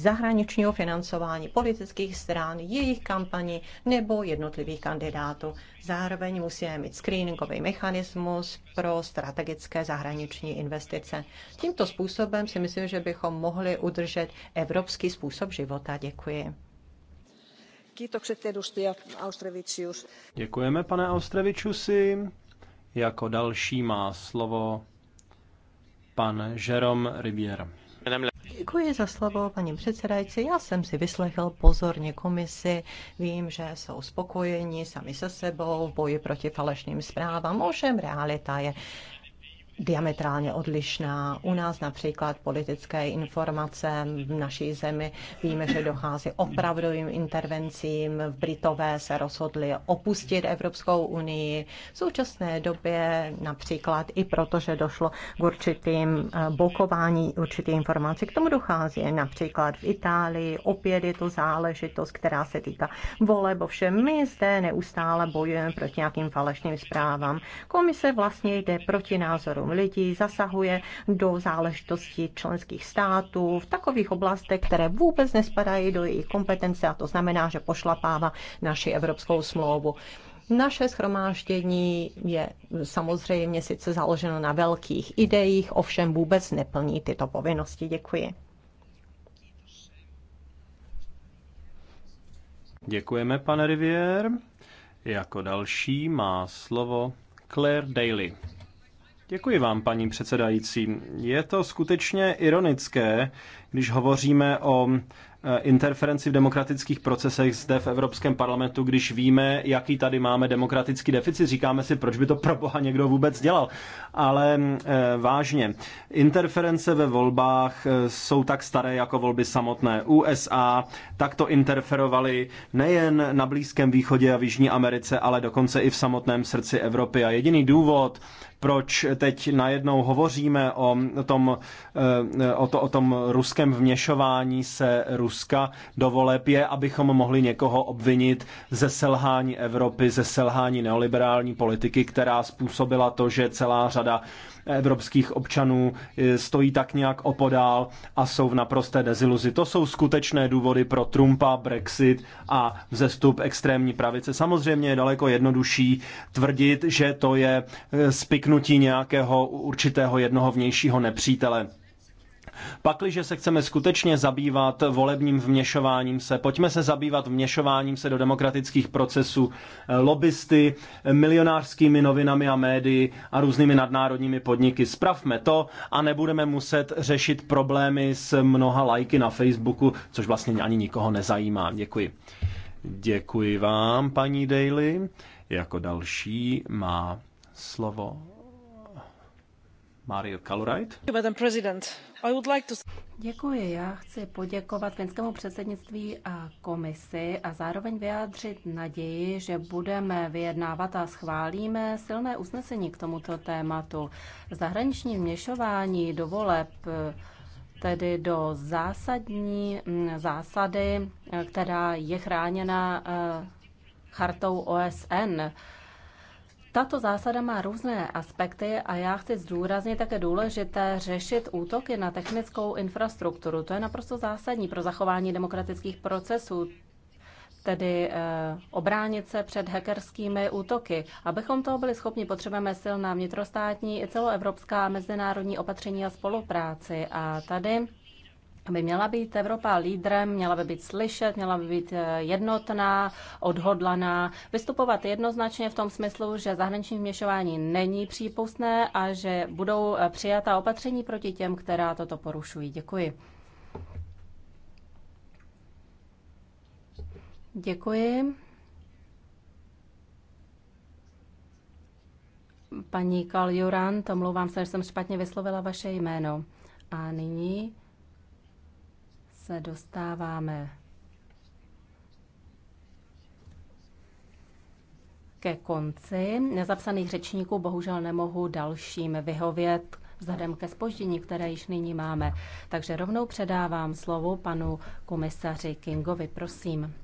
A: zahraničního financování politických stran, jejich kampaní nebo jednotlivých kandidátů. Zároveň musíme mít screeningový mechanismus pro strategické zahraniční investice. Tímto způsobem si myslím, že bychom mohli udržet evropský způsob života. Děkuji.
B: Děkujeme, pane Austrevičusi. Jako další má slovo pan Jerome Rivière.
A: Děkuji za slovo, paní předsedající. Já jsem si vyslechl pozorně komisi. Vím, že jsou spokojeni sami se sebou v boji proti falešným zprávám. Ovšem realita je diametrálně odlišná. U nás například politické informace v naší zemi víme, že dochází opravdovým intervencím. V Britové se rozhodli opustit Evropskou unii. V současné době například i proto, že došlo k určitým eh, blokování určitých informací. K tomu dochází například v Itálii. Opět je to záležitost, která se týká bo Ovšem my zde neustále bojujeme proti nějakým falešným zprávám. Komise vlastně jde proti názorům lidí zasahuje do záležitostí členských států v takových oblastech, které vůbec nespadají do jejich kompetence a to znamená, že pošlapává naši evropskou smlouvu. Naše schromáždění je samozřejmě sice založeno na velkých ideích, ovšem vůbec neplní tyto povinnosti. Děkuji.
B: Děkujeme, pane Rivier. Jako další má slovo Claire Daly. Děkuji vám, paní předsedající. Je to skutečně ironické, když hovoříme o eh, interferenci v demokratických procesech zde v Evropském parlamentu, když víme, jaký tady máme demokratický deficit, říkáme si, proč by to pro boha někdo vůbec dělal. Ale eh, vážně, interference ve volbách eh, jsou tak staré jako volby samotné. USA takto interferovali nejen na Blízkém východě a v Jižní Americe, ale dokonce i v samotném srdci Evropy. A jediný důvod, proč teď najednou hovoříme o tom, eh, o, to, o tom ruském vměšování se Ruska do voleb, je, abychom mohli někoho obvinit ze selhání Evropy, ze selhání neoliberální politiky, která způsobila to, že celá řada evropských občanů e, stojí tak nějak opodál a jsou v naprosté deziluzi. To jsou skutečné důvody pro Trumpa, Brexit a vzestup extrémní pravice. Samozřejmě je daleko jednodušší tvrdit, že to je e, spiknutí nějakého určitého jednoho vnějšího nepřítele. Pakliže se chceme skutečně zabývat volebním vměšováním se, pojďme se zabývat vměšováním se do demokratických procesů eh, lobbysty, eh, milionářskými novinami a médii a různými nadnárodními podniky. Spravme to a nebudeme muset řešit problémy s mnoha lajky na Facebooku, což vlastně ani nikoho nezajímá. Děkuji. Děkuji vám, paní Daly. Jako další má slovo Mario Kalurajt.
C: Madam President. Děkuji. Já chci poděkovat finskému předsednictví a komisi a zároveň vyjádřit naději, že budeme vyjednávat a schválíme silné usnesení k tomuto tématu. Zahraniční vměšování do voleb tedy do zásadní mm, zásady, která je chráněna eh, chartou OSN. Tato zásada má různé aspekty a já chci zdůraznit také důležité řešit útoky na technickou infrastrukturu. To je naprosto zásadní pro zachování demokratických procesů tedy eh, obránit se před hackerskými útoky. Abychom toho byli schopni, potřebujeme silná vnitrostátní i celoevropská mezinárodní opatření a spolupráci. A tady by měla být Evropa lídrem, měla by být slyšet, měla by být eh, jednotná, odhodlaná, vystupovat jednoznačně v tom smyslu, že zahraniční vměšování není přípustné a že budou eh, přijata opatření proti těm, která toto porušují. Děkuji. Děkuji. Paní Kaljuran, mluvám se, že jsem špatně vyslovila vaše jméno. A nyní se dostáváme ke konci. Nezapsaných řečníků bohužel nemohu dalším vyhovět vzhledem ke spoždění, které již nyní máme. Takže rovnou předávám slovo panu komisaři Kingovi, prosím.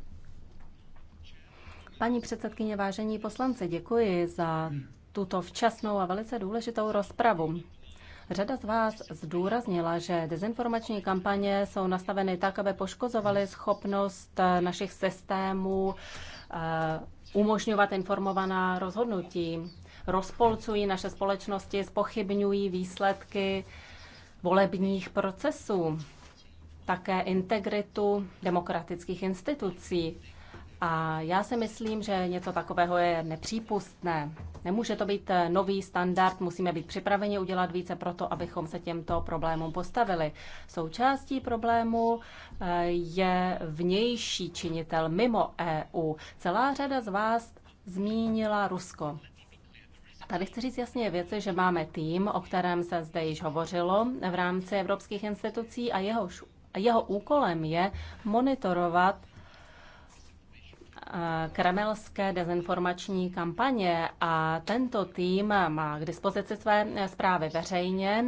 C: Paní předsedkyně, vážení poslanci, děkuji za tuto včasnou a velice důležitou rozpravu. Řada z vás zdůraznila, že dezinformační kampaně jsou nastaveny tak, aby poškozovaly schopnost eh, našich systémů eh, umožňovat informovaná rozhodnutí. Rozpolcují naše společnosti, spochybňují výsledky volebních procesů, také integritu demokratických institucí a já si myslím, že něco takového je nepřípustné. Nemůže to být eh, nový standard, musíme být připraveni udělat více pro to, abychom se těmto problémům postavili. Součástí problému eh, je vnější činitel mimo EU. Celá řada z vás zmínila Rusko. Tady chci říct jasně věci, že máme tým, o kterém se zde již hovořilo v rámci evropských institucí a jehož, jeho úkolem je monitorovat Eh, kremelské dezinformační kampaně a tento tým má k dispozici své eh, zprávy veřejně.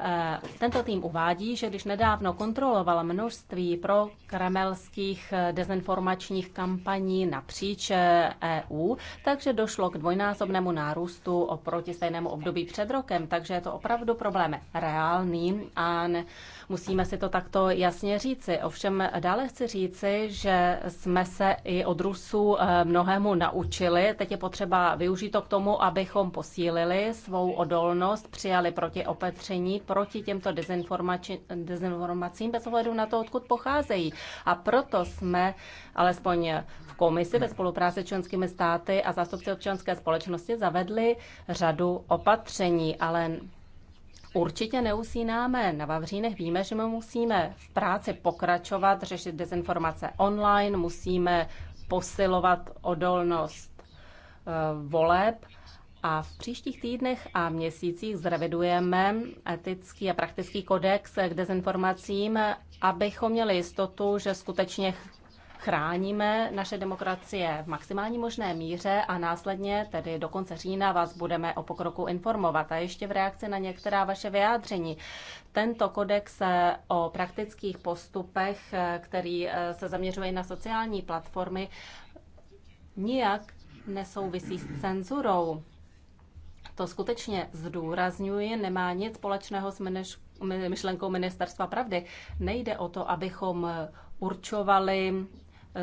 C: Eh, tento tým uvádí, že když nedávno kontroloval množství pro kremelských dezinformačních kampaní napříč EU, e takže došlo k dvojnásobnému nárůstu oproti stejnému období před rokem, takže je to opravdu problém reálný a ne, Musíme si to takto jasně říci. Ovšem dále chci říci, že jsme se i od Rusů eh, mnohému naučili. Teď je potřeba využít to k tomu, abychom posílili svou odolnost, přijali proti opatření proti těmto dezinformacím bez ohledu na to, odkud pocházejí. A proto jsme alespoň v komisi ve spolupráci s členskými státy a zástupci občanské společnosti zavedli řadu opatření, ale určitě neusínáme na Vavřínech. Víme, že my musíme v práci pokračovat, řešit dezinformace online, musíme posilovat odolnost eh, voleb a v příštích týdnech a měsících zrevidujeme etický a praktický kodex k dezinformacím, abychom měli jistotu, že skutečně chráníme naše demokracie v maximální možné míře a následně, tedy do konce října, vás budeme o pokroku informovat. A ještě v reakci na některá vaše vyjádření. Tento kodex o praktických postupech, který eh, se zaměřuje na sociální platformy, nijak nesouvisí s cenzurou. To skutečně zdůrazňuji, nemá nic společného s myšlenkou ministerstva pravdy. Nejde o to, abychom určovali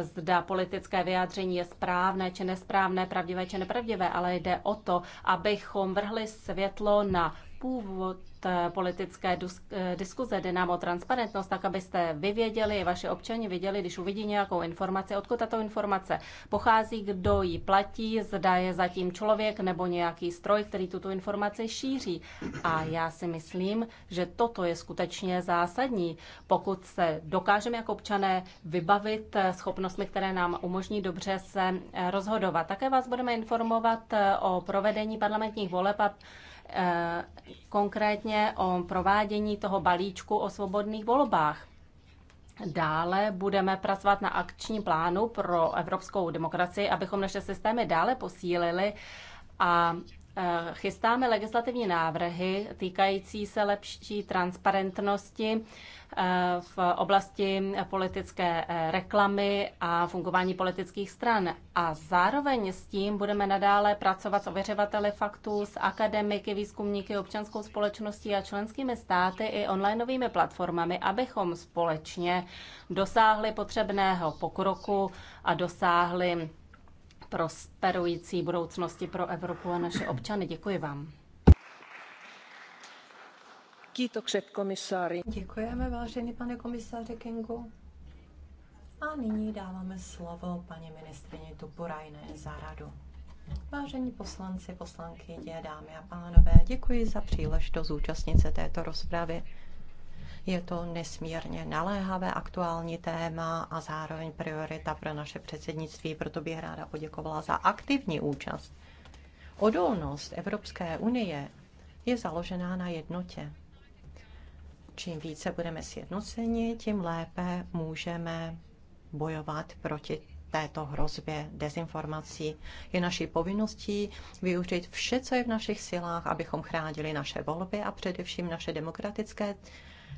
C: zda politické vyjádření je správné či nesprávné, pravdivé či nepravdivé, ale jde o to, abychom vrhli světlo na původ eh, politické eh, diskuze, jde nám o transparentnost, tak abyste vy věděli, vaše občani viděli, když uvidí nějakou informaci, odkud tato informace pochází, kdo ji platí, zda je zatím člověk nebo nějaký stroj, který tuto informaci šíří. A já si myslím, že toto je skutečně zásadní. Pokud se dokážeme jako občané vybavit eh, schopnostmi, které nám umožní dobře se rozhodovat. Také vás budeme informovat o provedení parlamentních voleb a Eh, konkrétně o provádění toho balíčku o svobodných volbách. Dále budeme pracovat na akční plánu pro evropskou demokracii, abychom naše systémy dále posílili a Eh, chystáme legislativní návrhy týkající se lepší transparentnosti eh, v oblasti politické eh, reklamy a fungování politických stran. A zároveň s tím budeme nadále pracovat s ověřovateli faktů, s akademiky, výzkumníky, občanskou společností a členskými státy i onlineovými platformami, abychom společně dosáhli potřebného pokroku a dosáhli prosperující budoucnosti pro Evropu a naše občany. Děkuji vám. komisáři.
A: Děkujeme, vážený pane komisáři Kingu. A nyní dáváme slovo paní ministrině Tupurajné za radu. Vážení poslanci, poslankyně, dámy a pánové, děkuji za příležitost zúčastnit se této rozpravy. Je to nesmírně naléhavé aktuální téma a zároveň priorita pro naše předsednictví, proto bych ráda poděkovala za aktivní účast. Odolnost Evropské unie je založená na jednotě. Čím více budeme sjednoceni, tím lépe můžeme bojovat proti této hrozbě dezinformací. Je naší povinností využít vše, co je v našich silách, abychom chránili naše volby a především naše demokratické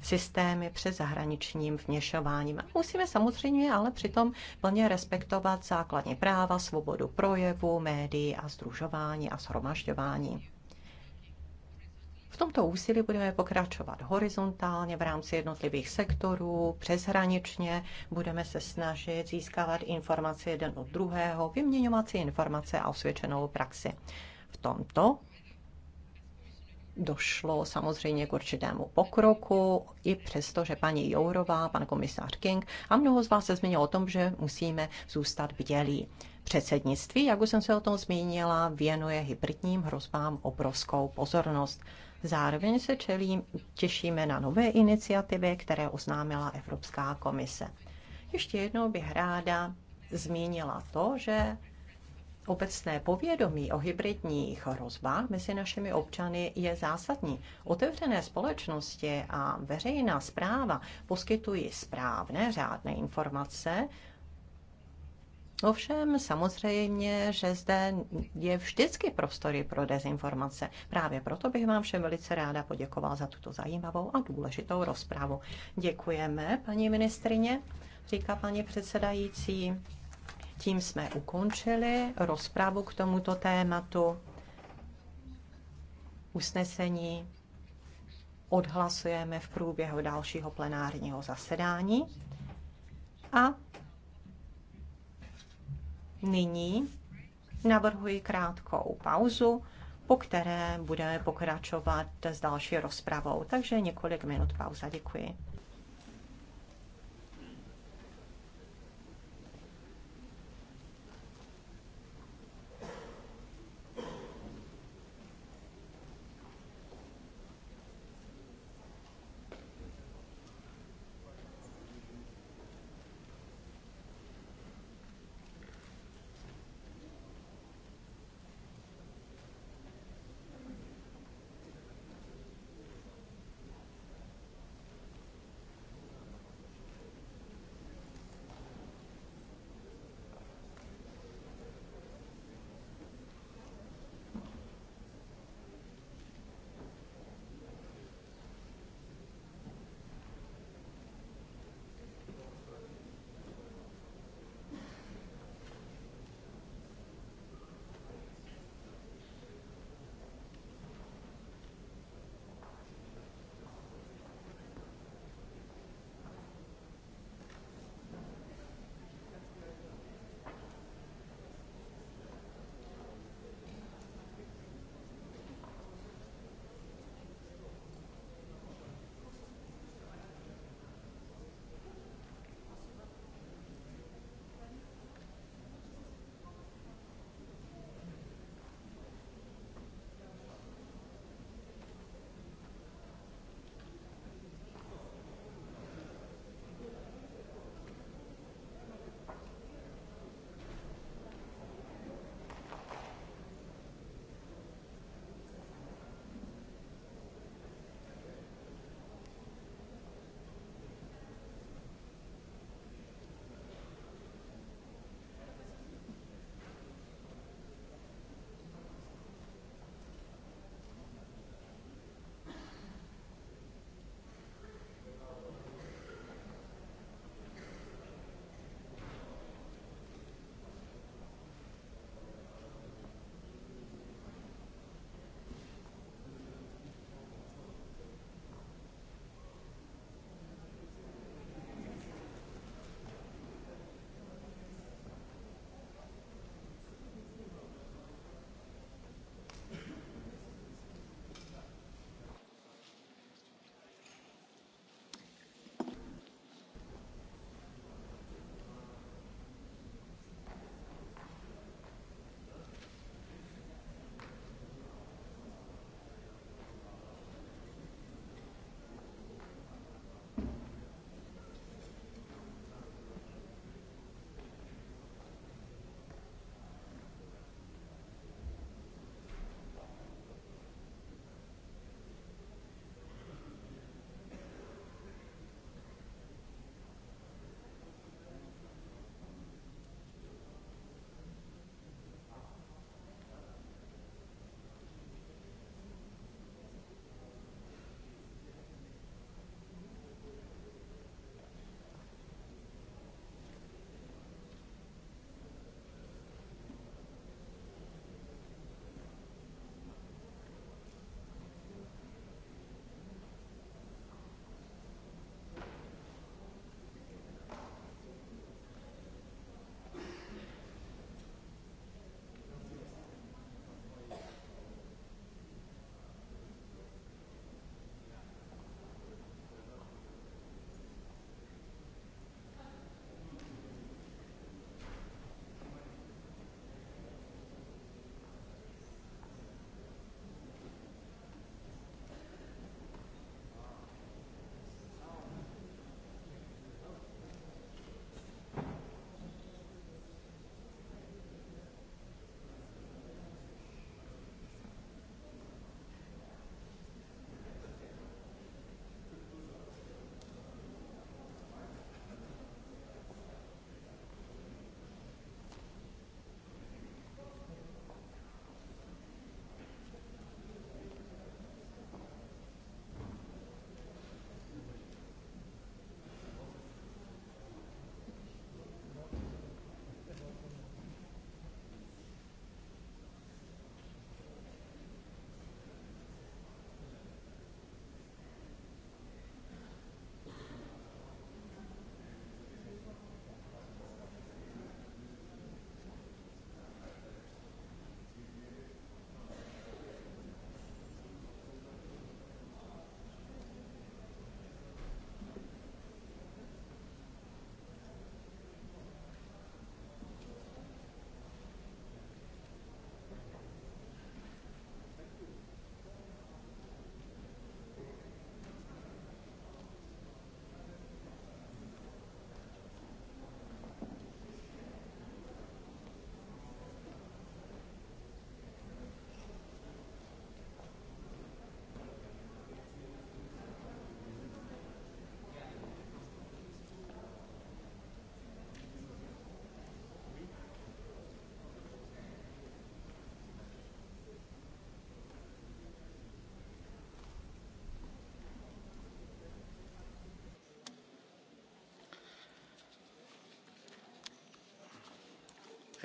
A: systémy před zahraničním vněšováním. Musíme samozřejmě ale přitom plně respektovat základní práva, svobodu projevu, médií a združování a shromažďování. V tomto úsilí budeme pokračovat horizontálně v rámci jednotlivých sektorů, přeshraničně. Budeme se snažit získávat informace jeden od druhého, vyměňovat si informace a osvědčenou praxi. V tomto došlo samozřejmě k určitému pokroku, i přesto, že paní Jourová, pan komisář King a mnoho z vás se zmínilo o tom, že musíme zůstat bdělí. Předsednictví, jak už jsem se o tom zmínila, věnuje hybridním hrozbám obrovskou pozornost. Zároveň se čelím, těšíme na nové iniciativy, které oznámila Evropská komise. Ještě jednou bych ráda zmínila to, že obecné povědomí o hybridních hrozbách mezi našimi občany je zásadní. Otevřené společnosti a veřejná zpráva poskytují správné řádné informace, Ovšem samozřejmě, že zde je vždycky prostory pro dezinformace. Právě proto bych vám všem velice ráda poděkoval za tuto zajímavou a důležitou rozpravu. Děkujeme, paní ministrině, říká paní předsedající. Tím jsme ukončili rozpravu k tomuto tématu. Usnesení odhlasujeme v průběhu dalšího plenárního zasedání. A nyní navrhuji krátkou pauzu, po které budeme pokračovat s další rozpravou. Takže několik minut pauza. Děkuji.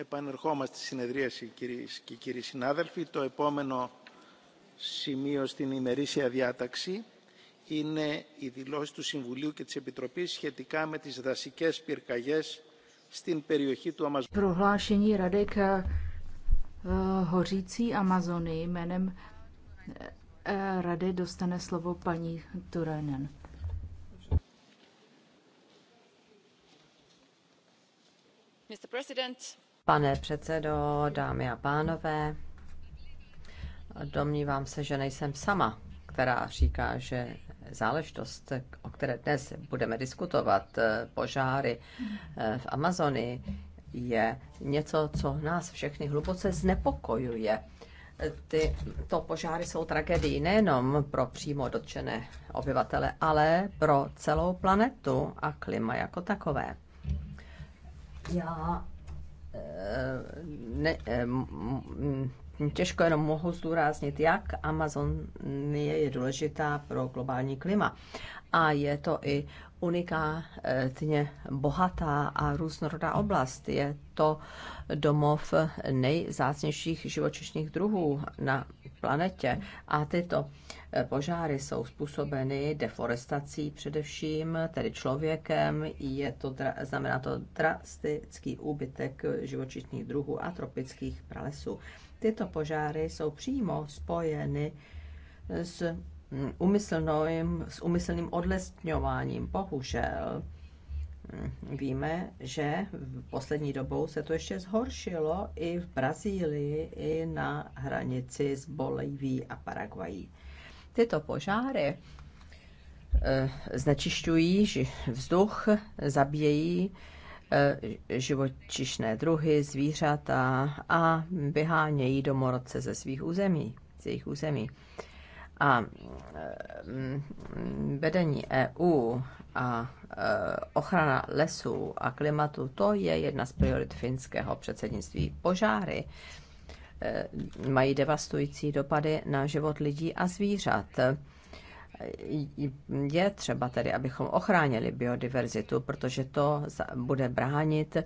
F: Επανερχόμαστε στη συνεδρίαση κυρίες και κύριοι συνάδελφοι. Το επόμενο σημείο στην ημερήσια διάταξη είναι η δηλώση του Συμβουλίου και της Επιτροπής σχετικά με τις δασικές πυρκαγιές στην περιοχή του Αμαζονίου.
H: Προχλάσení Rady k hořící Amazonii jménem Rady
D: Σλόβο Πανί paní Turenen.
I: Mr. President,
D: Pane předsedo, dámy a pánové, domnívám se, že nejsem sama, která říká, že záležitost, o které dnes budeme diskutovat, eh, požáry eh, v Amazonii, je něco, co nás všechny hluboce znepokojuje. Ty, to požáry jsou tragédií nejenom pro přímo dotčené obyvatele, ale pro celou planetu a klima jako takové. Já Eh, ne, eh, m, m, m těžko jenom mohu zdůraznit, jak Amazon je důležitá pro globální klima. A je to i unikátně bohatá a různorodá oblast. Je to domov nejzácnějších živočišných druhů na planetě. A tyto požáry jsou způsobeny deforestací především, tedy člověkem. Je to, znamená to drastický úbytek živočišných druhů a tropických pralesů. Tyto požáry jsou přímo spojeny s mm, umyslným, s umyslným odlesňováním. Bohužel mm, víme, že v poslední dobou se to ještě zhoršilo i v Brazílii, i na hranici s Bolívií a Paraguají. Tyto požáry eh, znečišťují vzduch, zabíjejí Eh, živočišné druhy, zvířata a vyhánějí domorodce ze svých území, z jejich území. A mm, vedení EU a eh, ochrana lesů a klimatu, to je jedna z priorit finského předsednictví. Požáry eh, mají devastující dopady na život lidí a zvířat je třeba tedy, abychom ochránili biodiverzitu, protože to bude bránit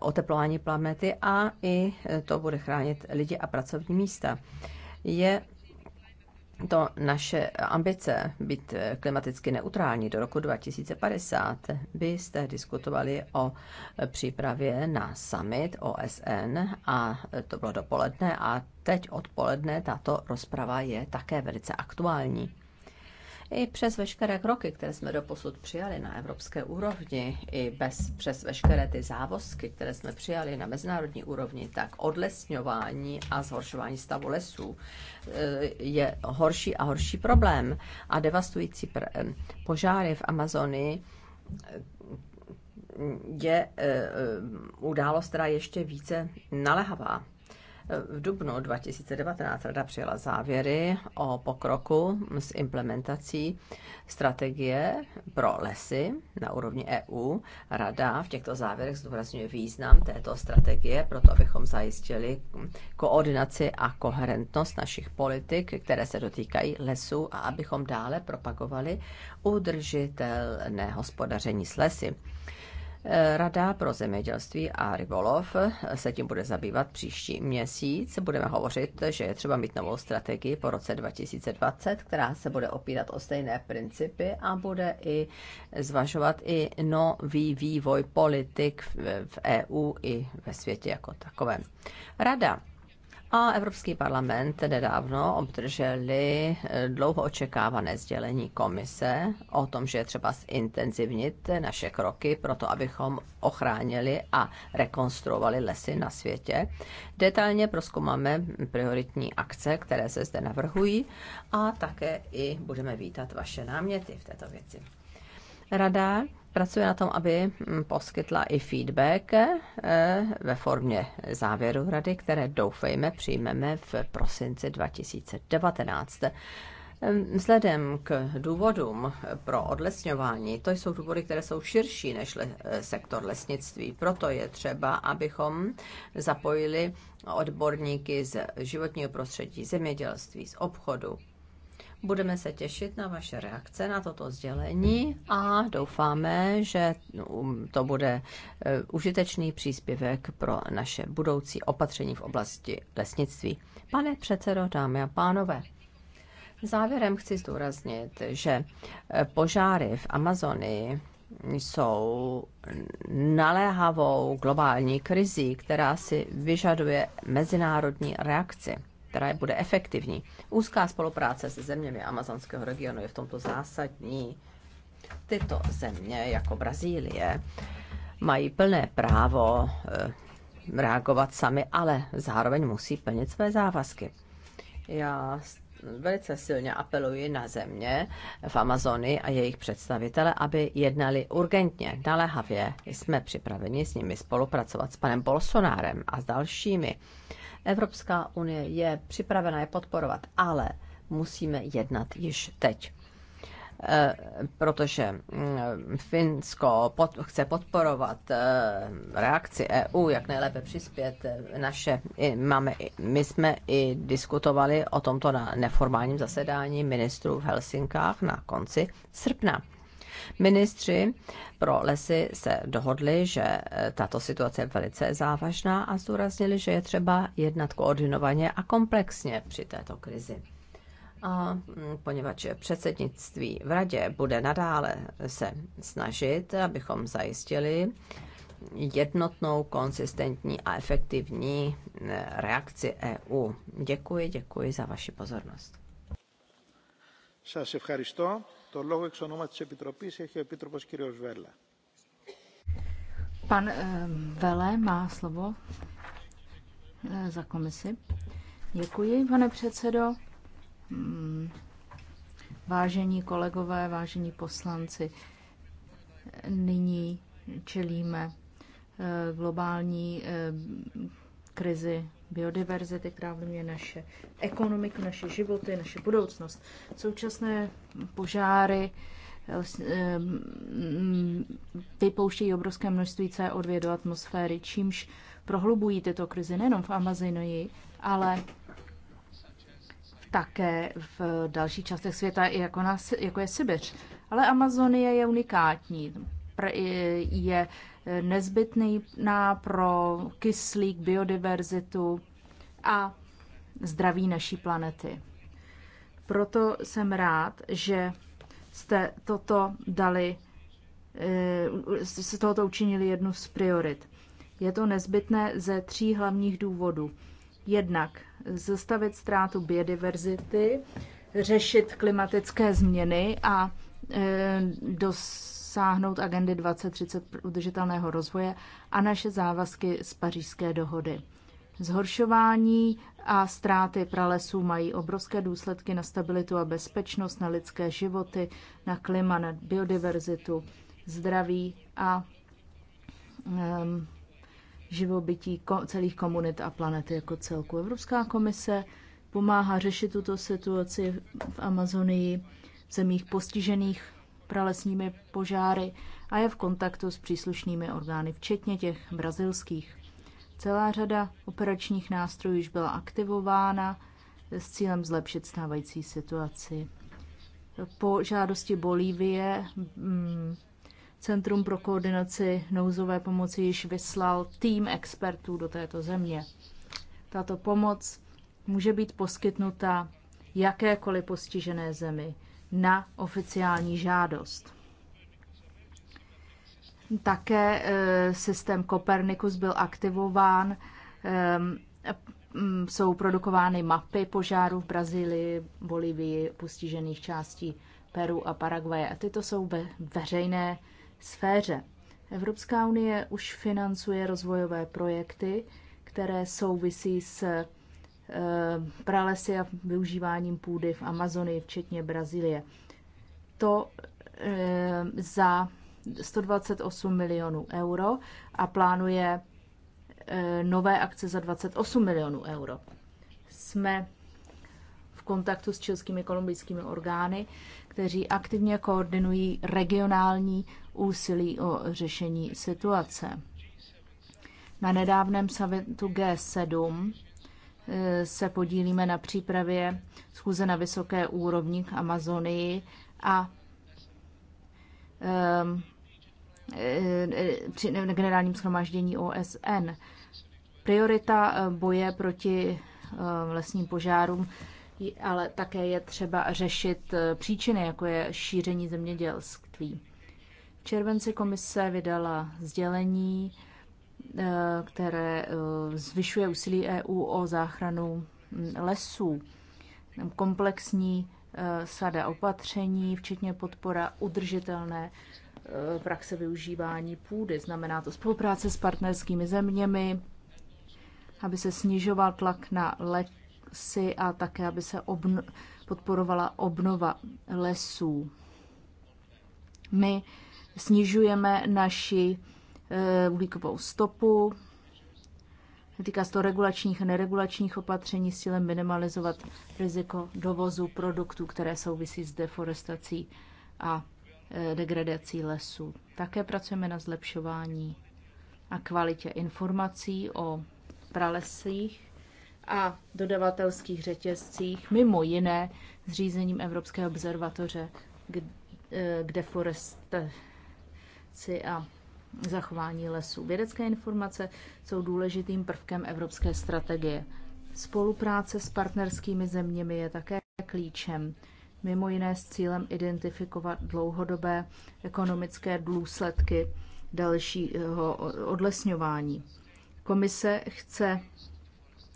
D: oteplování planety a i to bude chránit lidi a pracovní místa. Je to naše ambice být klimaticky neutrální do roku 2050. Vy jste diskutovali o přípravě na summit OSN a to bylo dopoledne a teď odpoledne tato rozprava je také velice aktuální. I přes veškeré kroky, které jsme doposud přijali na evropské úrovni, i bez, přes veškeré ty závozky, které jsme přijali na mezinárodní úrovni, tak odlesňování a zhoršování stavu lesů eh, je horší a horší problém. A devastující eh, požáry v Amazonii eh, je událost, která je ještě více nalehavá. V dubnu 2019 Rada přijela závěry o pokroku s implementací strategie pro lesy na úrovni EU. Rada v těchto závěrech zdůrazňuje význam této strategie, proto abychom zajistili koordinaci a koherentnost našich politik, které se dotýkají lesů a abychom dále propagovali udržitelné hospodaření s lesy. Rada pro zemědělství a rybolov se tím bude zabývat příští měsíc. Budeme hovořit, že je třeba mít novou strategii po roce 2020, která se bude opírat o stejné principy a bude i zvažovat i nový vývoj politik v EU i ve světě jako takovém. Rada a Evropský parlament nedávno obdrželi eh, dlouho očekávané sdělení komise o tom, že je třeba zintenzivnit naše kroky pro to, abychom ochránili a rekonstruovali lesy na světě. Detailně proskoumáme prioritní akce, které se zde navrhují a také i budeme vítat vaše náměty v této věci. Rada pracuje na tom, aby hm, poskytla i feedback eh, ve formě závěru rady, které doufejme přijmeme v prosinci 2019. Ehm, vzhledem k důvodům pro odlesňování, to jsou důvody, které jsou širší než le- eh, sektor lesnictví. Proto je třeba, abychom zapojili odborníky z životního prostředí, zemědělství, z obchodu, Budeme se těšit na vaše reakce na toto sdělení a doufáme, že um, to bude eh, užitečný příspěvek pro naše budoucí opatření v oblasti lesnictví. Pane předsedo, dámy a pánové, závěrem chci zdůraznit, že eh, požáry v Amazonii jsou naléhavou globální krizí, která si vyžaduje mezinárodní reakci která bude efektivní. Úzká spolupráce se zeměmi amazonského regionu je v tomto zásadní. Tyto země, jako Brazílie, mají plné právo eh, reagovat sami, ale zároveň musí plnit své závazky. Já velice silně apeluji na země v Amazonii a jejich představitele, aby jednali urgentně, naléhavě. Jsme připraveni s nimi spolupracovat s panem Bolsonárem a s dalšími. Evropská unie je připravena je podporovat, ale musíme jednat již teď eh, protože mm, Finsko pod, chce podporovat eh, reakci EU, jak nejlépe přispět eh, naše. Máme, my jsme i diskutovali o tomto na neformálním zasedání ministrů v Helsinkách na konci srpna. Ministři pro lesy se dohodli, že eh, tato situace je velice závažná a zdůraznili, že je třeba jednat koordinovaně a komplexně při této krizi. A mm, poněvadž předsednictví v radě bude nadále se snažit, abychom zajistili jednotnou, konsistentní a efektivní eh, reakci EU. Děkuji, děkuji za vaši pozornost.
F: Σας to logo
H: Pan Vele má slovo za komisi. Děkuji, pane předsedo. Mm, vážení kolegové, vážení poslanci, nyní čelíme e, globální e, krizi biodiverzity, která ovlivňuje naše ekonomiku, naše životy, naše budoucnost. Současné požáry vypouštějí eh, obrovské množství CO2 do atmosféry, čímž prohlubují tyto krizi nejenom v Amazonii, ale také v dalších částech světa, jako, nás, jako je Sibiř. Ale Amazonie je unikátní. Je nezbytná pro kyslík, biodiverzitu a zdraví naší planety. Proto jsem rád, že jste toto dali, eh, se tohoto učinili jednu z priorit. Je to nezbytné ze tří hlavních důvodů. Jednak zastavit ztrátu biodiverzity, řešit klimatické změny a eh, dos, dosáhnout agendy 2030 udržitelného rozvoje a naše závazky z pařížské dohody. Zhoršování a ztráty pralesů mají obrovské důsledky na stabilitu a bezpečnost, na lidské životy, na klima, na biodiverzitu, zdraví a um, živobytí ko- celých komunit a planety jako celku. Evropská komise pomáhá řešit tuto situaci v Amazonii, v zemích postižených pralesními požáry a je v kontaktu s příslušnými orgány, včetně těch brazilských. Celá řada operačních nástrojů již byla aktivována s cílem zlepšit stávající situaci. Po žádosti Bolívie mm, Centrum pro koordinaci nouzové pomoci již vyslal tým expertů do této země. Tato pomoc může být poskytnuta jakékoliv postižené zemi, na oficiální žádost. Také eh, systém Copernicus byl aktivován, eh, jsou produkovány mapy požáru v Brazílii, Bolívii, postižených částí Peru a Paraguaje. A tyto jsou ve veřejné sféře. Evropská unie už financuje rozvojové projekty, které souvisí s Eh, pralesy a využíváním půdy v Amazonii, včetně Brazílie. To eh, za 128 milionů euro a plánuje eh, nové akce za 28 milionů euro. Jsme v kontaktu s čilskými kolumbijskými orgány, kteří aktivně koordinují regionální úsilí o řešení situace. Na nedávném summitu G7 se podílíme na přípravě schůze na vysoké úrovni k Amazonii a ehm, e, e, při generálním schromáždění OSN. Priorita e, boje proti lesním požárům, ale také je třeba řešit příčiny, jako je šíření zemědělství. V červenci komise vydala sdělení, Eh, které eh, zvyšuje úsilí EU o záchranu mm, lesů. Komplexní eh, sada opatření, včetně podpora udržitelné praxe využívání půdy. Znamená to spolupráce s partnerskými zeměmi, aby se snižoval tlak na lesy a také, aby se obno- podporovala obnova lesů. My snižujeme naši Eh, uhlíkovou stopu. Týká se to regulačních a neregulačních opatření s cílem minimalizovat riziko dovozu produktů, které souvisí s deforestací a eh, degradací lesů. Také pracujeme na zlepšování a kvalitě informací o pralesích a dodavatelských řetězcích, mimo jiné zřízením Evropské observatoře k, eh, k deforestaci a zachování lesů. Vědecké informace jsou důležitým prvkem evropské strategie. Spolupráce s partnerskými zeměmi je také klíčem, mimo jiné s cílem identifikovat dlouhodobé ekonomické důsledky dalšího odlesňování. Komise chce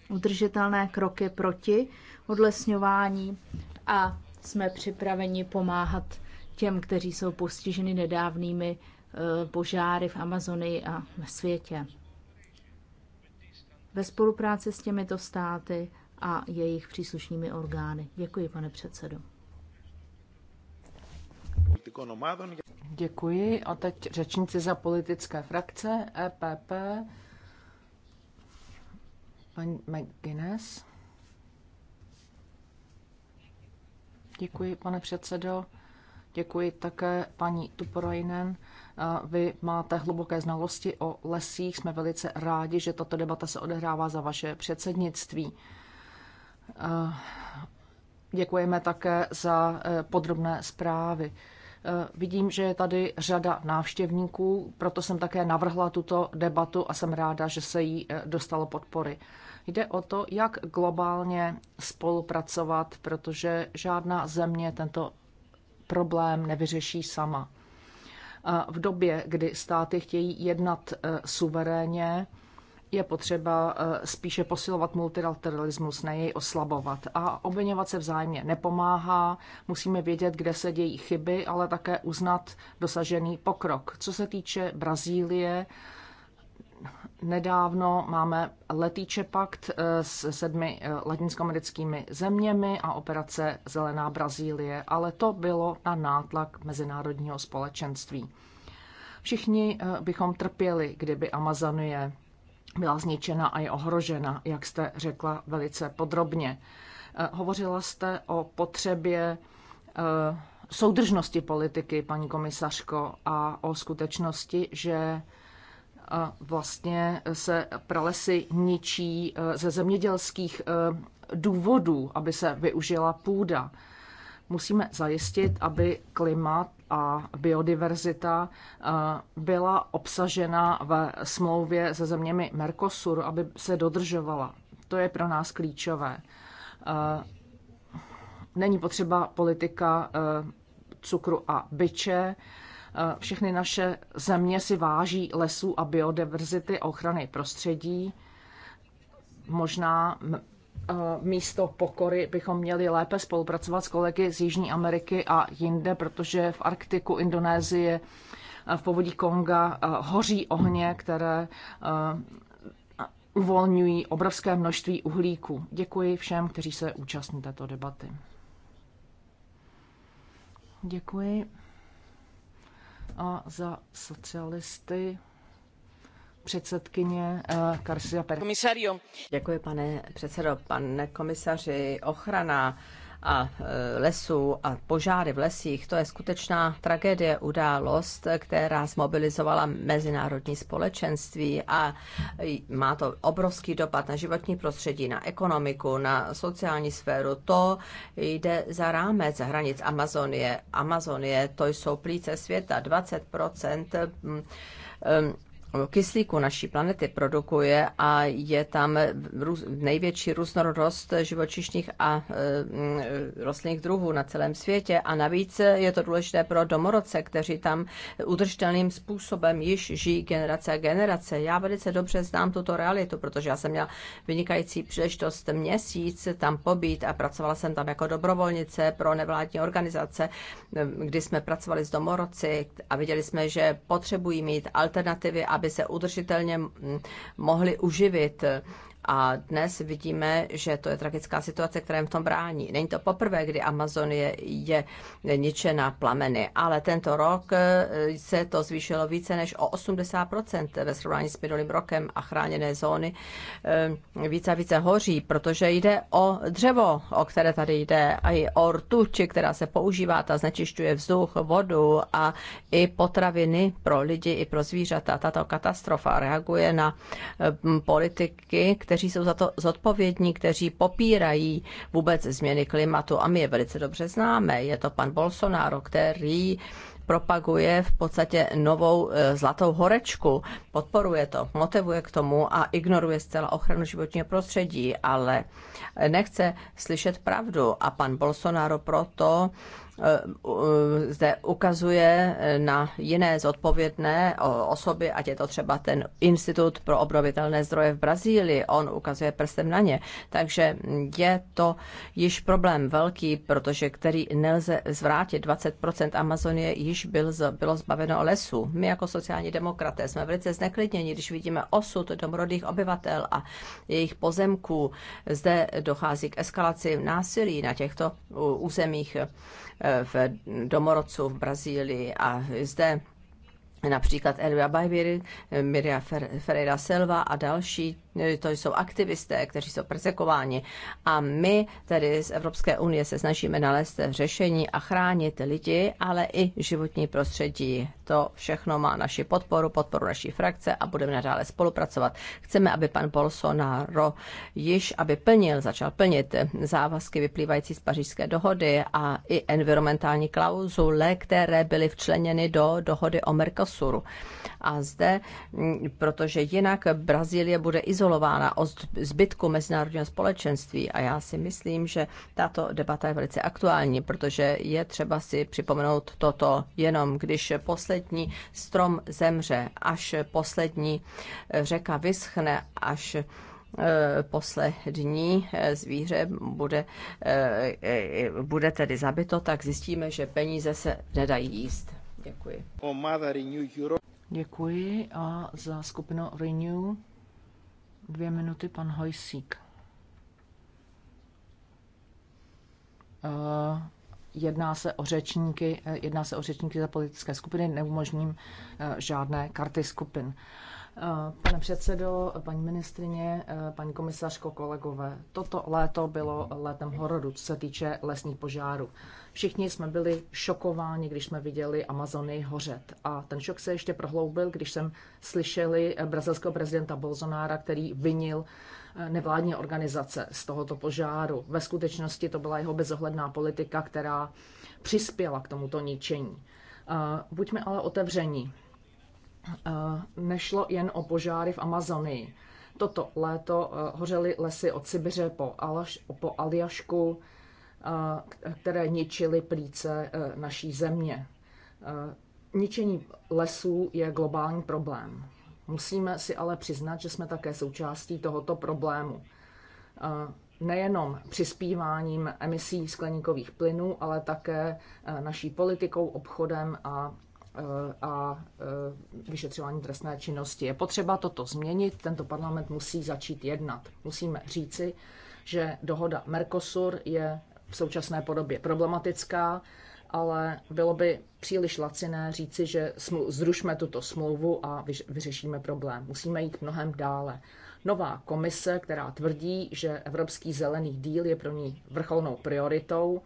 H: udržitelné kroky proti odlesňování a jsme připraveni pomáhat těm, kteří jsou postiženi nedávnými Eh, požáry v Amazonii a ve světě. Ve spolupráci s těmito státy a jejich příslušnými orgány. Děkuji, pane předsedo. Děkuji a teď řečníci za politické frakce
I: EPP. Paní McGuinness. Děkuji, pane předsedo. Děkuji také paní Tuporajnen vy máte hluboké znalosti o lesích. Jsme velice rádi, že tato debata se odehrává za vaše předsednictví. Děkujeme také za e, podrobné zprávy. E, vidím, že je tady řada návštěvníků, proto jsem také navrhla tuto debatu a jsem ráda, že se jí e, dostalo podpory. Jde o to, jak globálně spolupracovat, protože žádná země tento problém nevyřeší sama. V době, kdy státy chtějí jednat eh, suverénně, je potřeba eh, spíše posilovat multilateralismus, ne jej oslabovat. A obvinovat se vzájemně nepomáhá, musíme vědět, kde se dějí chyby, ale také uznat dosažený pokrok. Co se týče Brazílie, nedávno máme letýče pakt eh, s sedmi eh, latinskoamerickými zeměmi a operace Zelená Brazílie, ale to bylo na nátlak mezinárodního společenství. Všichni eh, bychom trpěli, kdyby Amazonie byla zničena a je ohrožena, jak jste řekla velice podrobně. Hovořila jste o potřebě soudržnosti politiky, paní komisařko, a o skutečnosti, že vlastně se pralesy ničí eh, ze zemědělských eh, důvodů, aby se využila půda. Musíme zajistit, aby klimat a biodiverzita eh, byla obsažena ve smlouvě se zeměmi Mercosur, aby se dodržovala. To je pro nás klíčové. Není potřeba politika cukru a byče, Eh, všechny naše země si váží lesů a biodiverzity a ochrany prostředí. Možná eh, místo pokory bychom měli lépe spolupracovat s kolegy z Jižní Ameriky a jinde, protože v Arktiku, Indonésie, eh, v povodí Konga hoří ohně, které uvolňují obrovské množství uhlíku. Děkuji všem, kteří se účastní této debaty. Děkuji a za socialisty
D: předsedkyně Karsia eh, Perez. Děkuji, pane předsedo. Pane komisaři, ochrana a e, lesů a požáry v lesích, to je skutečná tragédie, událost, která zmobilizovala mezinárodní společenství a e, má to obrovský dopad na životní prostředí, na ekonomiku, na sociální sféru. To jde za rámec hranic Amazonie. Amazonie, to jsou plíce světa, 20 kyslíku naší planety produkuje a je tam největší různorodost živočišních a e, mm, rostlinných druhů na celém světě. A navíc je to důležité pro domorodce, kteří tam udržitelným způsobem již žijí generace a generace. Já velice dobře znám tuto realitu, protože já jsem měla vynikající příležitost měsíc tam pobít a pracovala jsem tam jako dobrovolnice pro nevládní organizace, e, kdy jsme pracovali s domorodci a viděli jsme, že potřebují mít alternativy, aby aby se udržitelně mm, mohli uživit a dnes vidíme, že to je tragická situace, která jim v tom brání. Není to poprvé, kdy Amazonie je ničena plameny, ale tento rok eh, se to zvýšilo více než o 80% ve srovnání s minulým rokem a chráněné zóny eh, více a více hoří, protože jde o dřevo, o které tady jde, a i o rtuči, která se používá, ta znečišťuje vzduch, vodu a i potraviny pro lidi, i pro zvířata. Tato katastrofa reaguje na eh, politiky, které kteří jsou za to zodpovědní, kteří popírají vůbec změny klimatu a my je velice dobře známe. Je to pan Bolsonaro, který propaguje v podstatě novou e, zlatou horečku. Podporuje to, motivuje k tomu a ignoruje zcela ochranu životního prostředí, ale nechce slyšet pravdu a pan Bolsonaro proto Eh, eh, zde ukazuje eh, na jiné zodpovědné osoby, ať je to třeba ten Institut pro obnovitelné zdroje v Brazílii, on ukazuje prstem na ně. Takže hm, je to již problém velký, protože který nelze zvrátit. 20% Amazonie již byl, bylo zbaveno lesů. My jako sociální demokraté jsme velice zneklidněni, když vidíme osud domorodých obyvatel a jejich pozemků. Zde dochází k eskalaci násilí na těchto územích v Domorodcu v Brazílii a zde například Elvia Bajviri, Miria Ferreira Silva a další to jsou aktivisté, kteří jsou persekováni. A my tady z Evropské unie se snažíme nalézt řešení a chránit lidi, ale i životní prostředí. To všechno má naši podporu, podporu naší frakce a budeme nadále spolupracovat. Chceme, aby pan Bolsonaro již, aby plnil, začal plnit závazky vyplývající z pařížské dohody a i environmentální klauzule, které byly včleněny do dohody o Mercosuru. A zde, protože jinak Brazílie bude izolovat izolována od zbytku mezinárodního společenství. A já si myslím, že tato debata je velice aktuální, protože je třeba si připomenout toto jenom, když poslední strom zemře, až poslední eh, řeka vyschne, až eh, poslední eh, zvíře bude, bude tedy zabito, tak zjistíme, že peníze se nedají jíst.
F: Děkuji.
I: Děkuji a za skupinu Renew Dvě minuty, pan Hojsík. Eh, jedná se o řečníky, eh, jedná se o řečníky za politické skupiny, neumožním eh, žádné karty skupin. Eh, pane předsedo, paní ministrině, eh, paní komisařko, kolegové, toto léto bylo létem hororu, co se týče lesních požárů. Všichni jsme byli šokováni, když jsme viděli Amazony hořet. A ten šok se ještě prohloubil, když jsem slyšeli eh, brazilského prezidenta Bolsonára, který vinil nevládní organizace z tohoto požáru. Ve skutečnosti to byla jeho bezohledná politika, která přispěla k tomuto ničení. Buďme ale otevření. Eh, nešlo jen o požáry v Amazonii. Toto léto eh, hořely lesy od Sibiře po, Alaš, po Aljašku, eh, které ničily plíce naší země. Ničení lesů je globální problém. Musíme si ale přiznat, že jsme také součástí tohoto problému. Nejenom přispíváním emisí skleníkových plynů, ale také naší politikou, obchodem a a vyšetřování trestné činnosti. Je potřeba toto změnit, tento parlament musí začít jednat. Musíme říci, že dohoda Mercosur je v současné podobě problematická, ale bylo by příliš laciné říci, že zrušme tuto smlouvu a vyřešíme problém. Musíme jít mnohem dále. Nová komise, která tvrdí, že Evropský zelený díl je pro ní vrcholnou prioritou,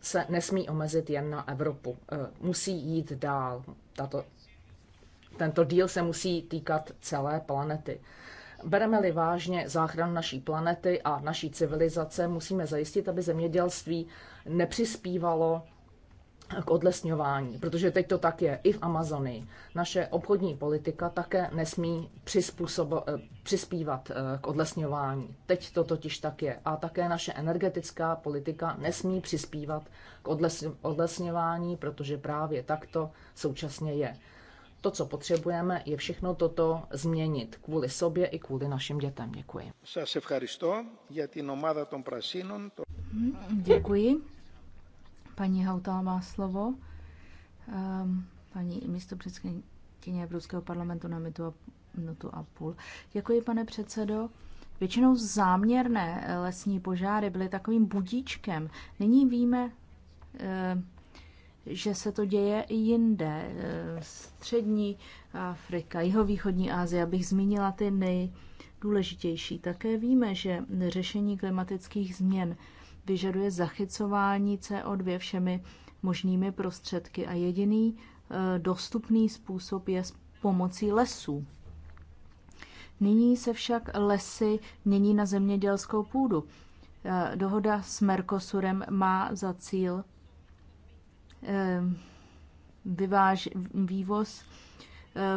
I: se nesmí omezit jen na Evropu. E, musí jít dál. Tato, tento díl se musí týkat celé planety. Bereme-li vážně záchranu naší planety a naší civilizace, musíme zajistit, aby zemědělství nepřispívalo k odlesňování, protože teď to tak je i v Amazonii. Naše obchodní politika také nesmí eh, přispívat eh, k odlesňování. Teď to totiž tak je. A také naše energetická politika nesmí přispívat k odlesňování, protože právě takto současně je. To, co potřebujeme, je všechno toto změnit kvůli sobě i kvůli našim dětem. Děkuji.
H: Děkuji. Paní Hautala má slovo. Ehm, paní místo předsedkyně Evropského parlamentu na minutu a, minutu a půl. Děkuji, pane předsedo. Většinou záměrné lesní požáry byly takovým budíčkem. Nyní víme, ehm, že se to děje i jinde. Ehm, střední Afrika, jihovýchodní Asie, abych zmínila ty nejdůležitější. Také víme, že řešení klimatických změn vyžaduje zachycování CO2 všemi možnými prostředky a jediný eh, dostupný způsob je s pomocí lesů. Nyní se však lesy mění na zemědělskou půdu. Eh, dohoda s Mercosurem má za cíl eh, vyváž, vývoz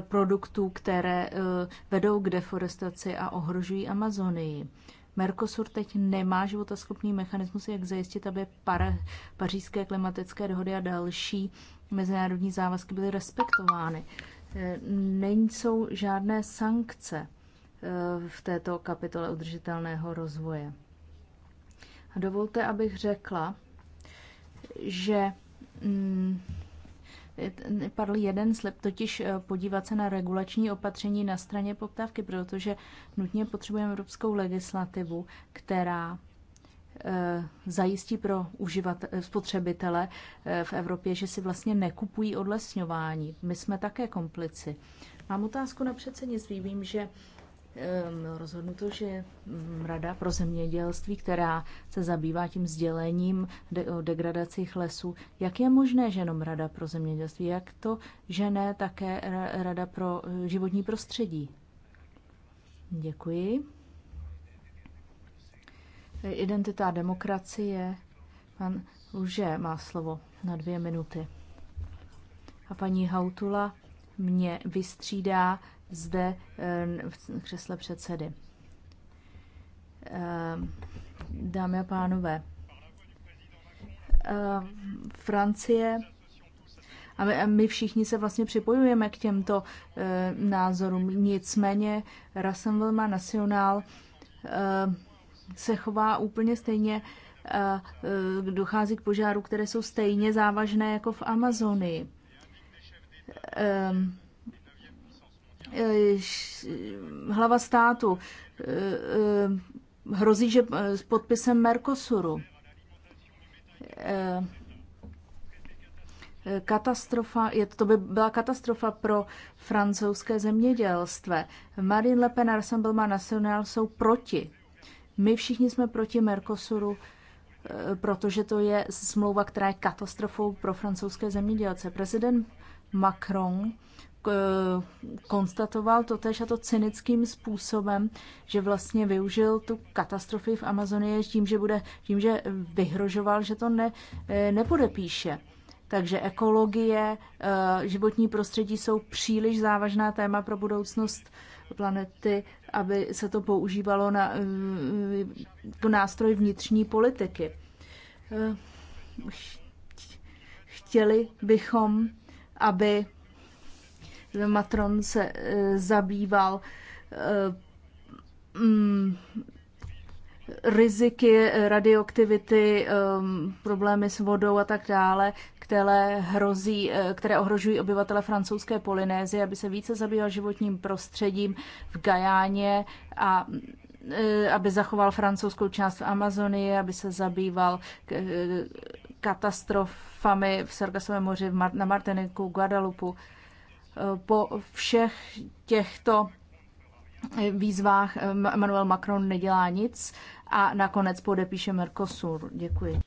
H: produktů, které vedou k deforestaci a ohrožují Amazonii. Mercosur teď nemá životaschopný mechanismus, jak zajistit, aby para, pařížské klimatické dohody a další mezinárodní závazky byly respektovány. Eh, nejsou žádné sankce eh, v této kapitole udržitelného rozvoje. A dovolte, abych řekla, že mm, padl jeden slib, totiž eh, podívat se na regulační opatření na straně poptávky, protože nutně potřebujeme evropskou legislativu, která eh, zajistí pro uživat, eh, spotřebitele v Evropě, že si vlastně nekupují odlesňování. My jsme také komplici. Mám otázku na předsednictví. Vím, že rozhodnuto, že mm, Rada pro zemědělství, která se zabývá tím sdělením o degradacích lesů, jak je možné, že jenom Rada pro zemědělství, jak to, že ne také Rada pro e, životní prostředí? Děkuji. E, identita a demokracie. Pan Luže má slovo na dvě minuty. A paní Hautula mě vystřídá zde eh, v křesle předsedy. Eh, dámy a pánové, eh, Francie a my, a my všichni se vlastně připojujeme k těmto názorům. Nicméně Rassemblement National National se chová úplně stejně e, dochází k požáru, které jsou stejně závažné jako v Amazonii. E, Eh, hlava státu eh, eh, hrozí, že s podpisem Mercosuru katastrofa, je, to by byla katastrofa pro francouzské zemědělství. Marine Le Pen a Rassemblement National jsou proti. My všichni jsme proti Mercosuru, protože to je smlouva, která je katastrofou pro francouzské zemědělce. Prezident Macron Eh, konstatoval to tež a to cynickým způsobem, že vlastně využil tu katastrofy v Amazonii tím, že, bude, tím, že vyhrožoval, že to ne, eh, nepodepíše. Takže ekologie, eh, životní prostředí jsou příliš závažná téma pro budoucnost planety, aby se to používalo na, jako nástroj vnitřní politiky. Chtěli bychom, aby Matron se eh, zabýval eh, mm, riziky radioaktivity, eh, problémy s vodou a tak dále, které, hrozí, které ohrožují obyvatele francouzské Polynézie, aby se více zabýval životním prostředím v Gajáně a aby zachoval francouzskou část v Amazonii, aby se zabýval katastrofami v Sargasovém moři na Martiniku, Guadalupu po všech těchto výzvách Emmanuel Macron nedělá nic a nakonec podepíše Mercosur. Děkuji.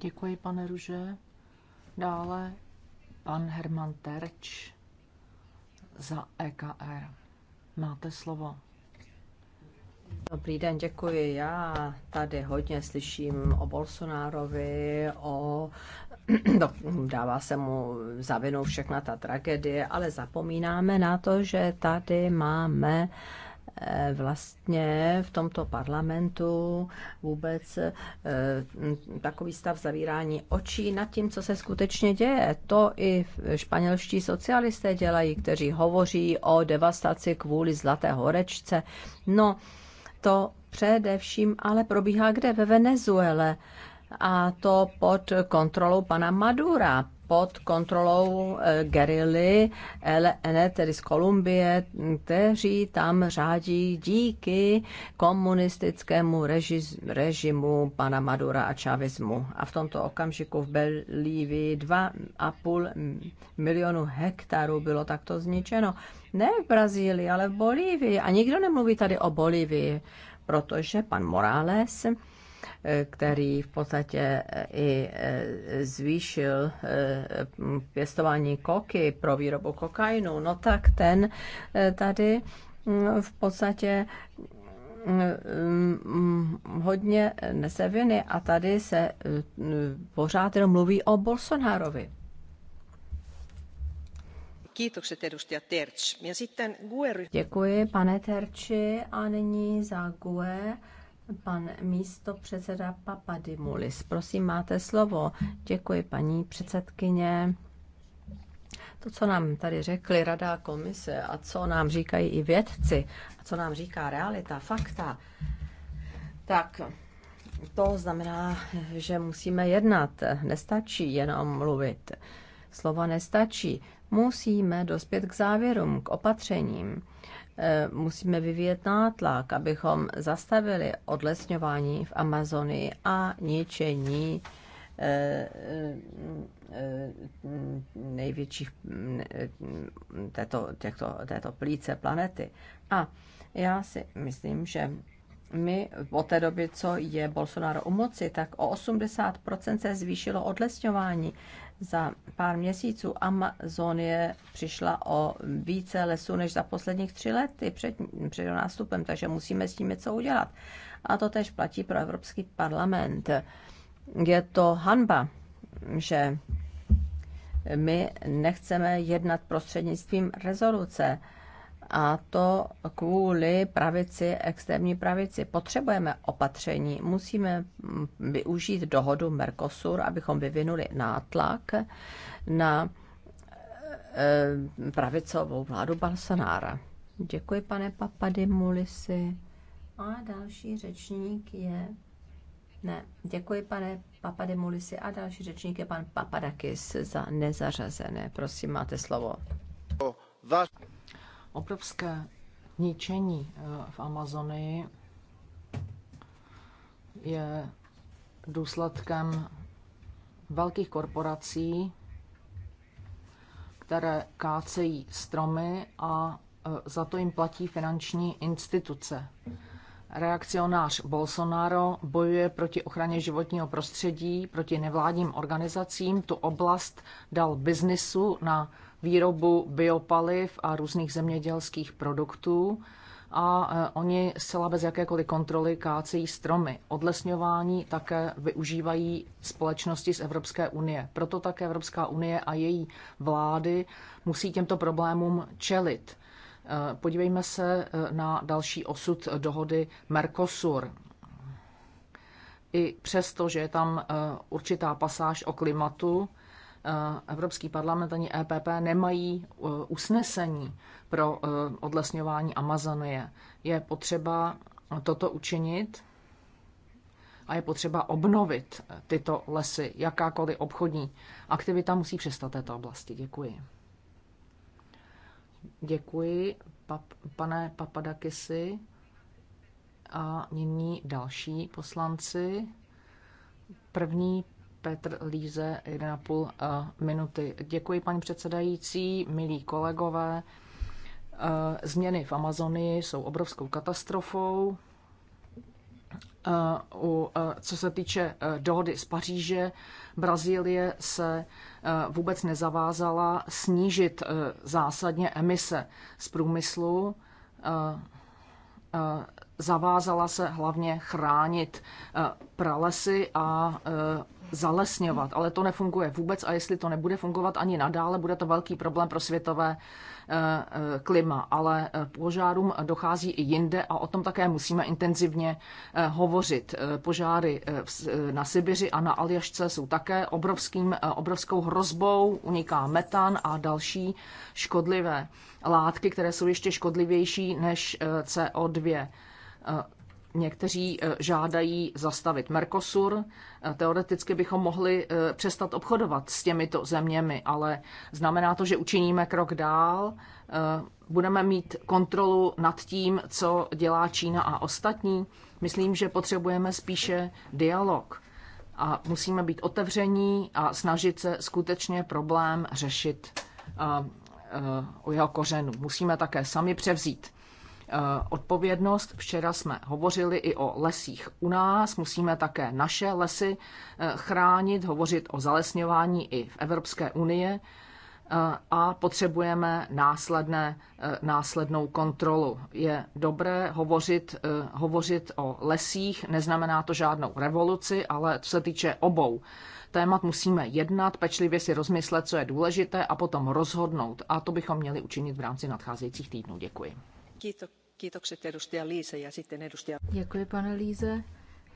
H: Děkuji, pane Ruže.
I: Dále pan Herman Terč za EKR. Máte slovo.
D: Dobrý den, děkuji. Já tady hodně slyším o Bolsonárovi, o no, dává se mu za vinu všechna ta tragédie, ale zapomínáme na to, že tady máme eh, vlastně v tomto parlamentu vůbec eh, takový stav zavírání očí nad tím, co se skutečně děje. To i španělští socialisté dělají, kteří hovoří o devastaci kvůli Zlaté horečce. No, to především ale probíhá kde? Ve Venezuele a to pod kontrolou pana Madura pod kontrolou eh, gerily LN, e, tedy z Kolumbie, kteří tam řádí díky komunistickému reži, režimu pana Madura a čavismu. A v tomto okamžiku v Belívii 2,5 milionu hektarů bylo takto zničeno. Ne v Brazílii, ale v Bolívii. A nikdo nemluví tady o Bolívii, protože pan Morales který v podstatě eh, i eh, zvýšil eh, pěstování koky pro výrobu kokainu, no tak ten tady mm, v podstatě mm, hodně nese viny a tady se pořád jenom mluví o Bolsonarovi. Děkuji, pane Terči. A nyní za GUE Pan místo předseda Papadimulis. Prosím, máte slovo. Děkuji, paní předsedkyně. To, co nám tady řekli Rada komise a co nám říkají i vědci, a co nám říká realita, fakta, tak to znamená, že musíme jednat. Nestačí jenom mluvit. Slova nestačí. Musíme dospět k závěrům, k opatřením Eh, musíme vyvíjet nátlak, abychom zastavili odlesňování v Amazonii a ničení eh, eh, největších této, těchto, této plíce planety. A já si myslím, že my od té doby, co je Bolsonaro u moci, tak o 80% se zvýšilo odlesňování za pár měsíců Amazonie přišla o více lesů než za posledních tři lety před, před nástupem, takže musíme s tím něco udělat. A to tež platí pro Evropský parlament. Je to hanba, že my nechceme jednat prostřednictvím rezoluce a to kvůli pravici, extrémní pravici. Potřebujeme opatření, musíme mm, využít dohodu Mercosur, abychom vyvinuli nátlak na e, e, pravicovou vládu Balsanára. Děkuji, pane Mulisi. A další řečník je... Ne, děkuji, pane Mulisi. A další řečník je pan Papadakis za nezařazené. Prosím, máte slovo obrovské
I: ničení eh, v Amazonii je důsledkem velkých korporací, které kácejí stromy a eh, za to jim platí finanční instituce. Reakcionář Bolsonaro bojuje proti ochraně životního prostředí, proti nevládním organizacím, tu oblast dal biznisu na výrobu biopaliv a různých zemědělských produktů a e, oni zcela bez jakékoliv kontroly kácejí stromy. Odlesňování také využívají společnosti z Evropské unie. Proto také Evropská unie a její vlády musí těmto problémům čelit. E, podívejme se e, na další osud dohody Mercosur. I přesto, že je tam určitá pasáž o klimatu, Evropský parlament ani EPP nemají e, usnesení pro e, odlesňování Amazonie. Je potřeba toto učinit a je potřeba obnovit tyto lesy. Jakákoliv obchodní aktivita musí přestat této oblasti. Děkuji. Děkuji, pap, pane Papadakisi. A nyní další poslanci. První Petr Líze, 1,5 eh, minuty. Děkuji, paní předsedající, milí kolegové. Eh, změny v Amazonii jsou obrovskou katastrofou. Eh, co se týče dohody z Paříže, Brazílie se vůbec nezavázala snížit zásadně emise z průmyslu. Zavázala se hlavně chránit pralesy a zalesňovat, ale to nefunguje vůbec a jestli to nebude fungovat ani nadále, bude to velký problém pro světové eh, eh, klima. Ale eh, požárům dochází i jinde a o tom také musíme intenzivně hovořit. Požáry na Sibiři a na Aljašce jsou také obrovským, obrovskou hrozbou, uniká metan a další škodlivé látky, které jsou ještě škodlivější než CO2 Někteří eh, žádají zastavit Mercosur. Eh, teoreticky bychom mohli eh, přestat obchodovat s těmito zeměmi, ale znamená to, že učiníme krok dál. Budeme mít kontrolu nad tím, co dělá Čína a ostatní. Myslím, že potřebujeme spíše dialog a musíme být otevření a snažit se skutečně problém řešit o jeho kořenu. Musíme také sami převzít Eh, odpovědnost. Včera jsme hovořili i o lesích u nás. Musíme také naše lesy eh, chránit, hovořit o zalesňování i v Evropské unii eh, a potřebujeme následné, následnou kontrolu. Je dobré hovořit, hovořit o lesích, neznamená to žádnou revoluci, ale co se týče obou témat, musíme jednat, pečlivě si rozmyslet, co je důležité a potom rozhodnout. A to bychom měli učinit v rámci nadcházejících týdnů. Děkuji.
H: Děkuji, pane Líze.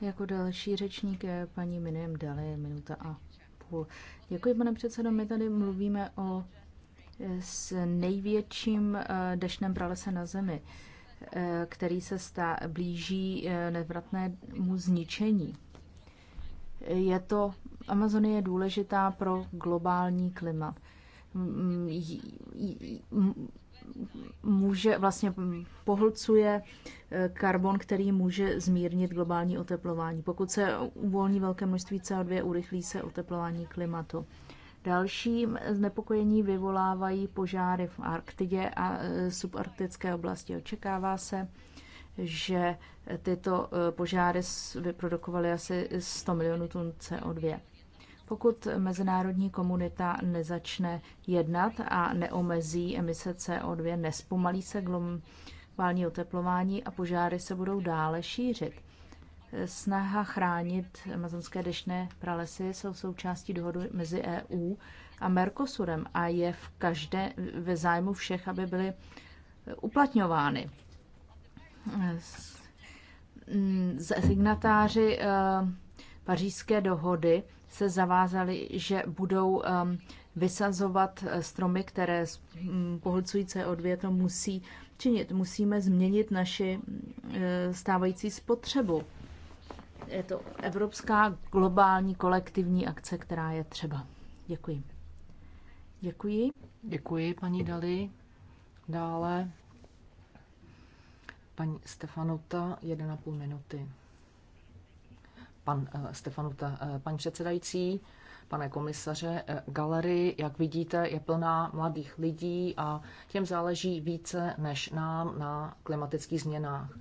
H: Jako další řečník je paní Minem Dali, minuta a půl. Děkuji, pane předsedo. My tady mluvíme o eh, s největším eh, deštném pralese na zemi, eh, který se stá, blíží nevratnému zničení. Je to, Amazonie je důležitá pro globální klima může vlastně pohlcuje eh, karbon, který může zmírnit globální oteplování. Pokud se uvolní velké množství CO2, urychlí se oteplování klimatu. Další znepokojení vyvolávají požáry v Arktidě a eh, subarktické oblasti. Očekává se, že tyto eh, požáry vyprodukovaly asi 100 milionů tun CO2. Pokud mezinárodní komunita nezačne jednat a neomezí emise CO2, nespomalí se globální oteplování a požáry se budou dále šířit. Snaha chránit amazonské dešné pralesy jsou součástí dohody mezi EU a Mercosurem a je v každé ve zájmu všech, aby byly uplatňovány. Mm, signatáři eh, pařížské dohody se zavázali, že budou um, vysazovat eh, stromy, které hm, pohlcují CO2, to musí činit. Musíme změnit naši eh, stávající spotřebu. Je to evropská globální kolektivní akce, která je třeba. Děkuji. Děkuji. Děkuji, paní Dali. Dále
I: paní Stefanota, 1,5 minuty pan eh, Stefanuta, eh, paní předsedající, pane komisaře, eh, galerie, jak vidíte, je plná mladých lidí a těm záleží více než nám na klimatických změnách.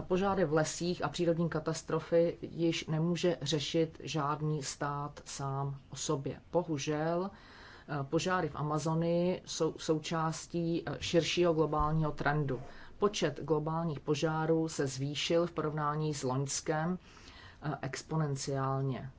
I: Požáry v lesích a přírodní katastrofy již nemůže řešit žádný stát sám o sobě. Bohužel, požáry v Amazonii jsou součástí širšího globálního trendu. Počet globálních požárů se zvýšil v porovnání s loňskem Eh, exponenciálně.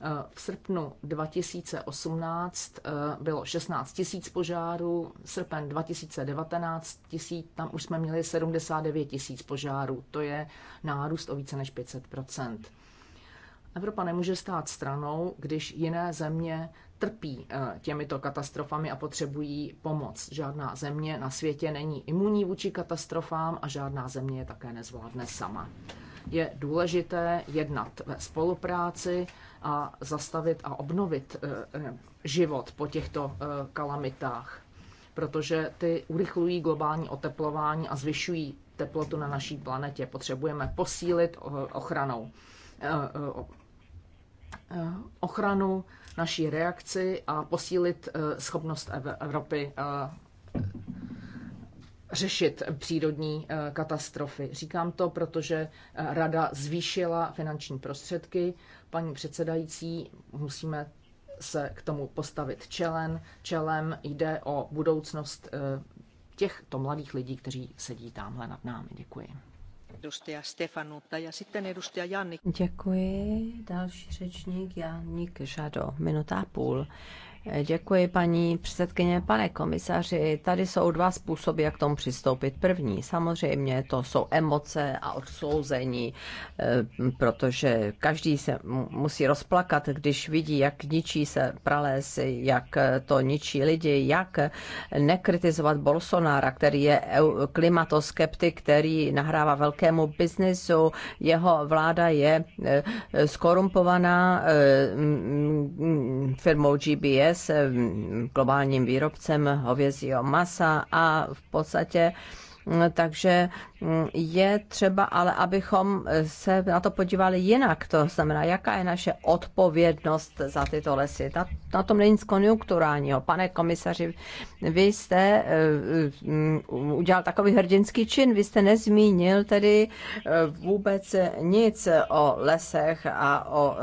I: Eh, v srpnu 2018 eh, bylo 16 tisíc požárů, srpen 2019 tisíc, tam už jsme měli 79 tisíc požárů. To je nárůst o více než 500 Evropa nemůže stát stranou, když jiné země trpí těmito katastrofami a potřebují pomoc. Žádná země na světě není imunní vůči katastrofám a žádná země je také nezvládne sama. Je důležité jednat ve spolupráci a zastavit a obnovit eh, eh, život po těchto eh, kalamitách, protože ty urychlují globální oteplování a zvyšují teplotu na naší planetě. Potřebujeme posílit ochranou ochranu, naší reakci a posílit schopnost Evropy řešit přírodní eh, katastrofy. Říkám to, protože eh, rada zvýšila finanční prostředky. Paní předsedající, musíme se k tomu postavit čelen. Čelem jde o budoucnost eh, těchto mladých lidí,
F: kteří sedí tamhle nad námi. Děkuji.
D: Děkuji. Další řečník Janik Žado, minuta a půl. Děkuji, paní předsedkyně. Pane komisaři, tady jsou dva způsoby, jak tomu přistoupit. První, samozřejmě, to jsou emoce a odsouzení, eh, protože každý se musí rozplakat, když vidí, jak ničí se prales, jak eh, to ničí lidi, jak eh, nekritizovat Bolsonára, který je klimatoskeptik, který nahrává velkému biznesu, jeho vláda je skorumpovaná firmou GBS, s mm, globálním výrobcem hovězího masa a v podstatě takže mm, je třeba ale, abychom se na to podívali jinak. To znamená, jaká je naše odpovědnost za tyto lesy. Na, na tom není nic konjunkturálního. Pane komisaři, vy jste uh, udělal takový hrdinský čin. Vy jste nezmínil tedy eh, vůbec nic o lesech a o,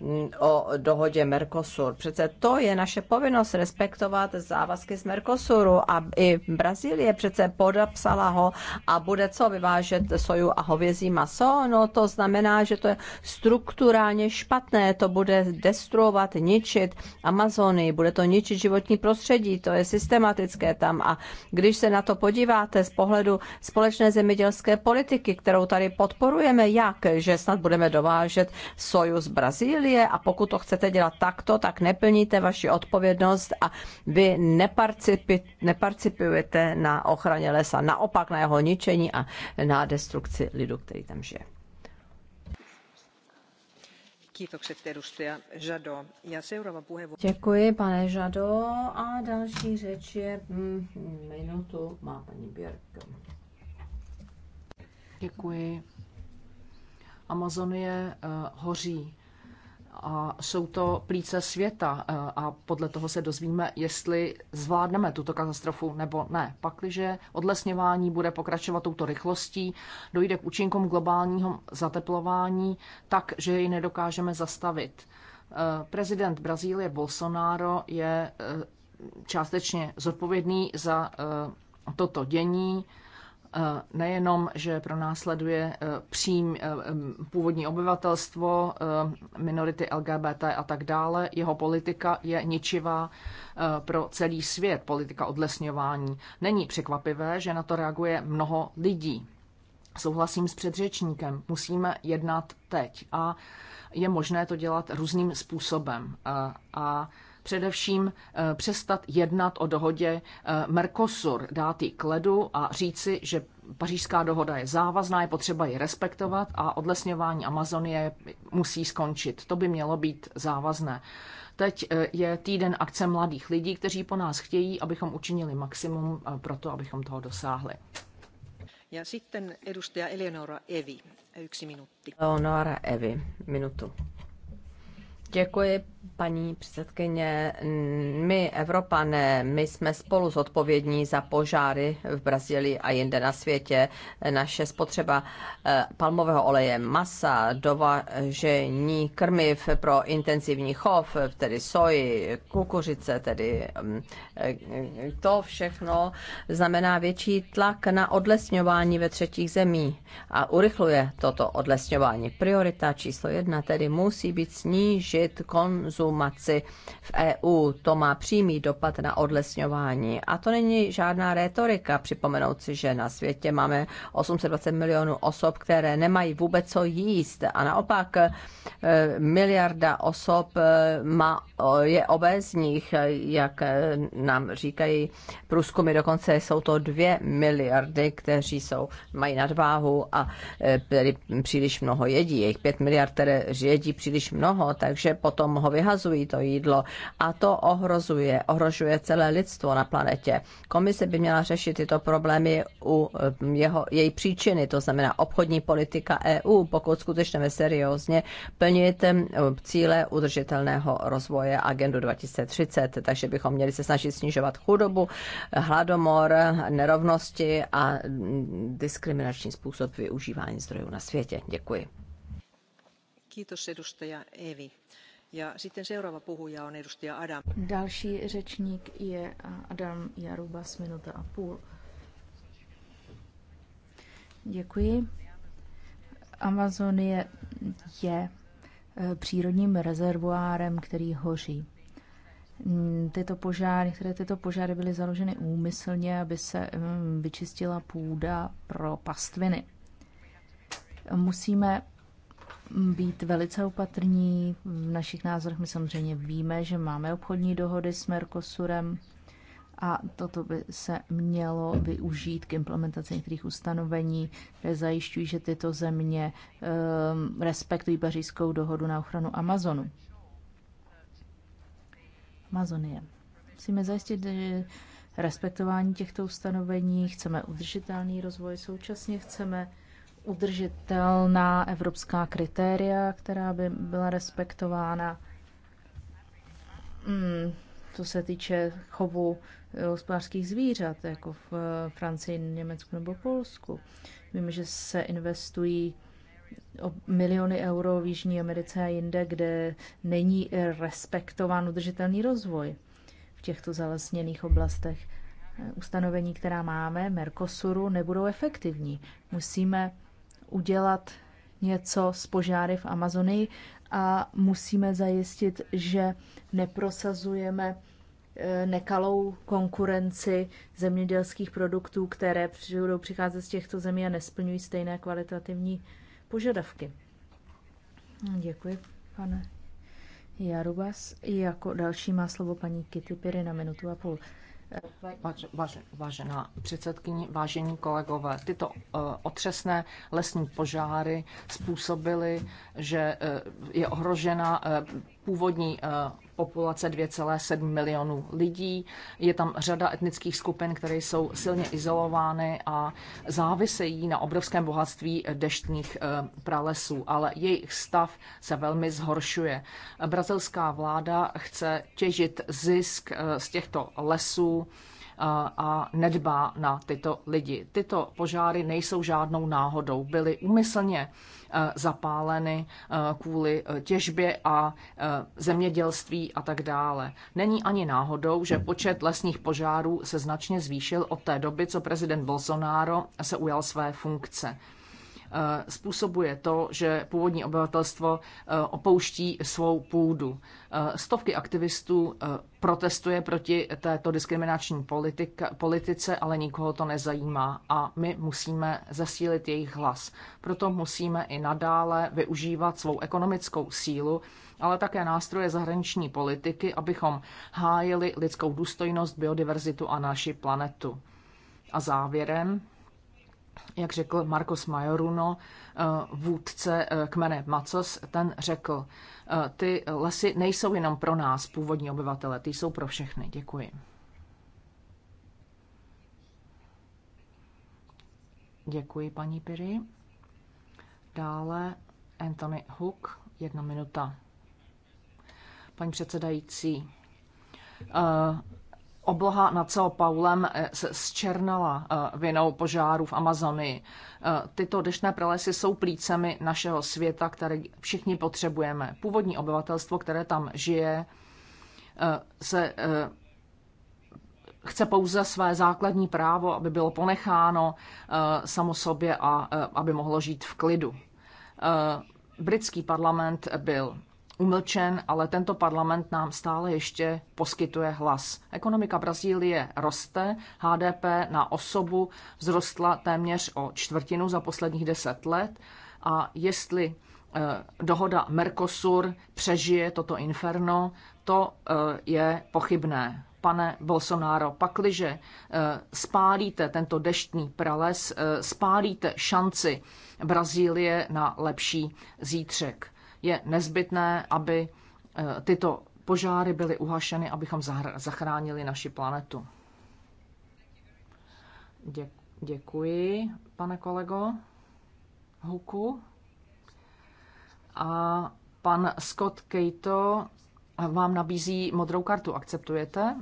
D: uh, o dohodě Mercosur. Přece to je naše povinnost respektovat závazky z Mercosuru a i Brazílie přece podepsala podepsala ho a bude co vyvážet soju a hovězí maso? No to znamená, že to je strukturálně špatné, to bude destruovat, ničit Amazony, bude to ničit životní prostředí, to je systematické tam a když se na to podíváte z pohledu společné zemědělské politiky, kterou tady podporujeme, jak, že snad budeme dovážet soju z Brazílie a pokud to chcete dělat takto, tak neplníte vaši odpovědnost a vy neparticipujete na ochraně lesa. Na naopak na jeho ničení a na destrukci lidu, který tam žije. Děkuji, pane Žado. A další řeč je mm, minutu má paní
I: Björk. Děkuji. Amazonie uh, hoří a jsou to plíce světa eh, a podle toho se dozvíme, jestli zvládneme tuto katastrofu nebo ne. Pakliže odlesňování bude pokračovat touto rychlostí, dojde k účinkům globálního zateplování tak, že jej nedokážeme zastavit. Eh, prezident Brazílie Bolsonaro je eh, částečně zodpovědný za toto dění Eh, nejenom, že pronásleduje eh, přím eh, původní obyvatelstvo, minority LGBT a tak dále, jeho politika je ničivá pro celý svět, politika odlesňování. Není překvapivé, že na to reaguje mnoho lidí. Souhlasím s předřečníkem, musíme jednat teď a je možné to dělat různým způsobem. A především eh, přestat jednat o dohodě eh, Mercosur, dát ji k ledu a říci, že pařížská dohoda je závazná, je potřeba ji respektovat a odlesňování Amazonie musí skončit. To by mělo být závazné. Teď eh, je týden akce mladých lidí, kteří po nás chtějí, abychom učinili maximum pro to, abychom toho dosáhli.
F: Ja sitten edustaja Eleonora Evi, yksi minuutti.
D: Eleonora Evi, minutu. Děkuji, Paní předsedkyně, my Evropané, my jsme spolu zodpovědní za požáry v Brazílii a jinde na světě. Naše spotřeba eh, palmového oleje, masa, dovažení krmiv pro intenzivní chov, tedy soji, kukuřice, tedy mm, eh, to všechno znamená větší tlak na odlesňování ve třetích zemí a urychluje toto odlesňování. Priorita číslo jedna tedy musí být snížit konzum konzumaci v EU. To má přímý dopad na odlesňování. A to není žádná rétorika připomenout si, že na světě máme 820 milionů osob, které nemají vůbec co jíst. A naopak eh, miliarda osob eh, má, je obezních, jak eh, nám říkají průzkumy, dokonce jsou to dvě miliardy, kteří jsou, mají nadváhu a tedy příliš mnoho jedí. Jejich pět miliard, které jedí příliš mnoho, takže potom ho vyhánějí vyhazují to jídlo a to ohrozuje, ohrožuje celé lidstvo na planetě. Komise by měla řešit tyto problémy u eh, jeho, její příčiny, to znamená obchodní politika EU, pokud skutečně seriózně plníte eh, cíle udržitelného rozvoje agendu 2030, takže bychom měli se snažit snižovat chudobu, hladomor, nerovnosti a mm, diskriminační způsob využívání zdrojů na světě. Děkuji.
F: Kiitos edustaja Evi.
H: Další řečník je Adam Jarubas, minuta a půl. Děkuji. Amazonie je e, přírodním rezervoárem, který hoří. Tyto požáry, které tyto požáry byly založeny úmyslně, aby se e, vyčistila půda pro pastviny. Musíme být velice opatrní. V našich názorech my samozřejmě víme, že máme obchodní dohody s Mercosurem a toto by se mělo využít k implementaci některých ustanovení, které zajišťují, že tyto země um, respektují pařížskou dohodu na ochranu Amazonu. Amazonie. Musíme zajistit, že respektování těchto ustanovení, chceme udržitelný rozvoj, současně chceme udržitelná evropská kritéria, která by byla respektována. Hmm, co se týče chovu eh, hospodářských zvířat, jako v eh, Francii, Německu nebo Polsku. Víme, že se investují o miliony euro v Jižní Americe a jinde, kde není respektován udržitelný rozvoj v těchto zalesněných oblastech. Eh, ustanovení, která máme, Mercosuru, nebudou efektivní. Musíme udělat něco s požáry v Amazonii a musíme zajistit, že neprosazujeme eh, nekalou konkurenci zemědělských produktů, které budou přicházet z těchto zemí a nesplňují stejné kvalitativní požadavky. Děkuji, pane Jarubas. Jako další má slovo paní Kitty Piry na minutu a půl. Vážená předsedkyně, vážení
I: kolegové, tyto eh, otřesné lesní požáry způsobily, že eh, je ohrožena eh, původní populace 2,7 milionů lidí. Je tam řada etnických skupin, které jsou silně izolovány a závisejí na obrovském bohatství deštných eh, pralesů, ale jejich stav se velmi zhoršuje. Brazilská vláda chce těžit zisk eh, z těchto lesů a nedbá na tyto lidi. Tyto požáry nejsou žádnou náhodou, byly úmyslně e, zapáleny e, kvůli e, těžbě a zemědělství a tak dále. Není ani náhodou, že počet lesních požárů se značně zvýšil od té doby, co prezident Bolsonaro se ujal své funkce. Eh, způsobuje to, že původní obyvatelstvo eh, opouští svou půdu. Eh, stovky aktivistů protestuje proti této diskriminační politika, politice, ale nikoho to nezajímá a my musíme zasílit jejich hlas. Proto musíme i nadále využívat svou ekonomickou sílu, ale také nástroje zahraniční politiky, abychom hájili lidskou důstojnost, biodiverzitu a naši planetu. A závěrem, jak řekl Marcos Majoruno, eh, vůdce eh, kmene Macos, ten řekl, eh, ty lesy nejsou jenom pro nás, původní obyvatele, ty jsou pro všechny. Děkuji. Děkuji, paní Piri. Dále Anthony Hook, jedna minuta. Paní předsedající, Obloha nad São Paulem eh, se zčernala eh, vinou požáru v Amazonii. Eh, tyto deštné pralesy jsou plícemi našeho světa, které všichni potřebujeme. Původní obyvatelstvo, které tam žije, se chce pouze své základní právo, aby bylo ponecháno samo sobě a aby mohlo žít v klidu. Britský parlament byl umlčen, ale tento parlament nám stále ještě poskytuje hlas. Ekonomika Brazílie roste, HDP na osobu vzrostla téměř o čtvrtinu za posledních deset let a jestli eh, dohoda Mercosur přežije toto inferno, to eh, je pochybné. Pane Bolsonaro, pakliže eh, spálíte tento deštný prales, spálíte šanci Brazílie na lepší zítřek je nezbytné, aby eh, tyto požáry byly uhašeny, abychom zachránili naši planetu. Děkuji, pane kolego Huku. A pan Scott Kejto vám nabízí modrou kartu. Akceptujete?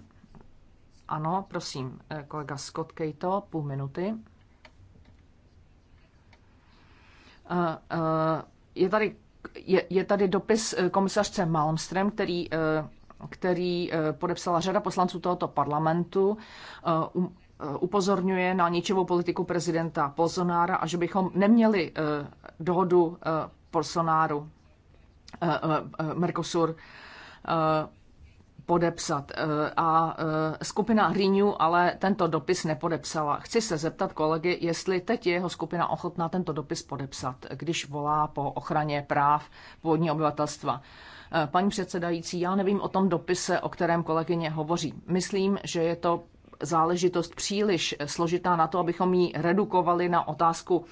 I: Ano, prosím, eh, kolega Scott Kejto, půl minuty. Eh, je tady je, je tady dopis eh, komisařce Malmström, který, eh, který eh, podepsala řada poslanců tohoto parlamentu, um, upozorňuje na ničivou politiku prezidenta Bolsonára a že bychom neměli dohodu Bolsonáru Mercosur podepsat. Eh, a eh, skupina Renew ale tento dopis nepodepsala. Chci se zeptat kolegy, jestli teď je jeho skupina ochotná tento dopis podepsat, když volá po ochraně práv původního obyvatelstva. Eh, paní předsedající, já nevím o tom dopise, o kterém kolegyně hovoří. Myslím, že je to záležitost příliš složitá na to, abychom ji redukovali na otázku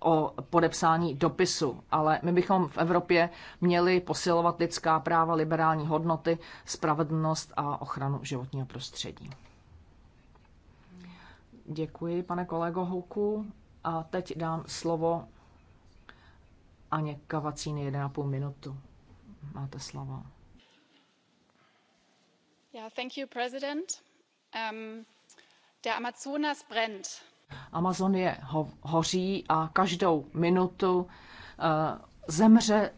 I: o podepsání dopisu, ale my bychom v Evropě měli posilovat lidská práva, liberální hodnoty, spravedlnost a ochranu životního prostředí. Děkuji, pane kolego Houku. A teď dám slovo Aně Kavacíny 1,5 minutu. Máte slovo.
C: Yeah, thank you, President. Um, der Amazonas brennt.
I: Amazonie ho- hoří a každou minutu uh, zemře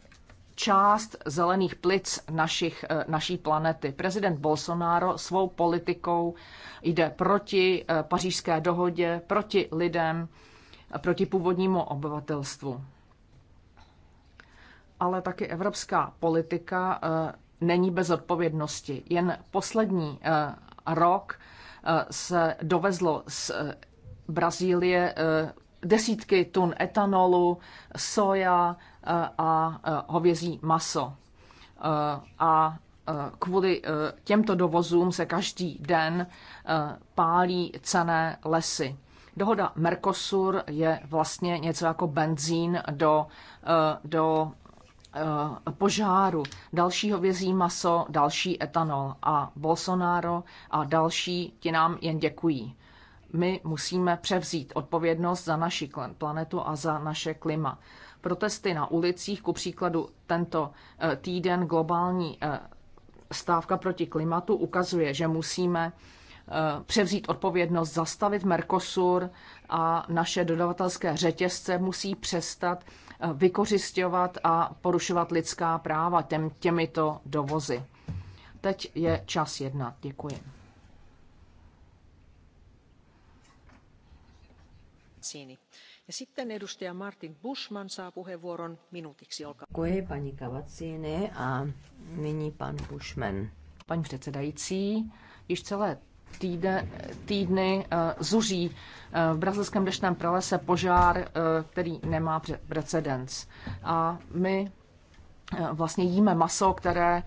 I: část zelených plic našich, eh, naší planety. Prezident Bolsonaro svou politikou jde proti eh, pařížské dohodě, proti lidem, proti původnímu obyvatelstvu. Ale taky evropská politika není bez odpovědnosti. Jen poslední rok se dovezlo z Brazílie eh, desítky tun etanolu, soja eh, a eh, hovězí maso. A kvůli těmto dovozům se každý den pálí cené lesy. Dohoda Mercosur je vlastně něco jako benzín do, do požáru, další hovězí maso, další etanol a Bolsonaro a další ti nám jen děkují my musíme převzít odpovědnost za naši planetu a za naše klima. Protesty na ulicích, ku příkladu tento eh, týden globální eh, stávka proti klimatu ukazuje, že musíme eh, převzít odpovědnost, zastavit Mercosur a naše dodavatelské řetězce musí přestat vykořišťovat a porušovat lidská práva těm, těmito dovozy. Teď je čas jednat. Děkuji.
D: paní Kavacíny a nyní pan Bushman. Paní
I: předsedající, již celé týdny uh, zuří uh, v brazilském deštném pralese požár, uh, který nemá precedens. A my vlastně jíme maso, které,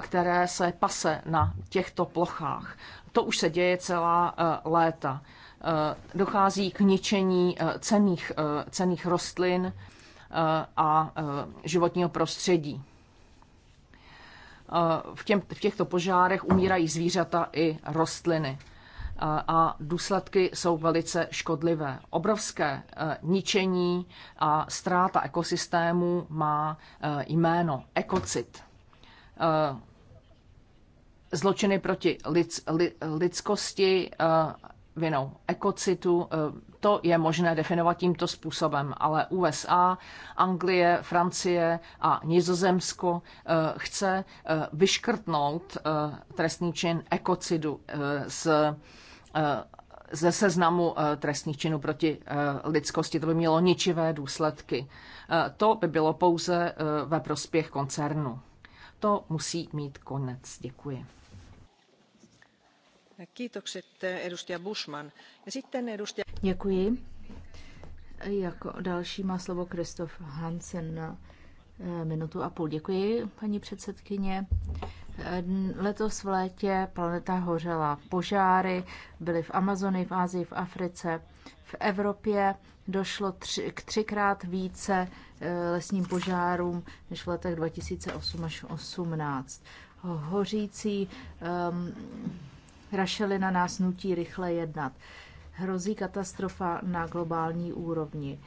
I: které se pase na těchto plochách. To už se děje celá léta. Eh, dochází k ničení eh, cených, eh, cených rostlin a životního prostředí. V, těm, v těchto požárech umírají zvířata i rostliny a důsledky jsou velice škodlivé. Obrovské ničení a ztráta ekosystému má jméno EkoCIT Zločiny proti lidskosti vinou ekocitu. Eh, to je možné definovat tímto způsobem, ale USA, Anglie, Francie a Nizozemsko eh, chce eh, vyškrtnout trestný čin ekocidu z ze seznamu trestných činů proti lidskosti. To by mělo ničivé důsledky. To by bylo pouze ve prospěch koncernu. To musí mít konec. Děkuji.
H: Děkuji. Jako další má slovo Kristof Hansen na eh, minutu a půl. Děkuji, paní předsedkyně. Eh, letos v létě planeta hořela. Požáry byly v Amazonii, v Ázii, v Africe. V Evropě došlo tři, k třikrát více eh, lesním požárům než v letech 2008 až 2018. Hořící um, rašelina nás nutí rychle jednat. Hrozí katastrofa na globální úrovni.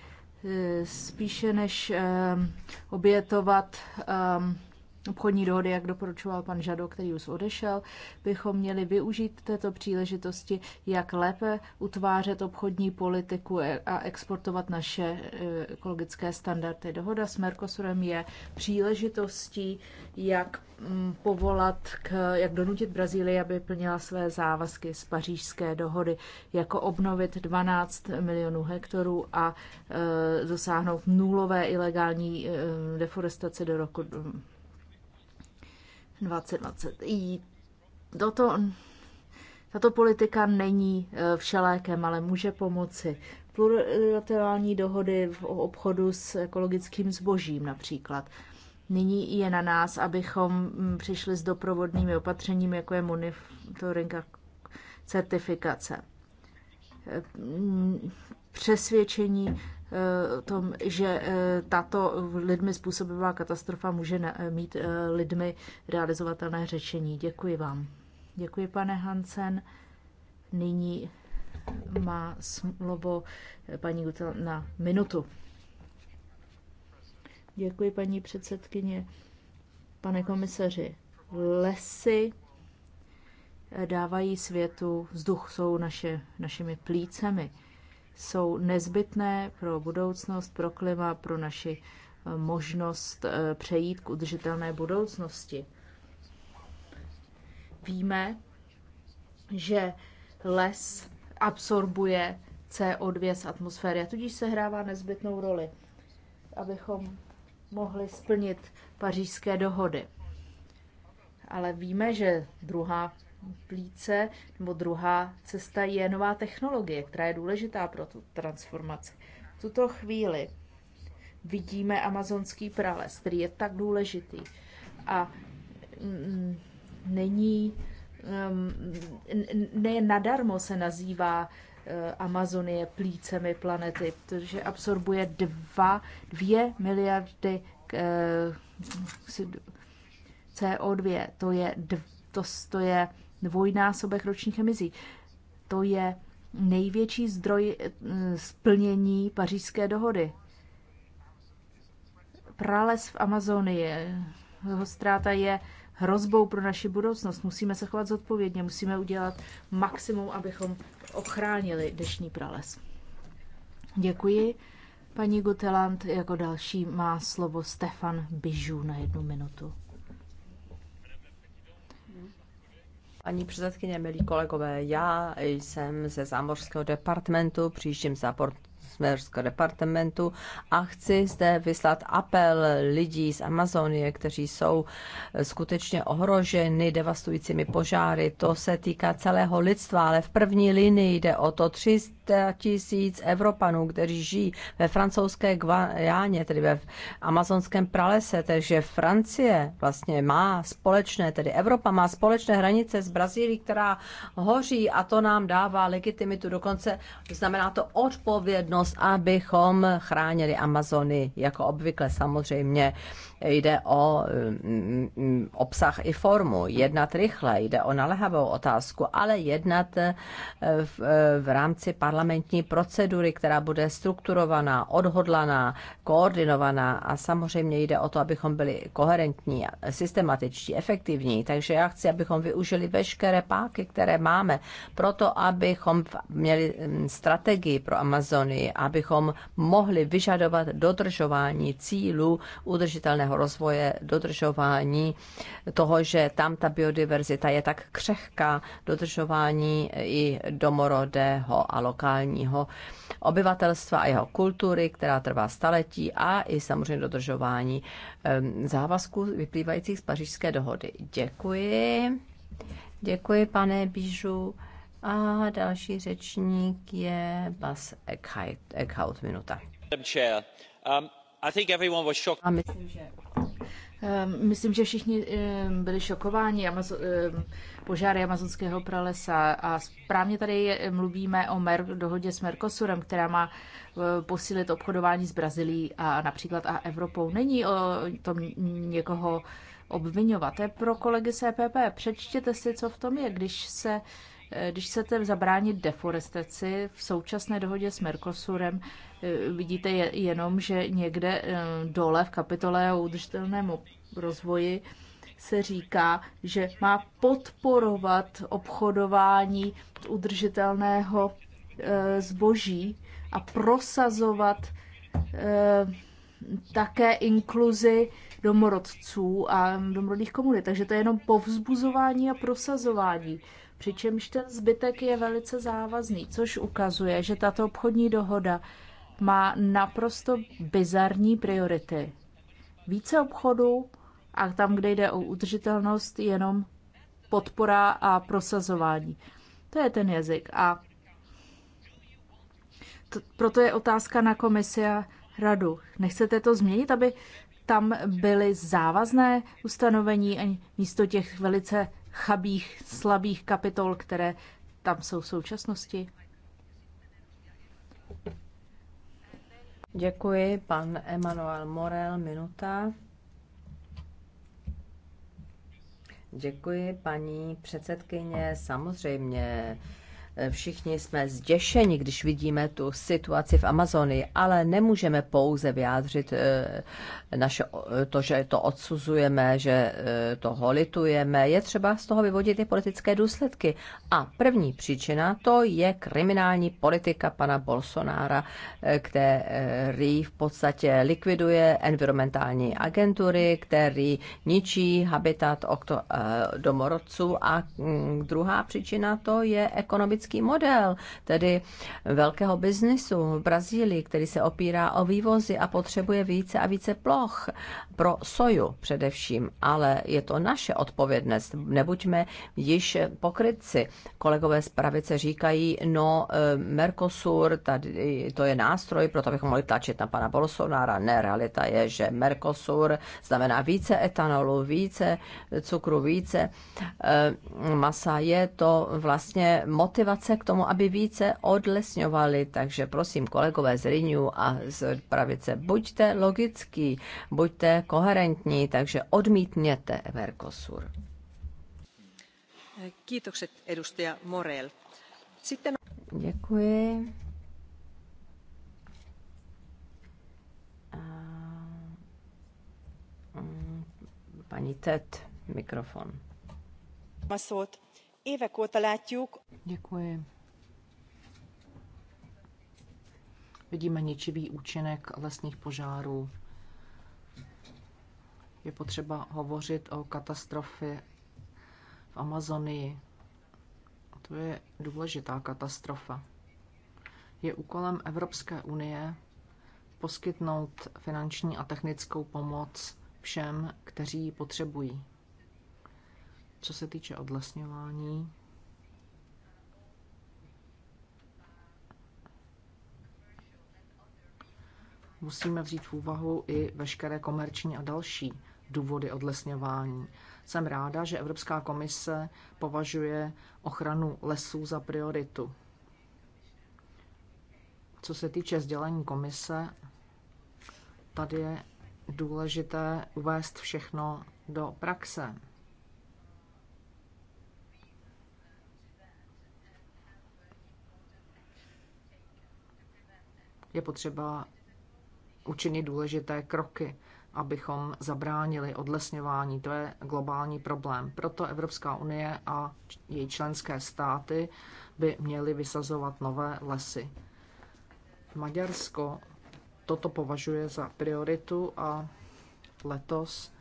H: E, spíše než e, obětovat e, obchodní dohody, jak doporučoval pan Žado, který už odešel, bychom měli využít této příležitosti, jak lépe utvářet obchodní politiku a exportovat naše e, ekologické standardy. Dohoda s Mercosurem je příležitostí, jak mm, povolat, k, jak donutit Brazílii, aby plnila své závazky z pařížské dohody, jako obnovit 12 milionů hektarů a e, dosáhnout nulové ilegální e, deforestace do roku 2020. I toto, tato politika není e, všelékem, ale může pomoci. Plurilaterální dohody v obchodu s ekologickým zbožím například. Nyní je na nás, abychom mm, přišli s doprovodnými opatřeními, jako je monitoring a certifikace. E, přesvědčení Eh, tom, že eh, tato lidmi způsobová katastrofa může eh, mít lidmi realizovatelné řešení. Děkuji vám. Děkuji, pane Hansen. Nyní má slovo paní Gutel na minutu. Děkuji, paní předsedkyně. Pane komisaři, lesy dávají světu vzduch, jsou naše, našimi plícemi jsou nezbytné pro budoucnost, pro klima, pro naši eh, možnost eh, přejít k udržitelné budoucnosti. Víme, že les absorbuje CO2 z atmosféry a tudíž hrává nezbytnou roli, abychom mohli splnit pařížské dohody. Ale víme, že druhá plíce, nebo druhá cesta je nová technologie, která je důležitá pro tu transformaci. V tuto chvíli vidíme amazonský prales, který je tak důležitý a mm, není, mm, ne nadarmo se nazývá eh, Amazonie plícemi planety, protože absorbuje 2, 2 miliardy eh, CO2. To je, to, to je dvojnásobek ročních emizí. To je největší zdroj eh, splnění pařížské dohody. Prales v Amazonii, jeho ztráta je hrozbou pro naši budoucnost. Musíme se chovat zodpovědně, musíme udělat maximum, abychom ochránili deštní prales. Děkuji. Paní Gutelant, jako další má slovo Stefan Bižů na jednu minutu.
D: Paní předsedkyně, milí kolegové, já jsem ze zámořského departmentu, přijíždím za Port Smerského departementu a chci zde vyslat apel lidí z Amazonie, kteří jsou skutečně ohroženi devastujícími požáry. To se týká celého lidstva, ale v první linii jde o to 300 tisíc Evropanů, kteří žijí ve francouzské Guajáně, tedy ve amazonském pralese, takže Francie vlastně má společné, tedy Evropa má společné hranice s Brazílií, která hoří a to nám dává legitimitu, dokonce znamená to odpovědnost možnost, abychom chránili Amazony, jako obvykle samozřejmě jde o mm, mm, obsah i formu, jednat rychle, jde o naléhavou otázku, ale jednat eh, v, eh, v rámci parlamentní procedury, která bude strukturovaná, odhodlaná, koordinovaná a samozřejmě jde o to, abychom byli koherentní, systematičtí, efektivní. Takže já chci, abychom využili veškeré páky, které máme, proto abychom měli mm, strategii pro Amazonii, abychom mohli vyžadovat dodržování cílů udržitelné udržitelného rozvoje, dodržování toho, že tam ta biodiverzita je tak křehká, dodržování i domorodého a lokálního obyvatelstva a jeho kultury, která trvá staletí a i samozřejmě dodržování závazků vyplývajících z pařížské dohody. Děkuji. Děkuji, pane Bížu. A další řečník je Bas Eckhout, Eckhout minuta.
H: Ehm, myslím, že všichni ehm, byli šokováni ehm, požáry amazonského pralesa a správně tady mluvíme o Mer- dohodě s Mercosurem, která má eh, posílit obchodování s Brazílií a například a Evropou. Není o tom někoho obvinovat. To je pro kolegy CPP. E Přečtěte si, co v tom je, když se Eh, když chcete zabránit deforestaci, v současné dohodě s Mercosurem eh, vidíte jenom, že někde eh, dole v kapitole o udržitelném rozvoji se říká, že má podporovat obchodování udržitelného zboží a prosazovat také inkluzi domorodců a domorodých komunit. Takže to je jenom povzbuzování a prosazování přičemž ten zbytek je velice závazný, což ukazuje, že tato obchodní dohoda má naprosto bizarní priority. Více obchodu a tam, kde jde o udržitelnost, jenom podpora a prosazování. To je ten jazyk. A to, proto je otázka na komisi a radu. Nechcete to změnit, aby tam byly závazné ustanovení a místo těch velice chabých, slabých kapitol, které tam jsou v současnosti?
D: Děkuji, pan Emanuel Morel, minuta. Děkuji, paní předsedkyně. Samozřejmě Všichni jsme zděšeni, když vidíme tu situaci v Amazonii, ale nemůžeme pouze vyjádřit eh, naše, to, že to odsuzujeme, že eh, to holitujeme. Je třeba z toho vyvodit i politické důsledky. A první příčina to je kriminální politika pana Bolsonára, eh, který v podstatě likviduje environmentální agentury, který ničí habitat domorodců. A mm, druhá příčina to je ekonomická ekonomický model, tedy velkého biznisu v Brazílii, který se opírá o vývozy a potřebuje více a více ploch pro soju především. Ale je to naše odpovědnost. Nebuďme již pokrytci. Kolegové z pravice říkají, no eh, Mercosur, tady, to je nástroj, proto bychom mohli tlačit na pana Bolsonára. Ne, realita je, že Mercosur znamená více etanolu, více cukru, více eh, masa. Je to vlastně motivace motivace k tomu, aby více odlesňovali. Takže prosím, kolegové z Renew a z pravice, buďte logický, buďte koherentní, takže odmítněte verkosur.
F: Kiitokset, edustaja Morel.
D: Sitten... Děkuji. Mm, paní Ted, mikrofon.
F: Masot évek óta látjuk.
D: Děkuji.
I: Vidíme ničivý účinek lesních požárů. Je potřeba hovořit o katastrofě v Amazonii. To je důležitá katastrofa. Je úkolem Evropské unie poskytnout finanční a technickou pomoc všem, kteří ji potřebují co se týče odlesňování. Musíme vzít v úvahu i veškeré komerční a další důvody odlesňování. Jsem ráda, že Evropská komise považuje ochranu lesů za prioritu. Co se týče sdělení komise, tady je důležité uvést všechno do praxe. je potřeba učinit důležité kroky, abychom zabránili odlesňování. To je globální problém. Proto Evropská unie a její členské státy by měly vysazovat nové lesy. Maďarsko toto považuje za prioritu a letos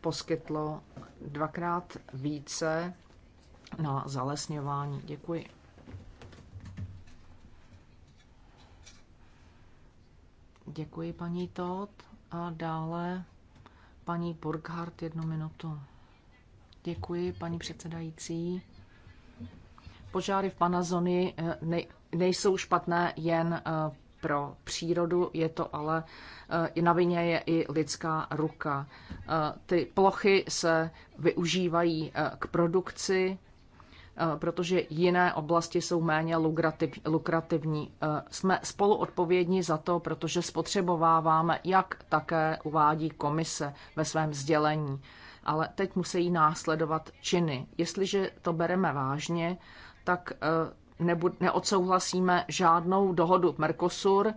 I: poskytlo dvakrát více na zalesňování. Děkuji. Děkuji paní Todd a dále paní Borghardt jednu minutu. Děkuji paní předsedající. Požáry v Panazonii eh, nejsou špatné jen eh, pro přírodu, je to ale eh, i na vině je i lidská ruka. Ty plochy se využívají k produkci Eh, protože jiné oblasti jsou méně lukrativní. Eh, jsme spolu odpovědní za to, protože spotřebováváme, jak také uvádí komise ve svém sdělení. Ale teď musí následovat činy. Jestliže to bereme vážně, tak eh, neodsouhlasíme žádnou dohodu Mercosur,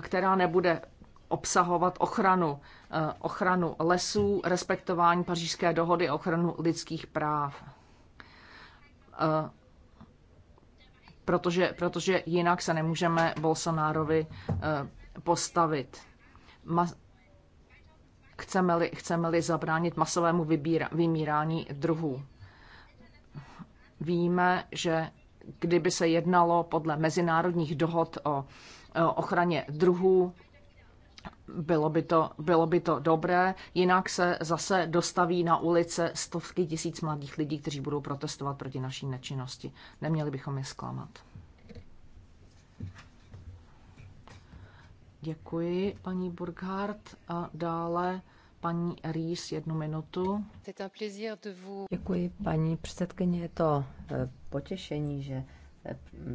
I: která nebude obsahovat ochranu, ochranu lesů, respektování pařížské dohody a ochranu lidských práv Eh, protože, protože jinak se nemůžeme Bolsonárovi eh, postavit. Ma- chceme-li, chceme-li zabránit masovému vybíra- vymírání druhů. Víme, že kdyby se jednalo podle mezinárodních dohod o eh, ochraně druhů, bylo by, to, bylo by to dobré, jinak se zase dostaví na ulice stovky tisíc mladých lidí, kteří budou protestovat proti naší nečinnosti. Neměli bychom je zklamat. Děkuji, paní Burghardt. A dále
D: paní Rýs jednu minutu. Děkuji, paní předsedkyně. Je to eh, potěšení, že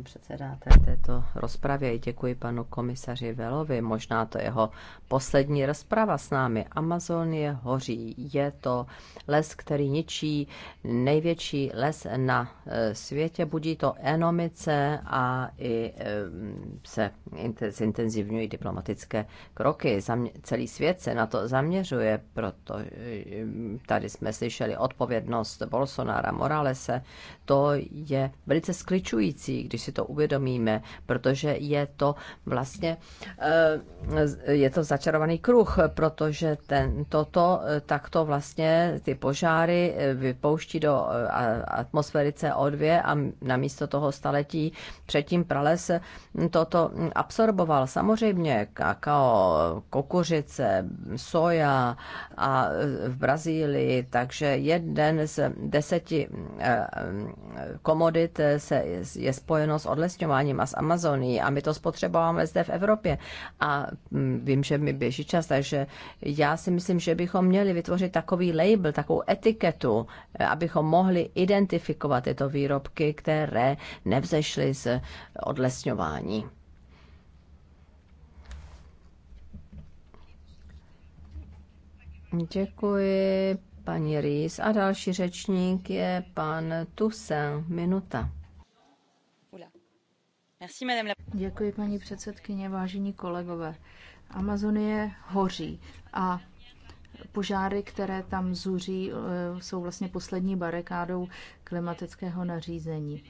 D: předsedáte této rozpravě. Děkuji panu komisaři Velovi. Možná to jeho poslední rozprava s námi. Amazonie hoří. Je to les, který ničí největší les na eh, světě. Budí to enomice a i eh, se zintenzivňují diplomatické kroky. Celý svět se na to zaměřuje, proto tady jsme slyšeli odpovědnost Bolsonara Moralese. To je velice skličující měsících, když si to uvědomíme, protože je to vlastně eh, je to začarovaný kruh, protože ten, toto, eh, takto vlastně ty požáry eh, vypouští do atmosféry CO2 a namísto toho staletí předtím prales hm, toto hm, absorboval. Samozřejmě kakao, kukuřice, soja a v Brazílii, takže jeden z deseti komodit se, je je spojeno s odlesňováním a s Amazonií a my to spotřebováme zde v Evropě. A mm, vím, že mi běží čas, takže já si myslím, že bychom měli vytvořit takový label, takovou etiketu, eh, abychom mohli identifikovat tyto výrobky, které nevzešly z odlesňování. Děkuji, paní Rýs. A další řečník je pan Tusen. Minuta.
H: Děkuji, paní předsedkyně, vážení kolegové. Amazonie hoří a požáry, které tam zuří, e, jsou vlastně poslední barikádou klimatického nařízení.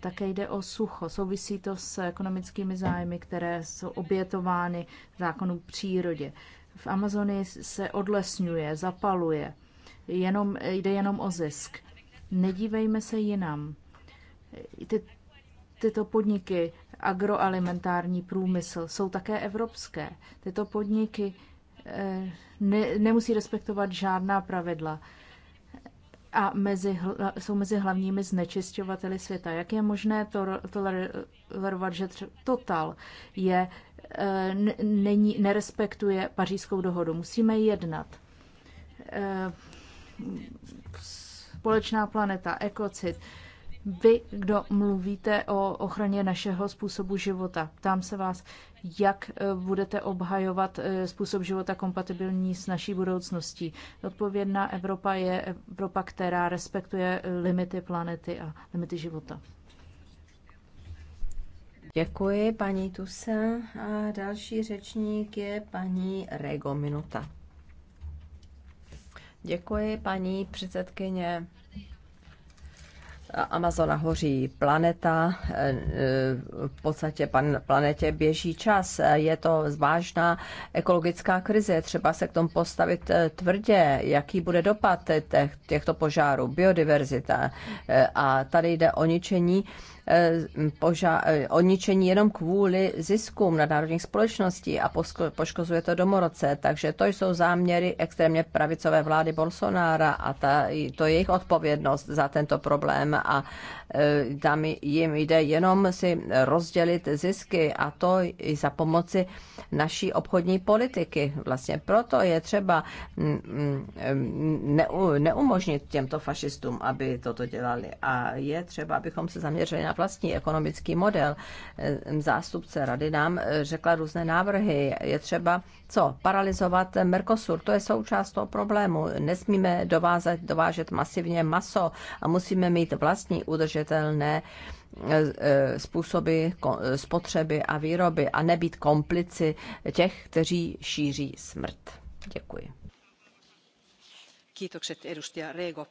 H: Také jde o sucho. Souvisí to s ekonomickými zájmy, které jsou obětovány zákonu přírodě. V Amazonii se odlesňuje, zapaluje. Jenom, jde jenom o zisk. Nedívejme se jinam. Ty tyto podniky, agroalimentární průmysl, jsou také evropské. Tyto podniky eh, ne, nemusí respektovat žádná pravidla a mezi, jsou mezi hlavními znečišťovateli světa. Jak je možné to, tolerovat, že Total je, eh, není, nerespektuje pařížskou dohodu? Musíme jednat. Eh, společná planeta, ekocit vy, kdo mluvíte o ochraně našeho způsobu života. Ptám se vás, jak e, budete obhajovat e, způsob života kompatibilní s naší budoucností. Odpovědná Evropa je Evropa, která respektuje e, limity planety
D: a limity života. Děkuji, paní Tusa. A další řečník je paní Rego Minuta. Děkuji, paní předsedkyně. Amazona hoří planeta, eh, v podstatě pan, planetě běží čas, je to vážná ekologická krize, třeba se k tomu postavit eh, tvrdě, jaký bude dopad těch, těchto požárů, biodiverzita eh, a tady jde o ničení Eh, poža- eh, o ničení jenom kvůli ziskům nadnárodních společností a poškozuje to domorodce. Takže to jsou záměry extrémně pravicové vlády Bolsonára a ta, to je jejich odpovědnost za tento problém a eh, tam jim jde jenom si rozdělit zisky a to i za pomoci naší obchodní politiky. Vlastně proto je třeba mm, mm, neumožnit těmto fašistům, aby toto dělali a je třeba, abychom se zaměřili na vlastní ekonomický model. Zástupce rady nám eh, řekla různé návrhy. Je třeba co? Paralizovat Mercosur. To je součást toho problému. Nesmíme dovázet, dovážet masivně maso a musíme mít vlastní udržitelné eh, eh, způsoby spotřeby a výroby a nebýt komplici těch, kteří šíří smrt. Děkuji.
F: Kiitokset edustaja Rego.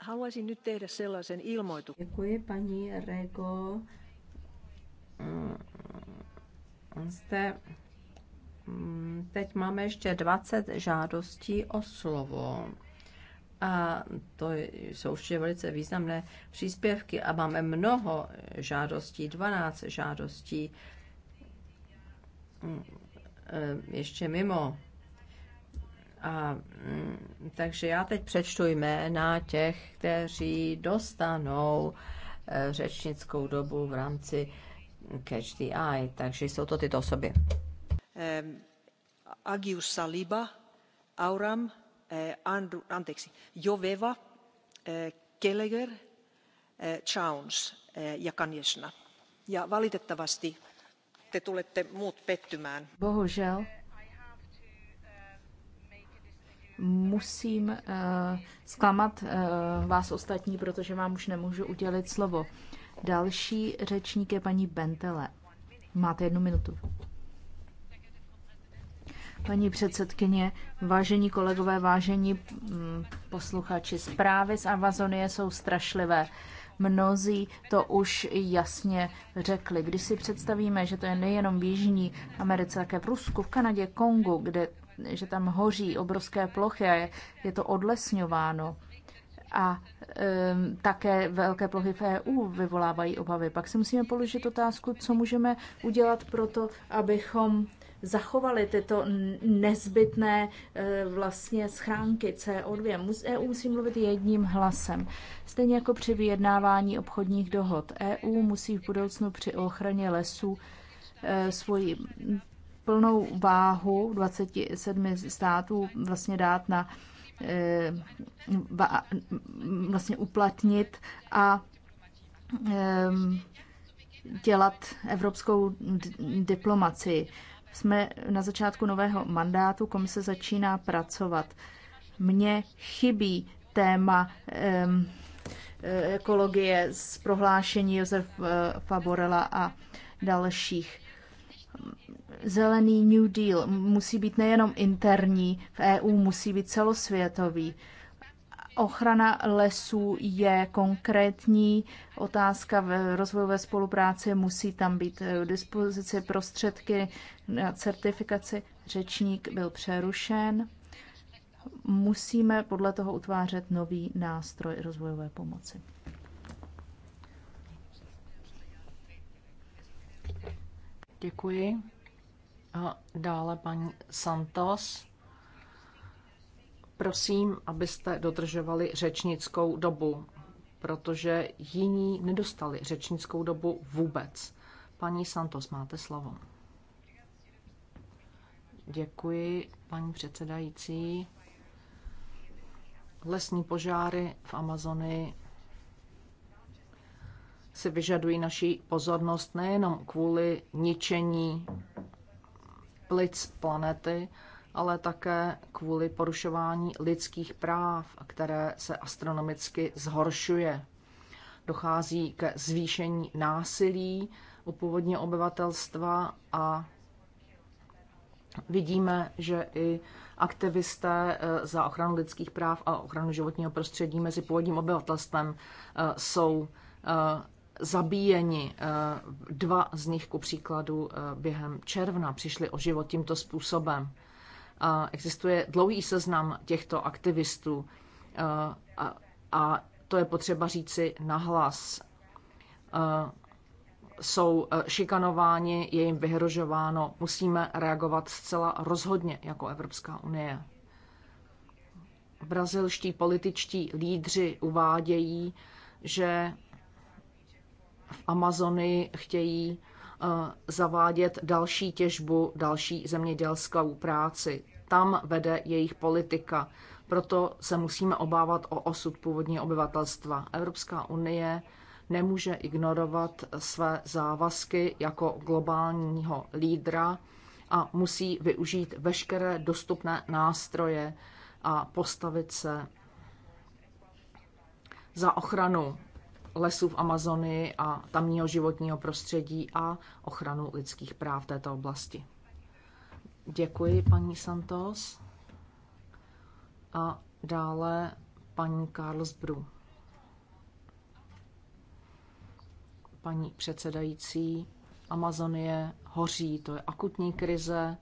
F: Haluaisin nyt tehdä sellaisen ilmoituksen. Děkuji, paní Rego.
D: Mm, jste... Mm, teď máme ještě 20 žádostí o slovo. A to jsou určitě velice významné příspěvky a máme mnoho žádostí, 12 žádostí mm, e, ještě mimo a, mm, takže já teď přečtu jména těch, kteří dostanou e, řečnickou dobu v rámci Catch the Eye. Takže jsou to tyto osoby.
F: Um, Agius Saliba, Auram, eh, Andru, anteeksi, Joveva, eh, Keleger, eh, Chowns eh, ja Kanjesna. Ja valitettavasti te tulette muut pettymään.
H: Bohužel musím eh, zklamat eh, vás ostatní, protože vám už nemůžu udělit slovo. Další řečník je paní Bentele. Máte jednu minutu. Paní předsedkyně, vážení kolegové, vážení mm, posluchači, zprávy z Amazonie jsou strašlivé. Mnozí to už jasně řekli. Když si představíme, že to je nejenom v Jižní Americe, také v Rusku, v Kanadě, Kongu, kde že tam hoří obrovské plochy a je, je to odlesňováno. A um, také velké plochy v EU vyvolávají obavy. Pak si musíme položit otázku, co můžeme udělat pro to, abychom zachovali tyto nezbytné eh, vlastně schránky CO2. EU musí mluvit jedním hlasem. Stejně jako při vyjednávání obchodních dohod. EU musí v budoucnu při ochraně lesů eh, svoji plnou váhu 27 států vlastně dát na eh, vlastně uplatnit a eh, dělat evropskou diplomaci. Jsme na začátku nového mandátu, komise začíná pracovat. Mně chybí téma eh, ekologie z prohlášení Josefa Borela a dalších zelený New Deal musí být nejenom interní v EU, musí být celosvětový. Ochrana lesů je konkrétní otázka v rozvojové spolupráci, musí tam být eh, k dispozici prostředky na certifikaci. Řečník byl přerušen. Musíme podle toho utvářet nový nástroj rozvojové pomoci.
I: Děkuji. A dále paní Santos. Prosím, abyste dodržovali řečnickou dobu, protože jiní nedostali řečnickou dobu vůbec. Paní Santos, máte slovo. Děkuji, paní předsedající. Lesní požáry v Amazonii si vyžadují naší pozornost nejenom kvůli ničení plic planety, ale také kvůli porušování lidských práv, které se astronomicky zhoršuje. Dochází ke zvýšení násilí u původního obyvatelstva a vidíme, že i aktivisté eh, za ochranu lidských práv a ochranu životního prostředí mezi původním obyvatelstvem eh, jsou eh, zabíjeni. Eh, dva z nich, ku příkladu, eh, během června přišli o život tímto způsobem. Existuje dlouhý seznam těchto aktivistů eh, a, to je potřeba říci nahlas. Jsou šikanováni, je jim vyhrožováno. Musíme reagovat zcela rozhodně jako Evropská unie. Brazilští političtí lídři uvádějí, že v chtějí eh, zavádět další těžbu, další zemědělskou práci. Tam vede jejich politika. Proto se musíme obávat o osud původního obyvatelstva. Evropská unie nemůže ignorovat své závazky jako globálního lídra a musí využít veškeré dostupné nástroje a postavit se za ochranu lesů v Amazonii a tamního životního prostředí a ochranu lidských práv této oblasti. Děkuji, paní Santos. A dále paní Carlos Bru. Paní předsedající, Amazonie hoří, to je akutní krize,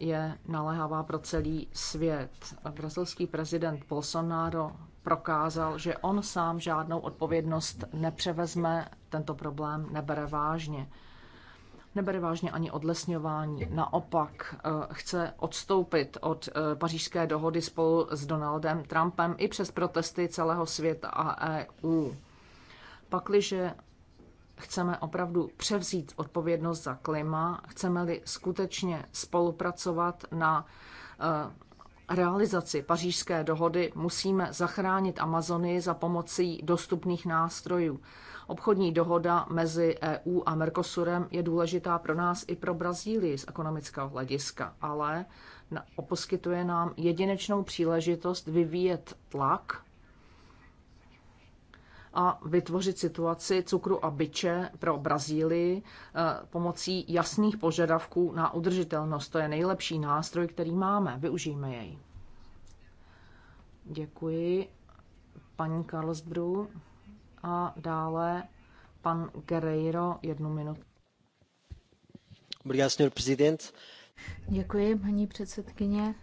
I: je naléhavá pro celý svět. Brazilský prezident Bolsonaro prokázal, že on sám žádnou odpovědnost nepřevezme, tento problém nebere vážně. Nebere vážně ani odlesňování. Naopak eh, chce odstoupit od eh, pařížské dohody spolu s Donaldem Trumpem i přes protesty celého světa a EU. Pakliže chceme opravdu převzít odpovědnost za klima, chceme-li skutečně spolupracovat na eh, realizaci pařížské dohody musíme zachránit Amazonii za pomocí dostupných nástrojů. Obchodní dohoda mezi EU a Mercosurem je důležitá pro nás i pro Brazílii z ekonomického hlediska, ale poskytuje nám jedinečnou příležitost vyvíjet tlak a vytvořit situaci cukru a byče pro Brazílii eh, pomocí jasných požadavků na udržitelnost. To je nejlepší nástroj, který máme. Využijme jej. Děkuji paní Karlsbru a dále pan Guerreiro jednu minutu.
H: Děkuji, paní předsedkyně.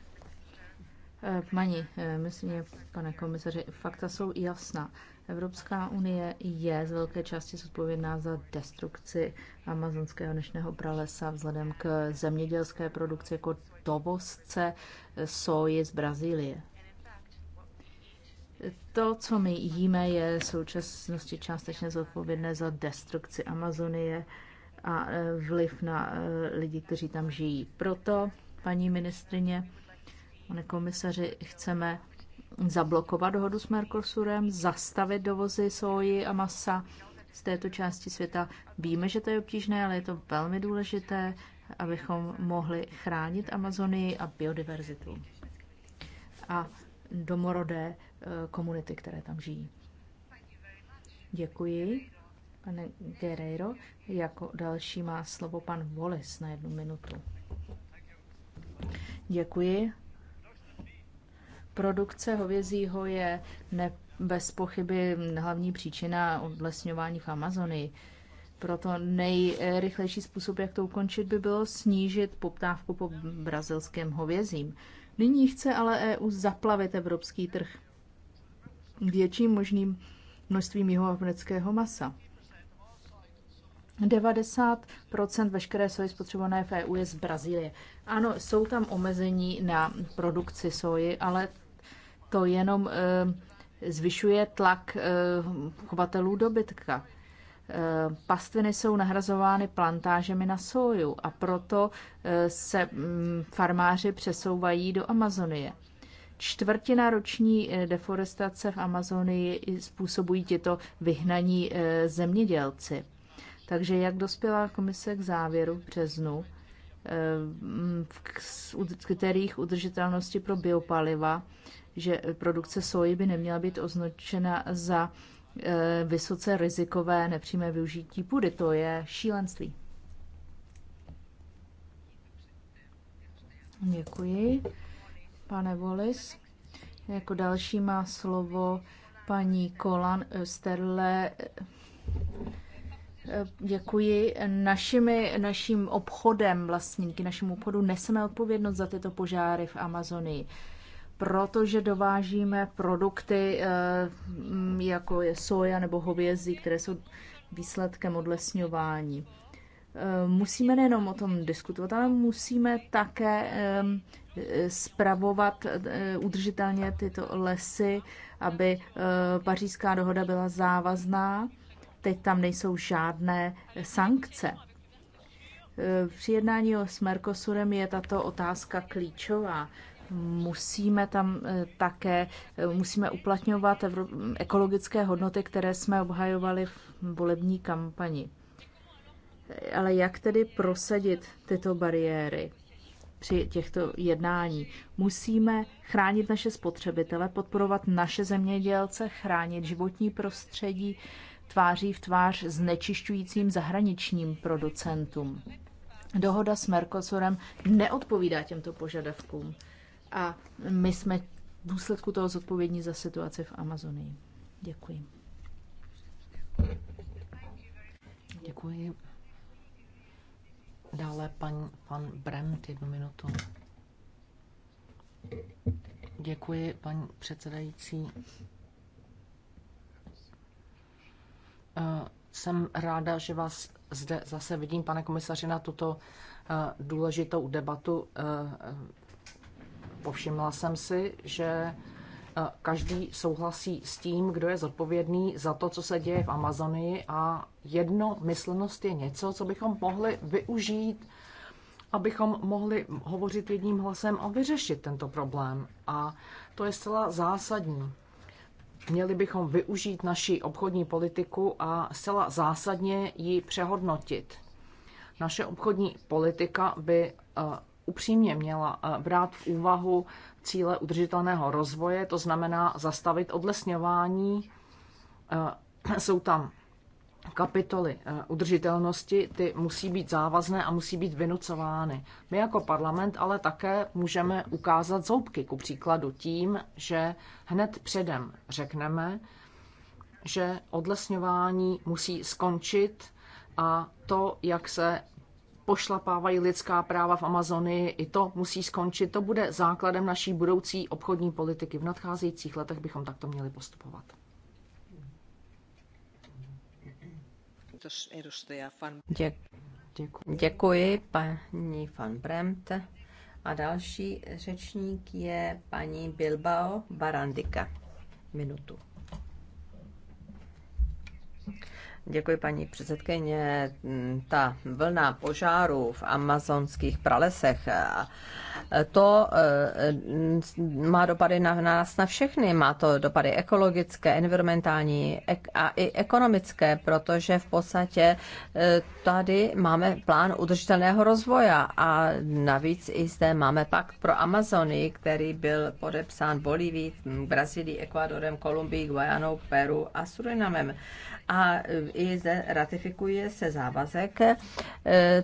H: Eh, paní, eh, myslím, pane komisaři, fakta jsou jasná. Evropská unie je z velké části zodpovědná za destrukci amazonského dnešného pralesa vzhledem k zemědělské produkci jako dovozce soji z Brazílie. To, co my jíme, je v současnosti částečně zodpovědné za destrukci Amazonie a e, vliv na e, lidi, kteří tam žijí. Proto, paní ministrině, pane komisaři, chceme zablokovat dohodu s Mercosurem, zastavit dovozy soji a masa z této části světa. Víme, že to je obtížné, ale je to velmi důležité, abychom mohli chránit Amazonii a biodiverzitu a domorodé eh, komunity, které tam žijí. Děkuji, pane Guerreiro. Jako další má slovo pan Volis na jednu minutu. Děkuji. Produkce hovězího je ne, bez pochyby hlavní příčina odlesňování v Amazonii. Proto nejrychlejší způsob, jak to ukončit, by bylo snížit poptávku po brazilském hovězím. Nyní chce ale EU zaplavit evropský trh větším možným množstvím jihoafrického masa. 90 veškeré soji spotřebované v EU je z Brazílie. Ano, jsou tam omezení na produkci soji, ale to jenom eh, zvyšuje tlak eh, chovatelů dobytka. Eh, pastviny jsou nahrazovány plantážemi na soju a proto se mm, farmáři přesouvají do Amazonie. Čtvrtina roční deforestace v Amazonii způsobují tyto vyhnaní zemědělci. Takže jak dospěla komise k závěru v březnu, mm, v kterých udržitelnosti pro biopaliva že produkce soji by neměla být označena za eh, vysoce rizikové nepřímé využití půdy. To je šílenství. Děkuji. Pane Volis, jako další má slovo paní Kolan Sterle. Děkuji. Našimi, naším obchodem vlastníky, našemu obchodu neseme odpovědnost za tyto požáry v Amazonii protože dovážíme produkty, eh, jako je soja nebo hovězí, které jsou výsledkem odlesňování. Eh, musíme nejenom o tom diskutovat, ale musíme také eh, spravovat udržitelně tyto lesy, aby pařížská dohoda byla závazná. Teď tam nejsou žádné sankce. Při jednání s Mercosurem je tato otázka klíčová musíme tam eh, také eh, musíme uplatňovat ekologické hodnoty, které jsme obhajovali v volební kampani. Ale jak tedy prosadit tyto bariéry při těchto jednání? Musíme chránit naše spotřebitele, podporovat naše zemědělce, chránit životní prostředí tváří v tvář znečišťujícím zahraničním producentům. Dohoda s Mercosurem neodpovídá těmto požadavkům. A my jsme v důsledku toho zodpovědní za situaci v Amazonii. Děkuji. Děkuji.
I: Dále pan, pan Bremt, jednu minutu. Děkuji, paní předsedající. Eh, jsem ráda, že vás zde zase vidím, pane komisaři, na tuto eh, důležitou debatu eh, Povšimla jsem si, že e, každý souhlasí s tím, kdo je zodpovědný za to, co se děje v Amazonii a jednomyslnost je něco, co bychom mohli využít, abychom mohli hovořit jedním hlasem a vyřešit tento problém. A to je zcela zásadní. Měli bychom využít naši obchodní politiku a zcela zásadně ji přehodnotit. Naše obchodní politika by e, upřímně měla eh, brát v úvahu cíle udržitelného rozvoje, to znamená zastavit odlesňování. Eh, jsou tam kapitoly eh, udržitelnosti, ty musí být závazné a musí být vynucovány. My jako parlament ale také můžeme ukázat zoubky, ku příkladu tím, že hned předem řekneme, že odlesňování musí skončit a to, jak se pošlapávají lidská práva v Amazonii. I to musí skončit. To bude základem naší budoucí obchodní politiky. V nadcházejících letech bychom takto měli postupovat.
D: Děkuji. Děkuji, paní van Bremt. A další řečník je paní Bilbao Barandika. Minutu. Děkuji, paní předsedkyně. Ta vlna požáru v amazonských pralesech, to e, má dopady na nás na všechny. Má to dopady ekologické, environmentální a i ekonomické, protože v podstatě e, tady máme plán udržitelného rozvoje a navíc i zde máme pakt pro Amazony, který byl podepsán Bolívii, Brazílií, Ekvádorem, Kolumbií, Guajanou, Peru a Surinamem a i zde ratifikuje se závazek e,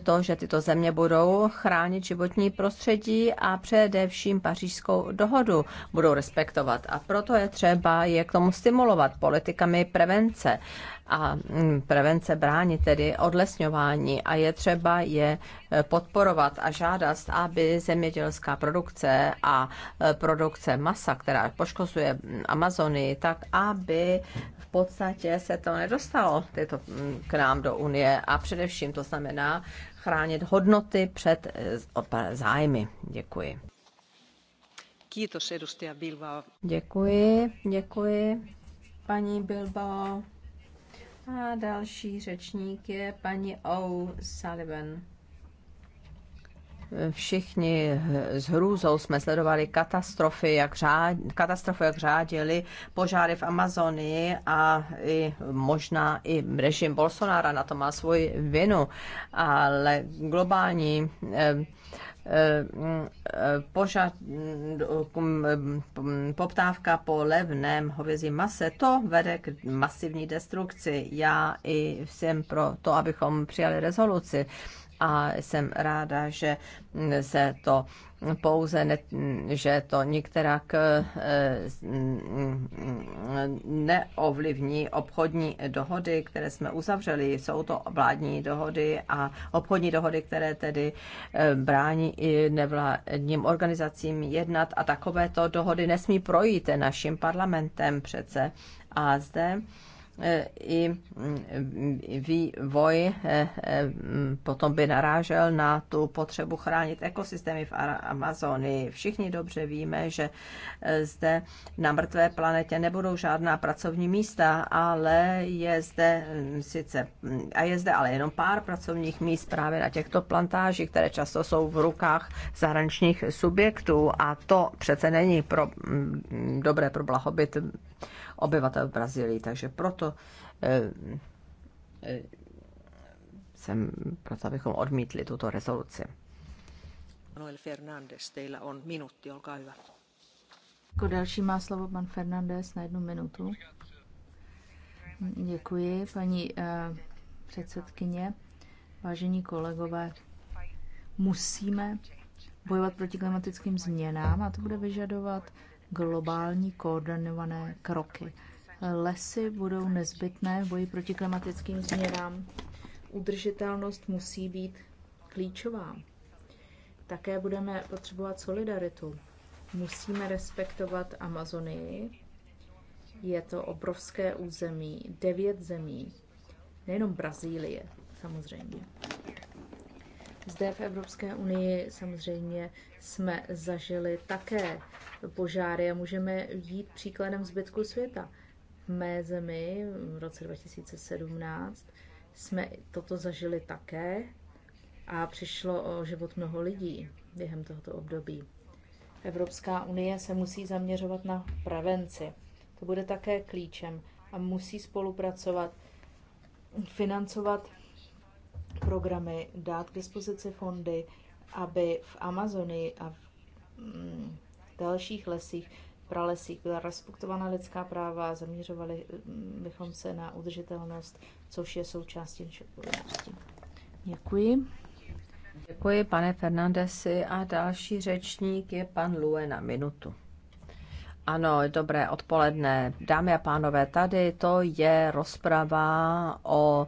D: to, že tyto země budou chránit životní prostředí a především pařížskou dohodu budou respektovat. A proto je třeba je k tomu stimulovat politikami prevence a mm, prevence bránit tedy odlesňování a je třeba je e, podporovat a žádat, aby zemědělská produkce a e, produkce masa, která poškozuje mm, Amazonii, tak aby v podstatě se to nedostalo tyto, mm, k nám do Unie a především to znamená chránit hodnoty před e, zájmy. Děkuji. Děkuji, děkuji, paní Bilbao. A další řečník je paní O. Sullivan. Všichni s hrůzou jsme sledovali katastrofy, jak, řád, katastrofy, jak řádili požáry v Amazonii a i, možná i režim Bolsonara na to má svoji vinu, ale globální eh, požad, poptávka po levném hovězím mase, to vede k masivní destrukci. Já i jsem pro to, abychom přijali rezoluci a jsem ráda, že se to pouze, ne, že to nikterak eh, eh, neovlivní obchodní dohody, které jsme uzavřeli. Jsou to vládní dohody a obchodní dohody, které tedy eh, brání i nevládním organizacím jednat a takovéto dohody nesmí projít naším parlamentem přece. A zde E, i mm, vývoj e, e, mm, potom by narážel na tu potřebu chránit ekosystémy v Amazonii. Všichni dobře víme, že zde na mrtvé planetě nebudou žádná pracovní místa, ale je zde mm, sice, a je zde ale jenom pár pracovních míst právě na těchto plantážích, které často jsou v rukách zahraničních subjektů a to přece není pro, dobré pro blahobyt obyvatel v Brazílii. Takže proto eh, eh, jsem proto, abychom odmítli tuto rezoluci.
F: Manuel Fernández, teila on minuutti, olkaa hyvä.
H: Jako další má slovo pan Fernández na jednu minutu. Děkuji, paní eh, předsedkyně. Vážení kolegové, musíme bojovat proti klimatickým změnám a to bude vyžadovat globální koordinované kroky. Lesy budou nezbytné v boji proti klimatickým změnám. Udržitelnost musí být klíčová. Také budeme potřebovat solidaritu. Musíme respektovat Amazonii. Je to obrovské území, devět zemí, nejenom Brazílie, samozřejmě. Zde v Evropské unii samozřejmě jsme zažili také požáry a můžeme jít příkladem zbytku světa. V mé zemi v roce 2017 jsme toto zažili také a přišlo o život mnoho lidí během tohoto období. Evropská unie se musí zaměřovat na prevenci. To bude také klíčem a musí spolupracovat, financovat programy, dát k dispozici fondy, aby v Amazonii a v mm, dalších lesích, pralesích byla respektována lidská práva a zaměřovali mm, bychom se na udržitelnost, což je součástí naší
D: Děkuji. Děkuji, pane Fernandesi. A další řečník je pan Lue na minutu. Ano, dobré odpoledne. Dámy a pánové, tady to je rozprava o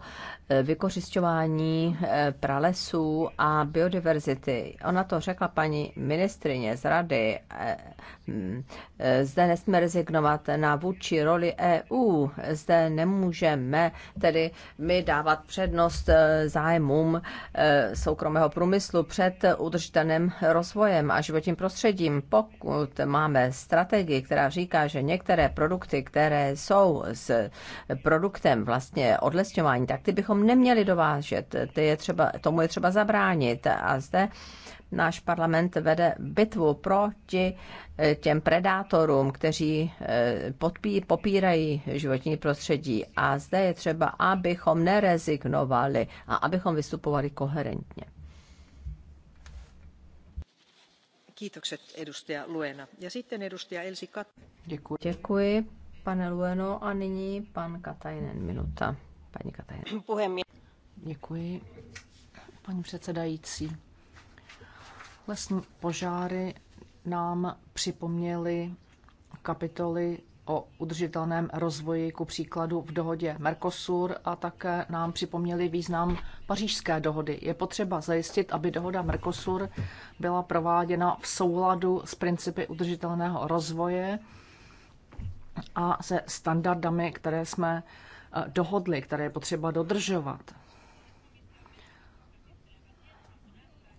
D: e, vykořišťování e, pralesů a biodiverzity. Ona to řekla paní ministrině z rady. E, zde nesmíme rezignovat na vůči roli EU. Zde nemůžeme tedy my dávat přednost zájmům soukromého průmyslu před udržitelným rozvojem a životním prostředím. Pokud máme strategii, která říká, že některé produkty, které jsou s produktem vlastně odlesňování, tak ty bychom neměli dovážet. Ty je třeba, tomu je třeba zabránit. A zde náš parlament vede bitvu proti eh, těm predátorům, kteří eh, podpí, popírají životní prostředí. A zde je třeba, abychom nerezignovali a abychom vystupovali koherentně.
F: Děkuji.
D: Děkuji, pane Lueno. A nyní pan Katajnen, minuta. Paní Katajnen. Děkuji, paní předsedající.
I: Lesní požáry nám připomněly kapitoly o udržitelném rozvoji, ku příkladu v dohodě Mercosur a také nám připomněli význam pařížské dohody. Je potřeba zajistit, aby dohoda Mercosur byla prováděna v souladu s principy udržitelného rozvoje a se standardami, které jsme eh, dohodli, které je potřeba dodržovat.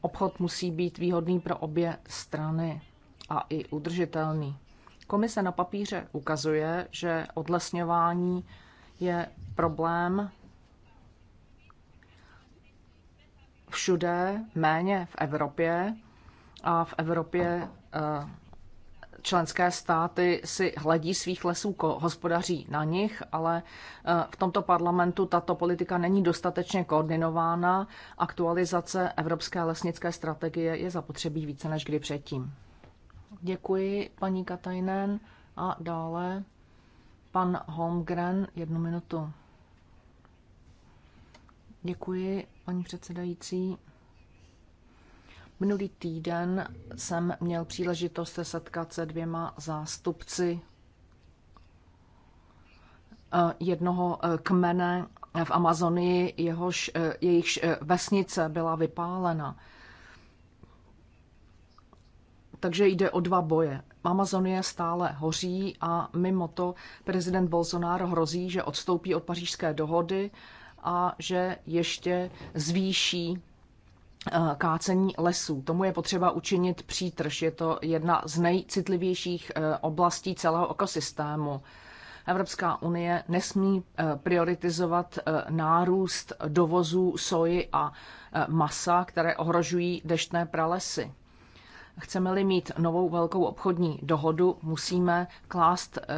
I: Obchod musí být výhodný pro obě strany a i udržitelný. Komise na papíře ukazuje, že odlesňování je problém všude, méně v Evropě a v Evropě eh, členské státy si hledí svých lesů, hospodaří na nich, ale eh, v tomto parlamentu tato politika není dostatečně koordinována. Aktualizace Evropské lesnické strategie je zapotřebí více než kdy předtím. Děkuji paní Katajnen a dále pan Holmgren jednu minutu. Děkuji, paní předsedající. Minulý týden jsem měl příležitost se setkat se dvěma zástupci eh, jednoho eh, kmene v Amazonii, jehož, eh, jejichž vesnice byla vypálena. Takže jde o dva boje. Amazonie stále hoří a mimo to prezident Bolsonaro hrozí, že odstoupí od pařížské dohody a že ještě zvýší eh, kácení lesů. Tomu je potřeba učinit přítrž. Je to jedna z nejcitlivějších eh, oblastí celého ekosystému. Evropská unie nesmí eh, prioritizovat nárůst dovozů soji a masa, které ohrožují deštné pralesy. Chceme-li mít novou velkou obchodní dohodu, musíme klást eh,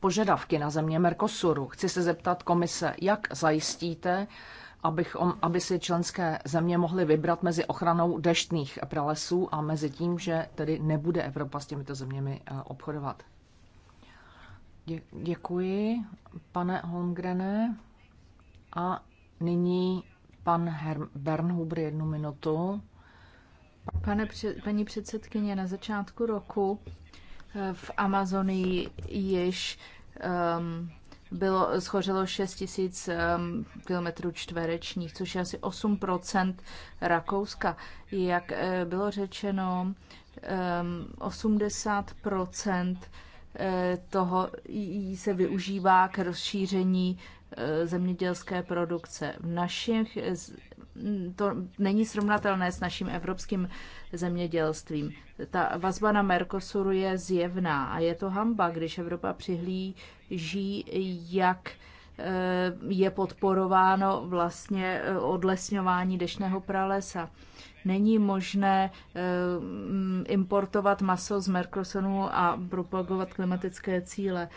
I: požadavky na země Mercosuru. Chci se zeptat komise, jak zajistíte, abychom, aby si členské země mohly vybrat mezi ochranou deštných pralesů a mezi tím, že tedy nebude Evropa s těmito zeměmi eh, obchodovat. Dě- děkuji, pane Holmgrene. A nyní pan Herm- Bernhuber jednu minutu.
H: Pane, paní předsedkyně, na začátku roku eh, v Amazonii již um, bylo, schořelo 6 tisíc um, kilometrů čtverečních, což je asi 8 Rakouska. Jak uh, bylo řečeno, um, ehm, 80 eh, toho se využívá k rozšíření zemědělské produkce. V našich to není srovnatelné s naším evropským zemědělstvím. Ta vazba na Mercosuru je zjevná a je to hamba, když Evropa přihlíží, jak eh, je podporováno vlastně eh, odlesňování dešného pralesa. Není možné eh, mm, importovat maso z Mercosuru a propagovat klimatické cíle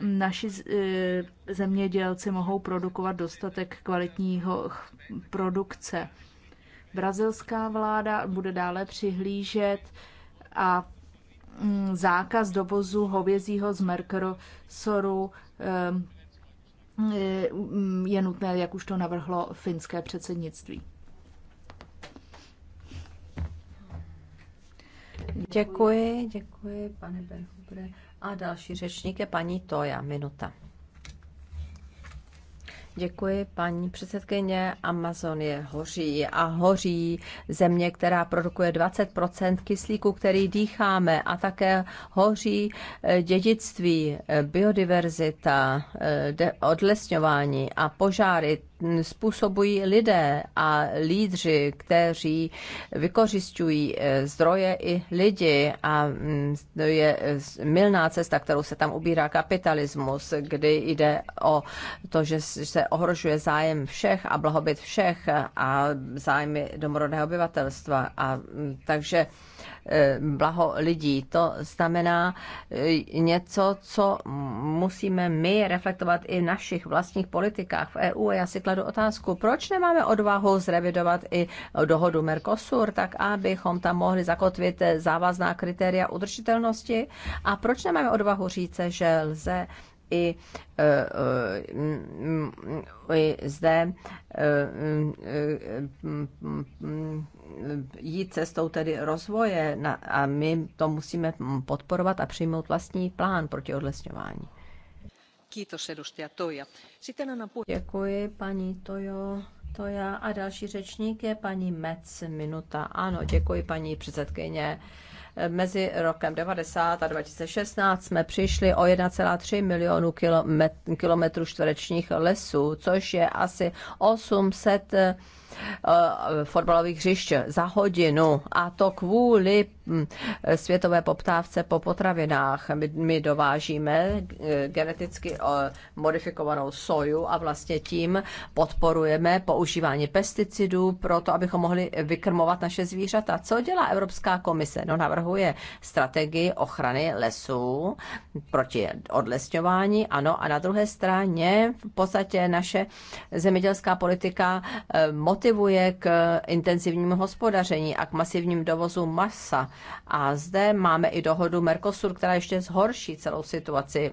H: naši e, zemědělci mohou produkovat dostatek kvalitního produkce. Brazilská vláda bude dále přihlížet a mm, zákaz dovozu hovězího z Mercosuru e, e, je nutné, jak už to navrhlo finské předsednictví.
D: Děkuji, děkuji, pane Benhubre. A další řečník je paní Toja, minuta. Děkuji, paní předsedkyně. Amazonie hoří a hoří země, která produkuje 20 kyslíku, který dýcháme, a také hoří eh, dědictví, eh, biodiverzita, eh, odlesňování a požáry způsobují lidé a lídři, kteří vykořišťují eh, zdroje i lidi a mm, je eh, milná cesta, kterou se tam ubírá kapitalismus, kdy jde o to, že se ohrožuje zájem všech a blahobyt všech a zájmy domorodého obyvatelstva. A mm, takže E, blaho lidí. To znamená e, něco, co musíme my reflektovat i v našich vlastních politikách v EU. Já si kladu otázku, proč nemáme odvahu zrevidovat i dohodu Mercosur, tak abychom tam mohli zakotvit závazná kritéria udržitelnosti a proč nemáme odvahu říct, že lze i, e, e, i zde e, jít cestou tedy rozvoje a my to musíme podporovat a přijmout vlastní plán proti odlesňování. Děkuji, paní Tojo. To já a další řečník je paní Mec Minuta. Ano, děkuji, paní předsedkyně. Mezi rokem 90 a 2016 jsme přišli o 1,3 milionů kilometrů čtverečních lesů, což je asi 800 Eh, fotbalových hřišť za hodinu a to kvůli hm, světové poptávce po potravinách. My, my dovážíme eh, geneticky eh, modifikovanou soju a vlastně tím podporujeme používání pesticidů pro to, abychom mohli vykrmovat naše zvířata. Co dělá Evropská komise? No navrhuje strategii ochrany lesů proti odlesňování, ano, a na druhé straně v podstatě naše zemědělská politika motivuje motivuje k intenzivnímu hospodaření a k masivním dovozu masa. A zde máme i dohodu Mercosur, která ještě zhorší celou situaci.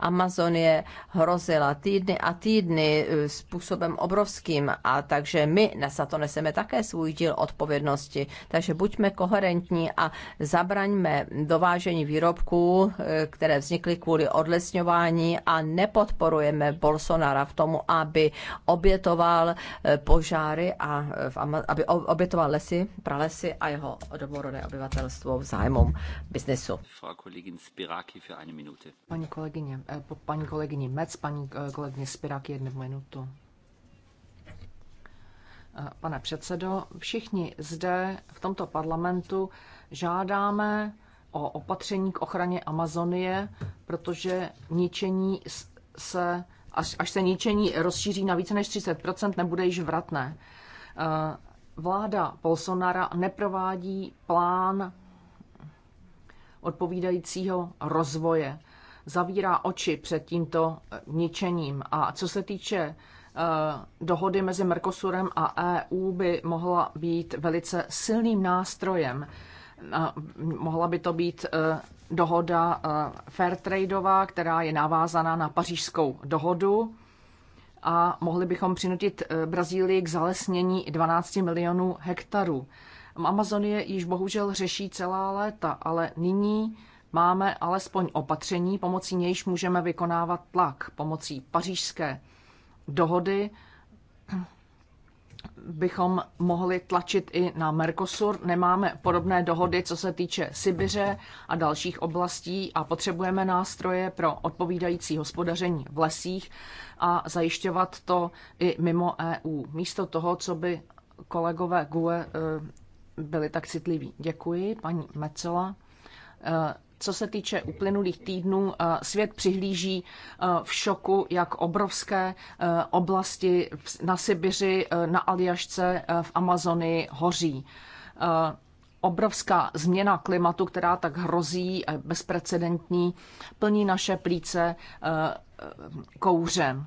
D: Amazonie hrozila týdny a týdny eh, způsobem obrovským a takže my za to neseme také svůj díl odpovědnosti. Takže buďme koherentní a zabraňme dovážení výrobků, eh, které vznikly kvůli odlesňování a nepodporujeme Bolsonara v tomu, aby obětoval eh, požáry a v Ama- aby obětoval lesy, pralesy a jeho domorodé obyvatelstvo v zájmu biznesu.
I: Paní kolegyně, eh, paní eh, kolegyně Mec, paní kolegyně Spiráky, jednu minutu. Eh, pane předsedo, všichni zde v tomto parlamentu žádáme o opatření k ochraně Amazonie, protože ničení se, až, až se ničení rozšíří na více než 30 nebude již vratné. Eh, vláda Bolsonara neprovádí plán odpovídajícího rozvoje. Zavírá oči před tímto eh, ničením. A co se týče eh, dohody mezi Mercosurem a EU by mohla být velice silným nástrojem. Mohla by to být dohoda fair tradeová, která je navázaná na pařížskou dohodu a mohli bychom přinutit eh, Brazílii k zalesnění 12 milionů hektarů. Amazonie již bohužel řeší celá léta, ale nyní máme alespoň opatření, pomocí nějž můžeme vykonávat tlak. Pomocí pařížské dohody bychom mohli tlačit i na Mercosur. Nemáme podobné dohody, co se týče Sibiře a dalších oblastí a potřebujeme nástroje pro odpovídající hospodaření v lesích a zajišťovat to i mimo EU. Místo toho, co by kolegové GUE eh, byli tak citliví. Děkuji, paní Mecela. Eh, co se týče uplynulých týdnů, eh, svět přihlíží eh, v šoku, jak obrovské eh, oblasti na Sibiři, na Aljašce, v Amazonii hoří. Obrovská změna klimatu, která tak hrozí, bezprecedentní, plní naše plíce kouřem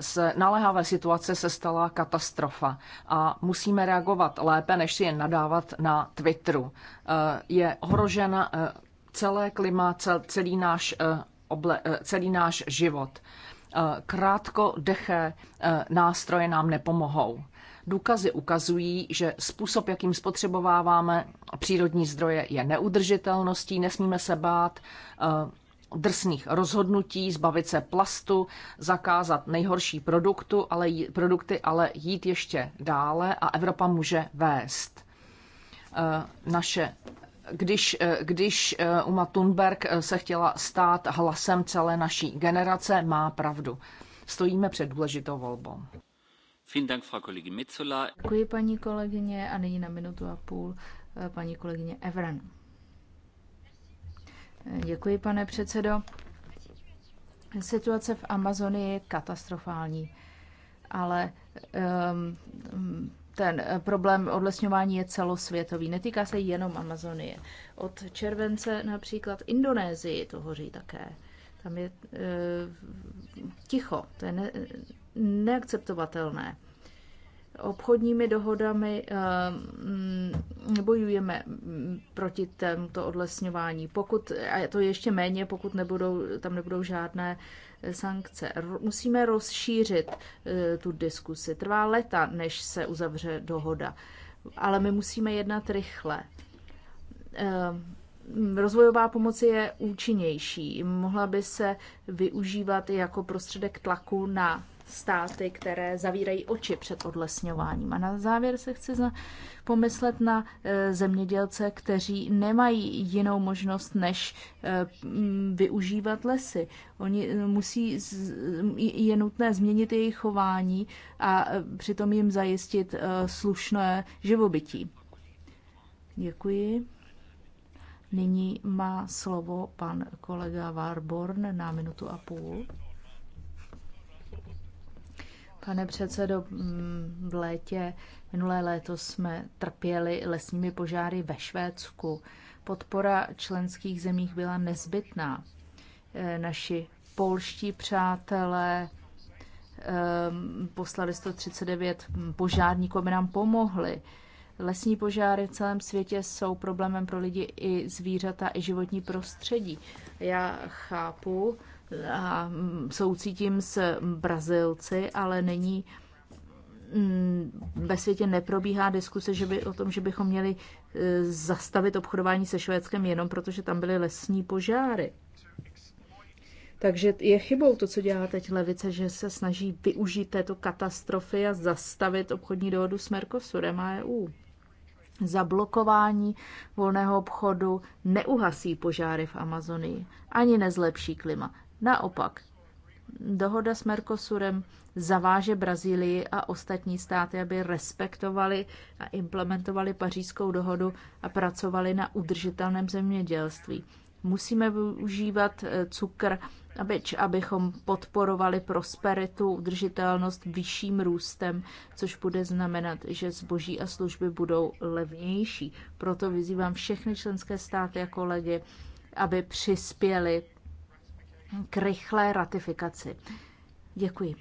I: z naléhavé situace se stala katastrofa a musíme reagovat lépe, než si jen nadávat na Twitteru. Je ohrožen celé klima, cel, celý, náš, eh, oble, eh, celý náš život. Eh, krátko deché nástroje nám nepomohou. Důkazy ukazují, že způsob, jakým spotřebováváme přírodní zdroje, je neudržitelností. Nesmíme se bát drsných rozhodnutí, zbavit se plastu, zakázat nejhorší produktu, ale, produkty, ale jít ještě dále a Evropa může vést. Naše když, eh, když eh, Uma Thunberg eh, se chtěla stát hlasem celé naší generace, má pravdu. Stojíme před důležitou
D: volbou.
H: Děkuji paní kolegyně a nyní na minutu a půl paní kolegyně Evren. Děkuji, pane předsedo. Situace v Amazonii je katastrofální, ale um, ten eh, problém odlesňování je celosvětový, netýká se jenom Amazonie. Od července například Indonésii to hoří také. Tam je e, ticho, to je ne, neakceptovatelné. Obchodními dohodami e, bojujeme mm, proti tomuto odlesňování, pokud, a to ještě méně, pokud nebudou, tam nebudou žádné sankce. Musíme rozšířit e, tu diskusi. Trvá leta, než se uzavře dohoda, ale my musíme jednat rychle. E, rozvojová pomoc je účinnější. Mohla by se využívat jako prostředek tlaku na státy, které zavírají oči před odlesňováním. A na závěr se chci pomyslet na eh, zemědělce, kteří nemají jinou možnost, než eh, využívat lesy. Oni eh, musí, je nutné změnit jejich chování a přitom jim zajistit slušné živobytí. Děkuji. Nyní má slovo pan kolega Warborn na minutu a půl. Pane předsedo, mm, v létě, minulé léto jsme trpěli lesními požáry ve Švédsku. Podpora členských zemích byla nezbytná. Eh, naši polští přátelé ehm, poslali 139 požárníků, aby nám pomohli. Lesní požáry v celém světě jsou problémem pro lidi i zvířata, i životní prostředí. Já chápu, a mm, soucítím s Brazilci, ale není mm, ve světě neprobíhá diskuse že by, o tom, že bychom měli e, zastavit obchodování se Švédskem jenom protože tam byly lesní požáry. Takže je chybou to, co dělá teď levice, že se snaží využít této katastrofy a zastavit obchodní dohodu s Mercosurem a EU. Zablokování volného obchodu neuhasí požáry v Amazonii, ani nezlepší klima, Naopak, dohoda s Mercosurem zaváže Brazílii a ostatní státy, aby respektovali a implementovali pařížskou dohodu a pracovali na udržitelném zemědělství. Musíme využívat eh, cukr, abychom podporovali prosperitu, udržitelnost vyšším růstem, což bude znamenat, že zboží a služby budou levnější. Proto vyzývám všechny členské státy a kolegy, aby přispěli k rychlé ratifikaci. Děkuji.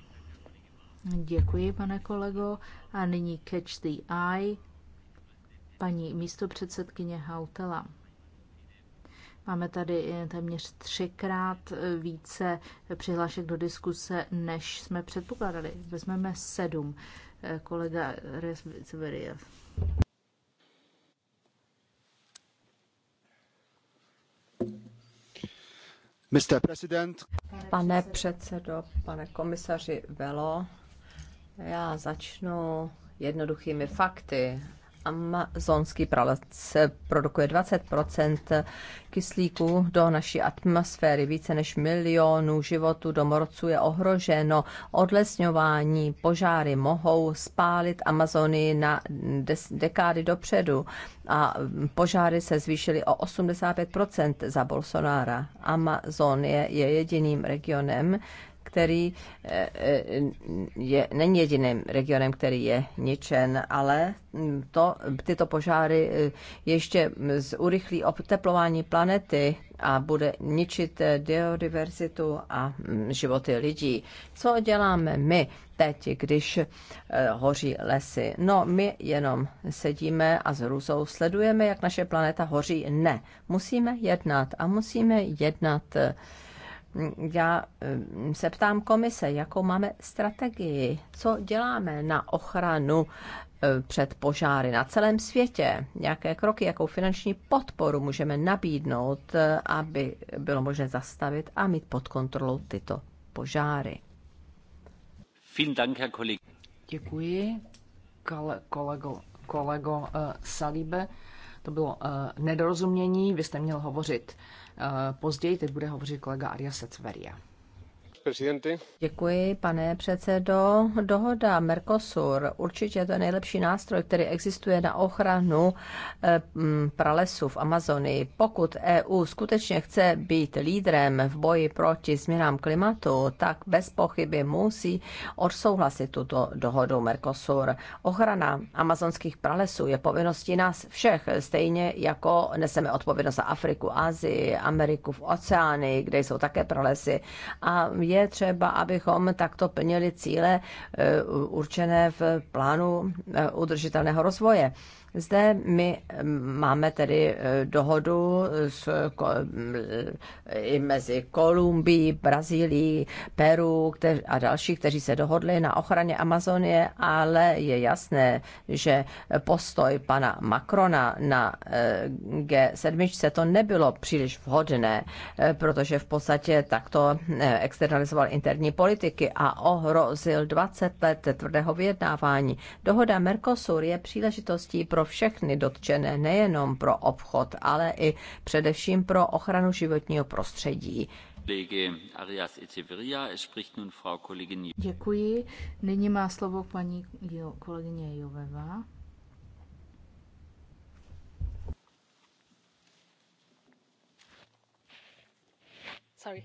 H: Děkuji, pane kolego. A nyní Catch the Eye, paní místopředsedkyně Hautela. Máme tady eh, téměř třikrát eh, více přihlášek do diskuse, než jsme předpokládali. Vezmeme sedm. Eh, kolega Rezverijev.
D: Pane předsedo, pane komisaři Velo, já začnu jednoduchými fakty amazonský prales produkuje 20 kyslíku do naší atmosféry. Více než milionů životů domorců je ohroženo. Odlesňování, požáry mohou spálit Amazony na dekády dopředu a požáry se zvýšily o 85 za Bolsonára. Amazonie je jediným regionem, který eh, eh, je, není jediným regionem, který je ničen, ale hm, to, tyto požáry eh, ještě zurychlí oteplování planety a bude ničit biodiverzitu a hm, životy lidí. Co děláme my teď, když hoří lesy? No, my jenom sedíme a s hrůzou sledujeme, jak naše planeta hoří. Ne, musíme jednat a musíme jednat já eh, se ptám komise, jakou máme strategii, co děláme na ochranu eh, před požáry na celém světě, jaké kroky, jakou finanční podporu můžeme nabídnout, eh, aby bylo možné zastavit a mít pod kontrolou tyto požáry. Děkuji, kolego, kolego Salibe.
I: To bylo nedorozumění, vy jste měl hovořit Eh, později. Teď bude hovořit kolega Arja Severia.
D: Děkuji, pane předsedo. Dohoda Mercosur určitě to je nejlepší nástroj, který existuje na ochranu eh, pralesů v Amazonii. Pokud EU skutečně chce být lídrem v boji proti změnám klimatu, tak bez pochyby musí odsouhlasit tuto dohodu Mercosur. Ochrana amazonských pralesů je povinností nás všech, stejně jako neseme odpovědnost za Afriku, Asii, Ameriku v oceány, kde jsou také pralesy. A je třeba, abychom takto plnili cíle eh, určené v plánu eh, udržitelného rozvoje. Zde my máme tedy e, dohodu s, i mezi Kolumbií, Brazílií, Peru a další, kteří se dohodli na ochraně Amazonie, ale je jasné, že postoj pana Macrona na e, G7 to nebylo příliš vhodné, e, protože v podstatě takto externalizoval interní politiky a ohrozil 20 let tvrdého vyjednávání. Dohoda Mercosur je příležitostí pro pro všechny dotčené, nejenom pro obchod, ale i především pro ochranu životního prostředí. Děkuji.
H: Nyní má slovo paní kolegyně Joveva.
C: Sorry.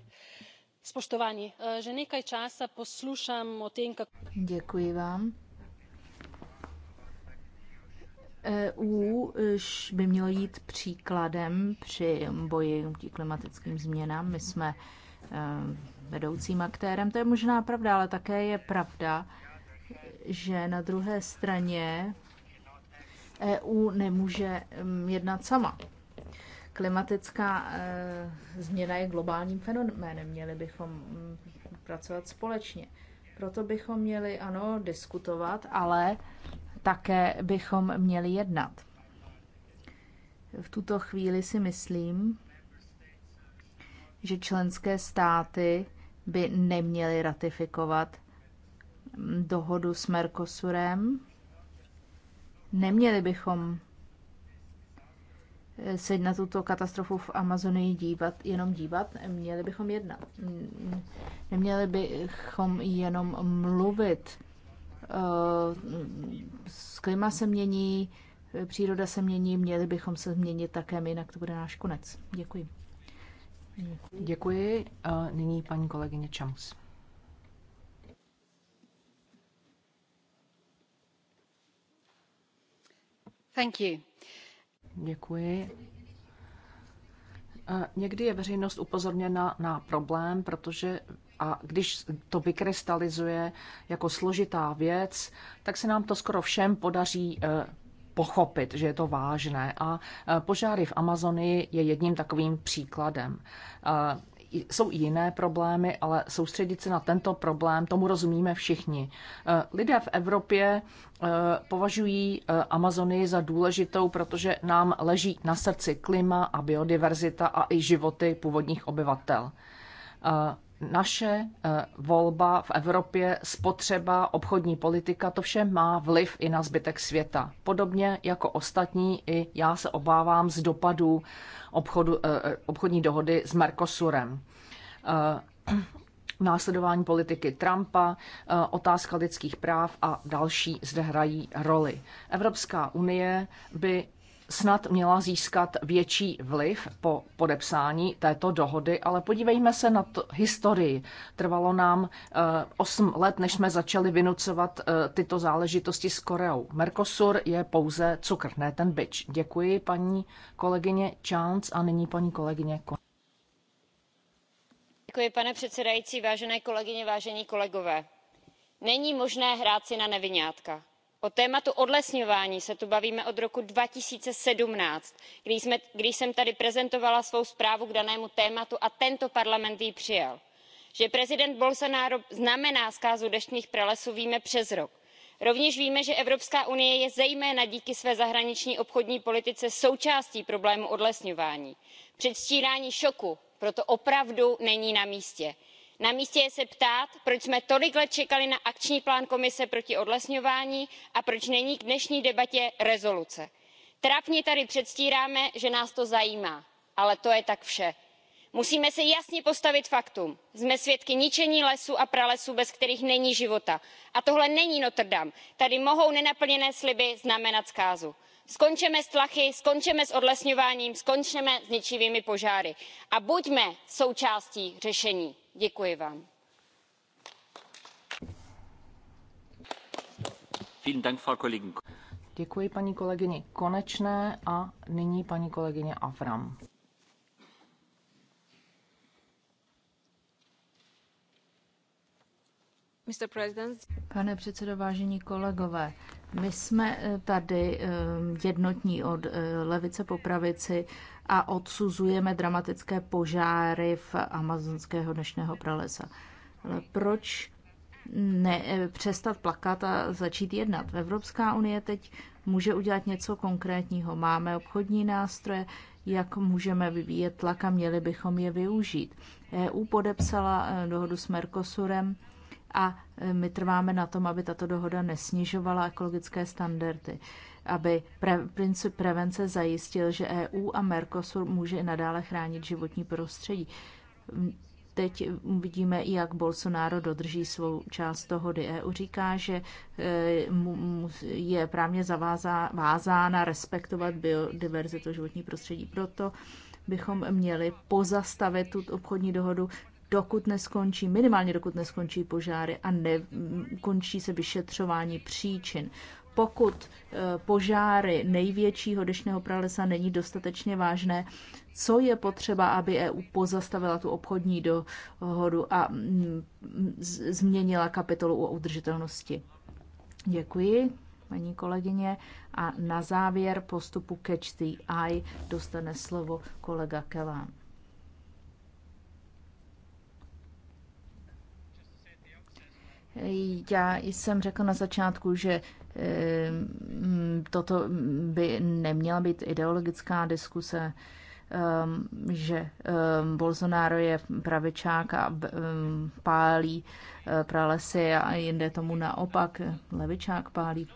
C: Spoštovani, eh, že nekaj časa poslušam o tem, kako...
H: Děkuji vám. EU by mělo jít příkladem při boji proti klimatickým změnám. My jsme e, vedoucím aktérem, to je možná pravda, ale také je pravda, že na druhé straně EU nemůže mm, jednat sama. Klimatická e, změna je globálním fenoménem, měli bychom mm, pracovat společně. Proto bychom měli, ano, diskutovat, ale také bychom měli jednat. V tuto chvíli si myslím, že členské státy by neměly ratifikovat dohodu s Mercosurem. Neměli bychom se na tuto katastrofu v Amazonii dívat, jenom dívat, měli bychom jednat. Neměli bychom jenom mluvit Eh, klima se mění, příroda se mění, měli bychom se změnit také my, jinak to bude náš konec. Děkuji. Děkuji. A nyní paní kolegyně Čamus.
F: Thank you.
I: Děkuji. Někdy je veřejnost upozorněna na problém, protože a když to vykrystalizuje jako složitá věc, tak se nám to skoro všem podaří eh, pochopit, že je to vážné. A eh, požáry v Amazonii je jedním takovým příkladem. Eh, jsou i jiné problémy, ale soustředit se na tento problém, tomu rozumíme všichni. E, lidé v Evropě e, považují e, Amazonii za důležitou, protože nám leží na srdci klima a biodiverzita a i životy původních obyvatel naše eh, volba v Evropě, spotřeba, obchodní politika, to vše má vliv i na zbytek světa. Podobně jako ostatní, i já se obávám z dopadů obchodu, eh, eh, obchodní dohody s Mercosurem. Následování politiky Trumpa, otázka lidských práv a další zde hrají roli. Evropská unie by snad měla získat větší vliv po podepsání této dohody, ale podívejme se na to, historii. Trvalo nám 8 eh, let, než jsme začali vynucovat eh, tyto záležitosti s Koreou. Mercosur je pouze cukr, ne ten byč. Děkuji paní kolegyně Chance a nyní paní kolegyně Kon-
E: Děkuji, pane předsedající, vážené kolegyně, vážení kolegové. Není možné hrát si na nevinátka o tématu odlesňování se tu bavíme od roku two thousand and seventeen kdy jsem tady prezentovala svou zprávu k danému tématu a tento parlament ji přijal. že prezident bolsonaro znamená zkázu deštných pralesů víme přes rok. rovněž víme že evropská unie je zejména díky své zahraniční obchodní politice součástí problému odlesňování. předstírání šoku proto opravdu není na místě na místě je se ptát proč jsme tolik let čekali na akční plán komise proti odlesňování a proč není k dnešní debatě rezoluce. trapně tady předstíráme že nás to zajímá ale to je tak vše. musíme se jasně postavit faktům jsme svědky ničení lesů a pralesů bez kterých není života a tohle není notre dame tady mohou nenaplněné sliby znamenat zkázu. skončeme s tlachy skončeme s odlesňováním skončeme s ničivými požáry a buďme součástí řešení děkuji vám.
I: Děkuji paní kolegyni Konečné a nyní paní kolegyně Avram.
H: Pane předsedo, vážení kolegové, my jsme eh, tady eh, jednotní od eh, levice po pravici a odsuzujeme dramatické požáry v amazonského dnešného pralesa. Ale proč ne, přestat plakat a začít jednat? Evropská unie teď může udělat něco konkrétního. Máme obchodní nástroje, jak můžeme vyvíjet tlak a měli bychom je využít. EU podepsala dohodu s Mercosurem, a e, my trváme na tom, aby tato dohoda nesnižovala ekologické standardy, aby pre, princip prevence zajistil, že EU a Mercosur může nadále chránit životní prostředí. Teď vidíme, jak Bolsonaro dodrží svou část dohody. EU říká, že e, je právně zavázána respektovat biodiverzitu životní prostředí. Proto bychom měli pozastavit tu obchodní dohodu dokud neskončí, minimálně dokud neskončí požáry a nekončí se vyšetřování příčin. Pokud eh, požáry největšího dešného pralesa není dostatečně vážné, co je potřeba, aby EU pozastavila tu obchodní dohodu a mm, změnila kapitolu o udržitelnosti? Děkuji, paní kolegyně. A na závěr postupu Catch the Eye dostane slovo kolega Kelán. Já jsem řekl na začátku, že ehm, toto by neměla být ideologická diskuse, ehm, že ehm, Bolsonaro je pravičák a pálí eh, pralesy a jinde tomu naopak levičák pálí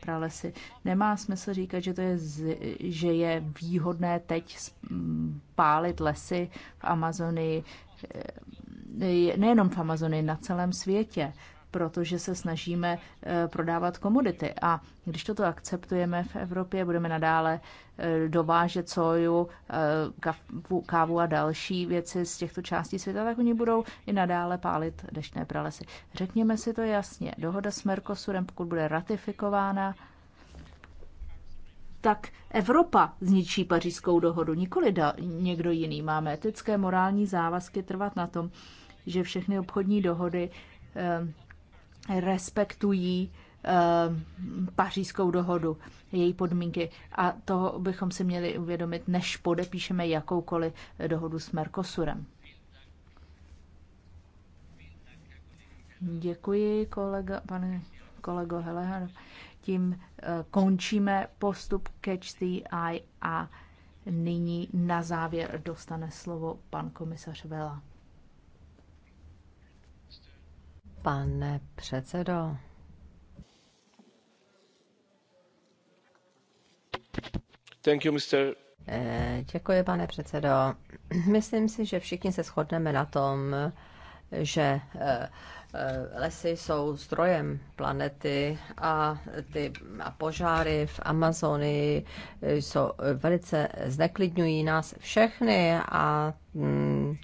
H: pralesy. Nemá smysl říkat, že, to je, že je výhodné teď pálit lesy v Amazonii nejenom v Amazonii, na celém světě, protože se snažíme eh, prodávat komodity. A když toto akceptujeme v Evropě, budeme nadále eh, dovážet soju, eh, kávu a další věci z těchto částí světa, tak oni budou i nadále pálit deštné pralesy. Řekněme si to jasně. Dohoda s Mercosurem, pokud bude ratifikována, tak Evropa zničí pařížskou dohodu, nikoli da- někdo jiný. Máme etické, morální závazky trvat na tom, že všechny obchodní dohody eh, respektují eh, pařížskou dohodu, její podmínky. A to bychom si měli uvědomit, než podepíšeme jakoukoliv dohodu s Mercosurem. Děkuji, kolega, pane kolego Helehan. Tím eh, končíme postup Catch the Eye a nyní na závěr dostane slovo pan komisař Vela.
D: pane předsedo. Thank you, Mr. Eh, děkuji, pane předsedo. Myslím si, že všichni se shodneme na tom, že eh, eh, lesy jsou zdrojem planety a ty a požáry v Amazonii jsou velice zneklidňují nás všechny a mm,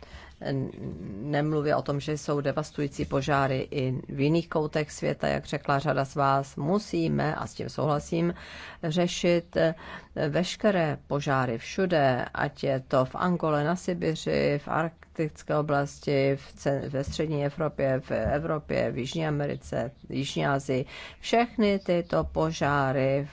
D: nemluvě o tom, že jsou devastující požáry i v jiných koutech světa, jak řekla řada z vás, musíme, a s tím souhlasím, řešit veškeré požáry všude, ať je to v Angole, na Sibiři, v arktické oblasti, v ve střední Evropě, v Evropě, v Jižní Americe, v Jižní Asii. Všechny tyto požáry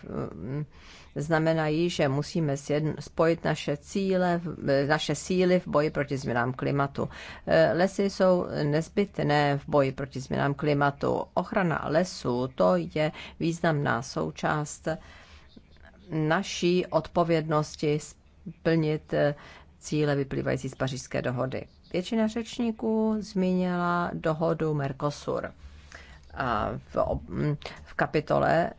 D: znamenají, že musíme spojit naše cíle, naše síly v boji proti změnám klimatu. Eh, lesy jsou nezbytné v boji proti změnám klimatu. Ochrana lesů to je významná součást naší odpovědnosti splnit eh, cíle vyplývající z pařížské dohody. Většina řečníků zmínila dohodu Mercosur v, v kapitole e,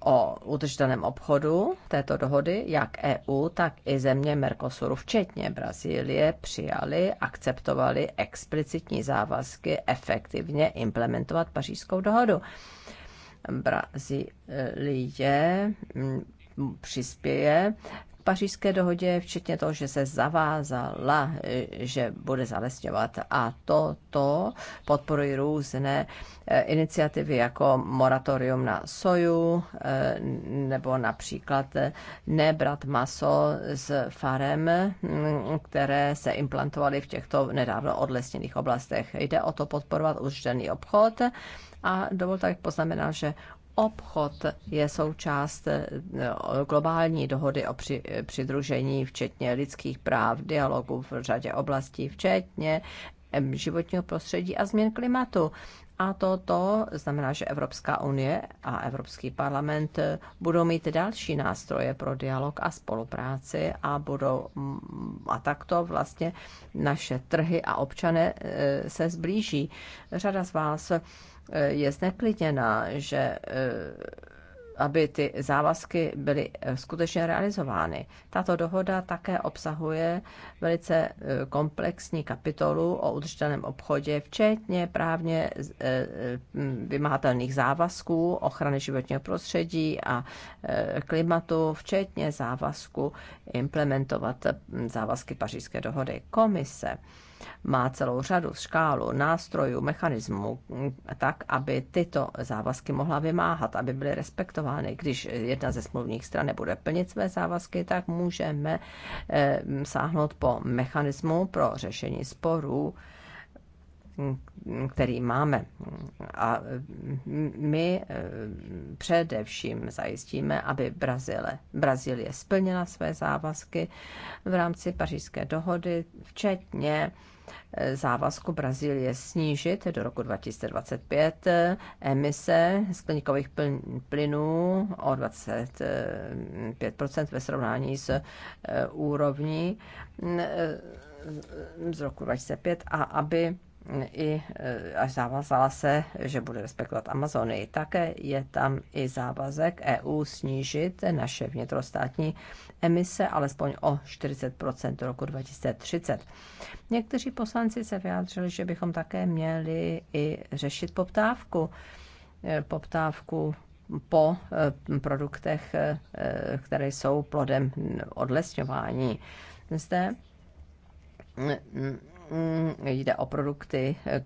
D: o udržitelném obchodu této dohody, jak EU, tak i země Mercosuru, včetně Brazílie, přijali, akceptovali explicitní závazky efektivně implementovat pařížskou dohodu. Brazílie přispěje pařížské dohodě, včetně toho, že se zavázala, eh, že bude zalesňovat. A to, to podporují různé eh, iniciativy jako moratorium na soju eh, nebo například nebrat maso s farem, mm, které se implantovaly v těchto nedávno odlesněných oblastech. Jde o to podporovat udržitelný obchod a dovolte, tak poznamenal, že obchod je součást eh, globální dohody o při, přidružení, včetně lidských práv, dialogu v řadě oblastí, včetně životního prostředí a změn klimatu. A toto znamená, že Evropská unie a Evropský parlament eh, budou mít další nástroje pro dialog a spolupráci a budou mm, a takto vlastně naše trhy a občané eh, se zblíží. Řada z vás je zneklidněná, že eh, aby ty závazky byly eh, skutečně realizovány. Tato dohoda také obsahuje velice eh, komplexní kapitolu o udržitelném obchodě, včetně právně vymahatelných závazků, ochrany životního prostředí a klimatu, včetně závazku implementovat hm, závazky pařížské dohody. Komise má celou řadu škálu nástrojů, mechanismů, tak, aby tyto závazky mohla vymáhat, aby byly respektovány. Když jedna ze smluvních stran nebude plnit své závazky, tak můžeme eh, sáhnout po mechanismu pro řešení sporů, mm, který máme. A mm, my eh, především zajistíme, aby Brazile, Brazílie splnila své závazky v rámci pařížské dohody, včetně závazku Brazílie snížit do roku 2025 emise skleníkových plynů o 25 ve srovnání s eh, úrovní eh, z roku 2005 a aby i eh, až zavazala se, že bude respektovat Amazonii. Také je tam i závazek EU snížit naše vnitrostátní emise alespoň o 40 do roku 2030. Někteří poslanci se vyjádřili, že bychom také měli i řešit poptávku. Eh, poptávku po eh, produktech, které jsou plodem odlesňování. Zde Mm, jde o produkty, eh,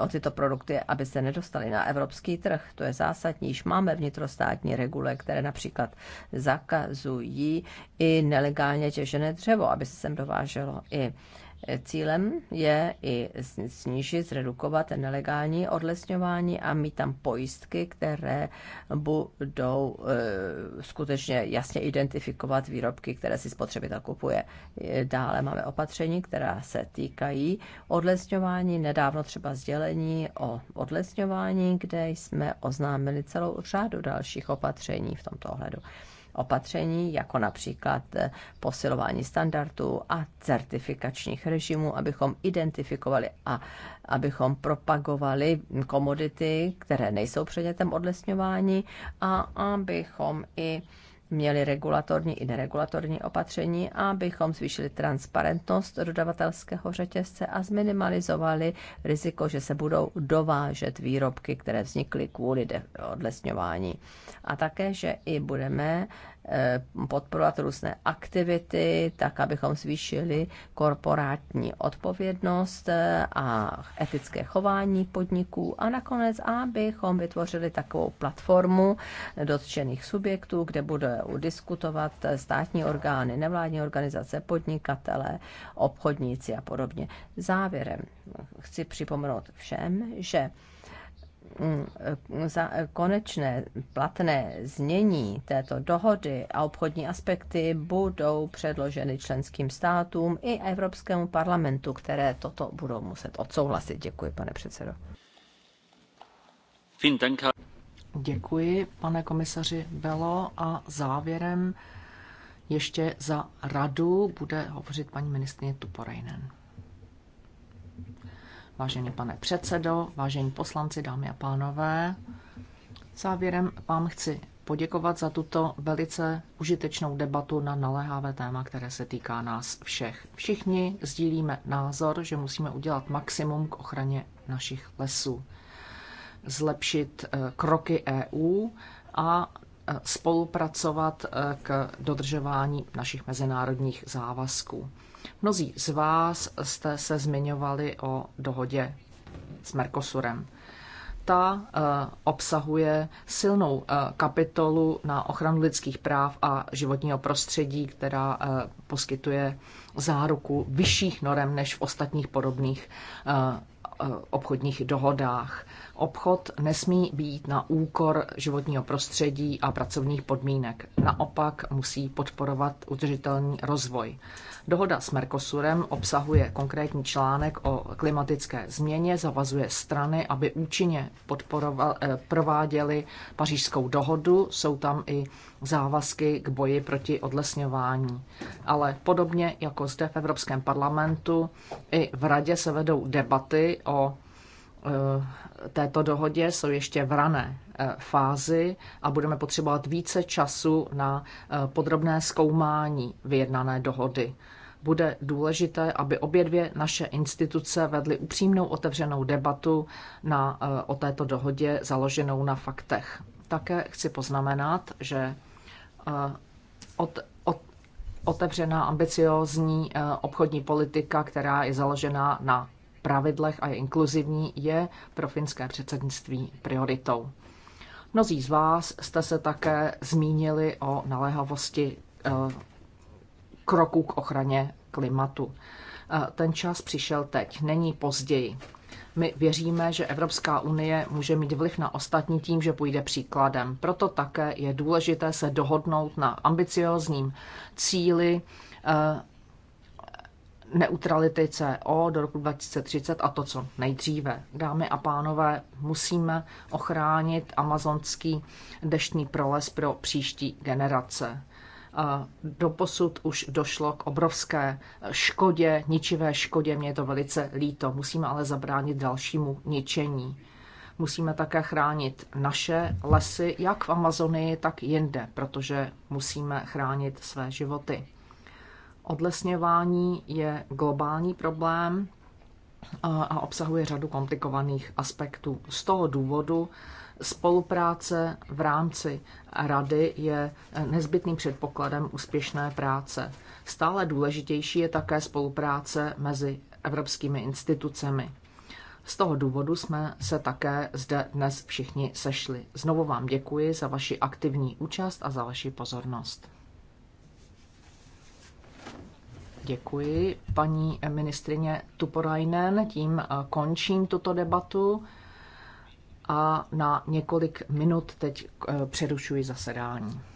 D: o tyto produkty, aby se nedostaly na evropský trh. To je zásadní. Již máme vnitrostátní regule, které například zakazují i nelegálně těžené dřevo, aby se sem dováželo i Cílem je i snížit, zredukovat nelegální odlesňování a mít tam pojistky, které budou eh, skutečně jasně identifikovat výrobky, které si spotřebitel kupuje. Dále máme opatření, která se týkají odlesňování. Nedávno třeba sdělení o odlesňování, kde jsme oznámili celou řadu dalších opatření v tomto ohledu opatření, jako například eh, posilování standardů a certifikačních režimů, abychom identifikovali a abychom propagovali komodity, které nejsou předmětem odlesňování a abychom i měli regulatorní i neregulatorní opatření, abychom zvýšili transparentnost dodavatelského řetězce a zminimalizovali riziko, že se budou dovážet výrobky, které vznikly kvůli odlesňování. A také, že i budeme Eh, podporovat různé aktivity, tak abychom zvýšili korporátní odpovědnost eh, a etické chování podniků a nakonec, abychom vytvořili takovou platformu dotčených subjektů, kde budou diskutovat státní orgány, nevládní organizace, podnikatele, obchodníci a podobně. Závěrem chci připomenout všem, že Mm, za konečné platné znění této dohody a obchodní aspekty budou předloženy členským státům i Evropskému parlamentu, které toto budou muset odsouhlasit. Děkuji, pane předsedo.
I: Děkuji, pane komisaři Belo. A závěrem ještě za radu bude hovořit paní ministrině Tuporejnen. Vážený pane předsedo, vážení poslanci, dámy a pánové, závěrem vám chci poděkovat za tuto velice užitečnou debatu na naléhavé téma, které se týká nás všech. Všichni sdílíme názor, že musíme udělat maximum k ochraně našich lesů, zlepšit eh, kroky EU a eh, spolupracovat eh, k dodržování našich mezinárodních závazků. Mnozí z vás jste se zmiňovali o dohodě s Mercosurem. Ta eh, obsahuje silnou eh, kapitolu na ochranu lidských práv a životního prostředí, která eh, poskytuje záruku vyšších norem než v ostatních podobných obchodních dohodách. Obchod nesmí být na úkor životního prostředí a pracovních podmínek. Naopak musí podporovat udržitelný rozvoj. Dohoda s Mercosurem obsahuje konkrétní článek o klimatické změně, zavazuje strany, aby účinně eh, prováděly pařížskou dohodu. Jsou tam i závazky k boji proti odlesňování. Ale podobně jako zde v Evropském parlamentu, i v Radě se vedou debaty o Eh, této dohodě jsou ještě v rané eh, fázi a budeme potřebovat více času na eh, podrobné zkoumání vyjednané dohody. Bude důležité, aby obě dvě naše instituce vedly upřímnou otevřenou debatu na, o této dohodě založenou na faktech. Také chci poznamenat, že od, od, otevřená, ambiciozní obchodní politika, která je založená na pravidlech a je inkluzivní, je pro finské předsednictví prioritou. Mnozí z vás jste se také zmínili o naléhavosti eh, kroků k ochraně klimatu. Eh, ten čas přišel teď, není později. My věříme, že Evropská unie může mít vliv na ostatní tím, že půjde příkladem. Proto také je důležité se dohodnout na ambiciozním cíli eh, neutrality CO do roku 2030 a to, co nejdříve. Dámy a pánové, musíme ochránit amazonský deštný proles pro příští generace. Doposud už došlo k obrovské škodě, ničivé škodě, mě je to velice líto. Musíme ale zabránit dalšímu ničení. Musíme také chránit naše lesy, jak v Amazonii, tak jinde, protože musíme chránit své životy Odlesňování je globální problém a obsahuje řadu komplikovaných aspektů. Z toho důvodu spolupráce v rámci rady je nezbytným předpokladem úspěšné práce. Stále důležitější je také spolupráce mezi evropskými institucemi. Z toho důvodu jsme se také zde dnes všichni sešli. Znovu vám děkuji za vaši aktivní účast a za vaši pozornost. Děkuji, paní ministrině Tuporajnen. Tím eh, končím tuto debatu a na několik minut teď eh, přerušuji zasedání.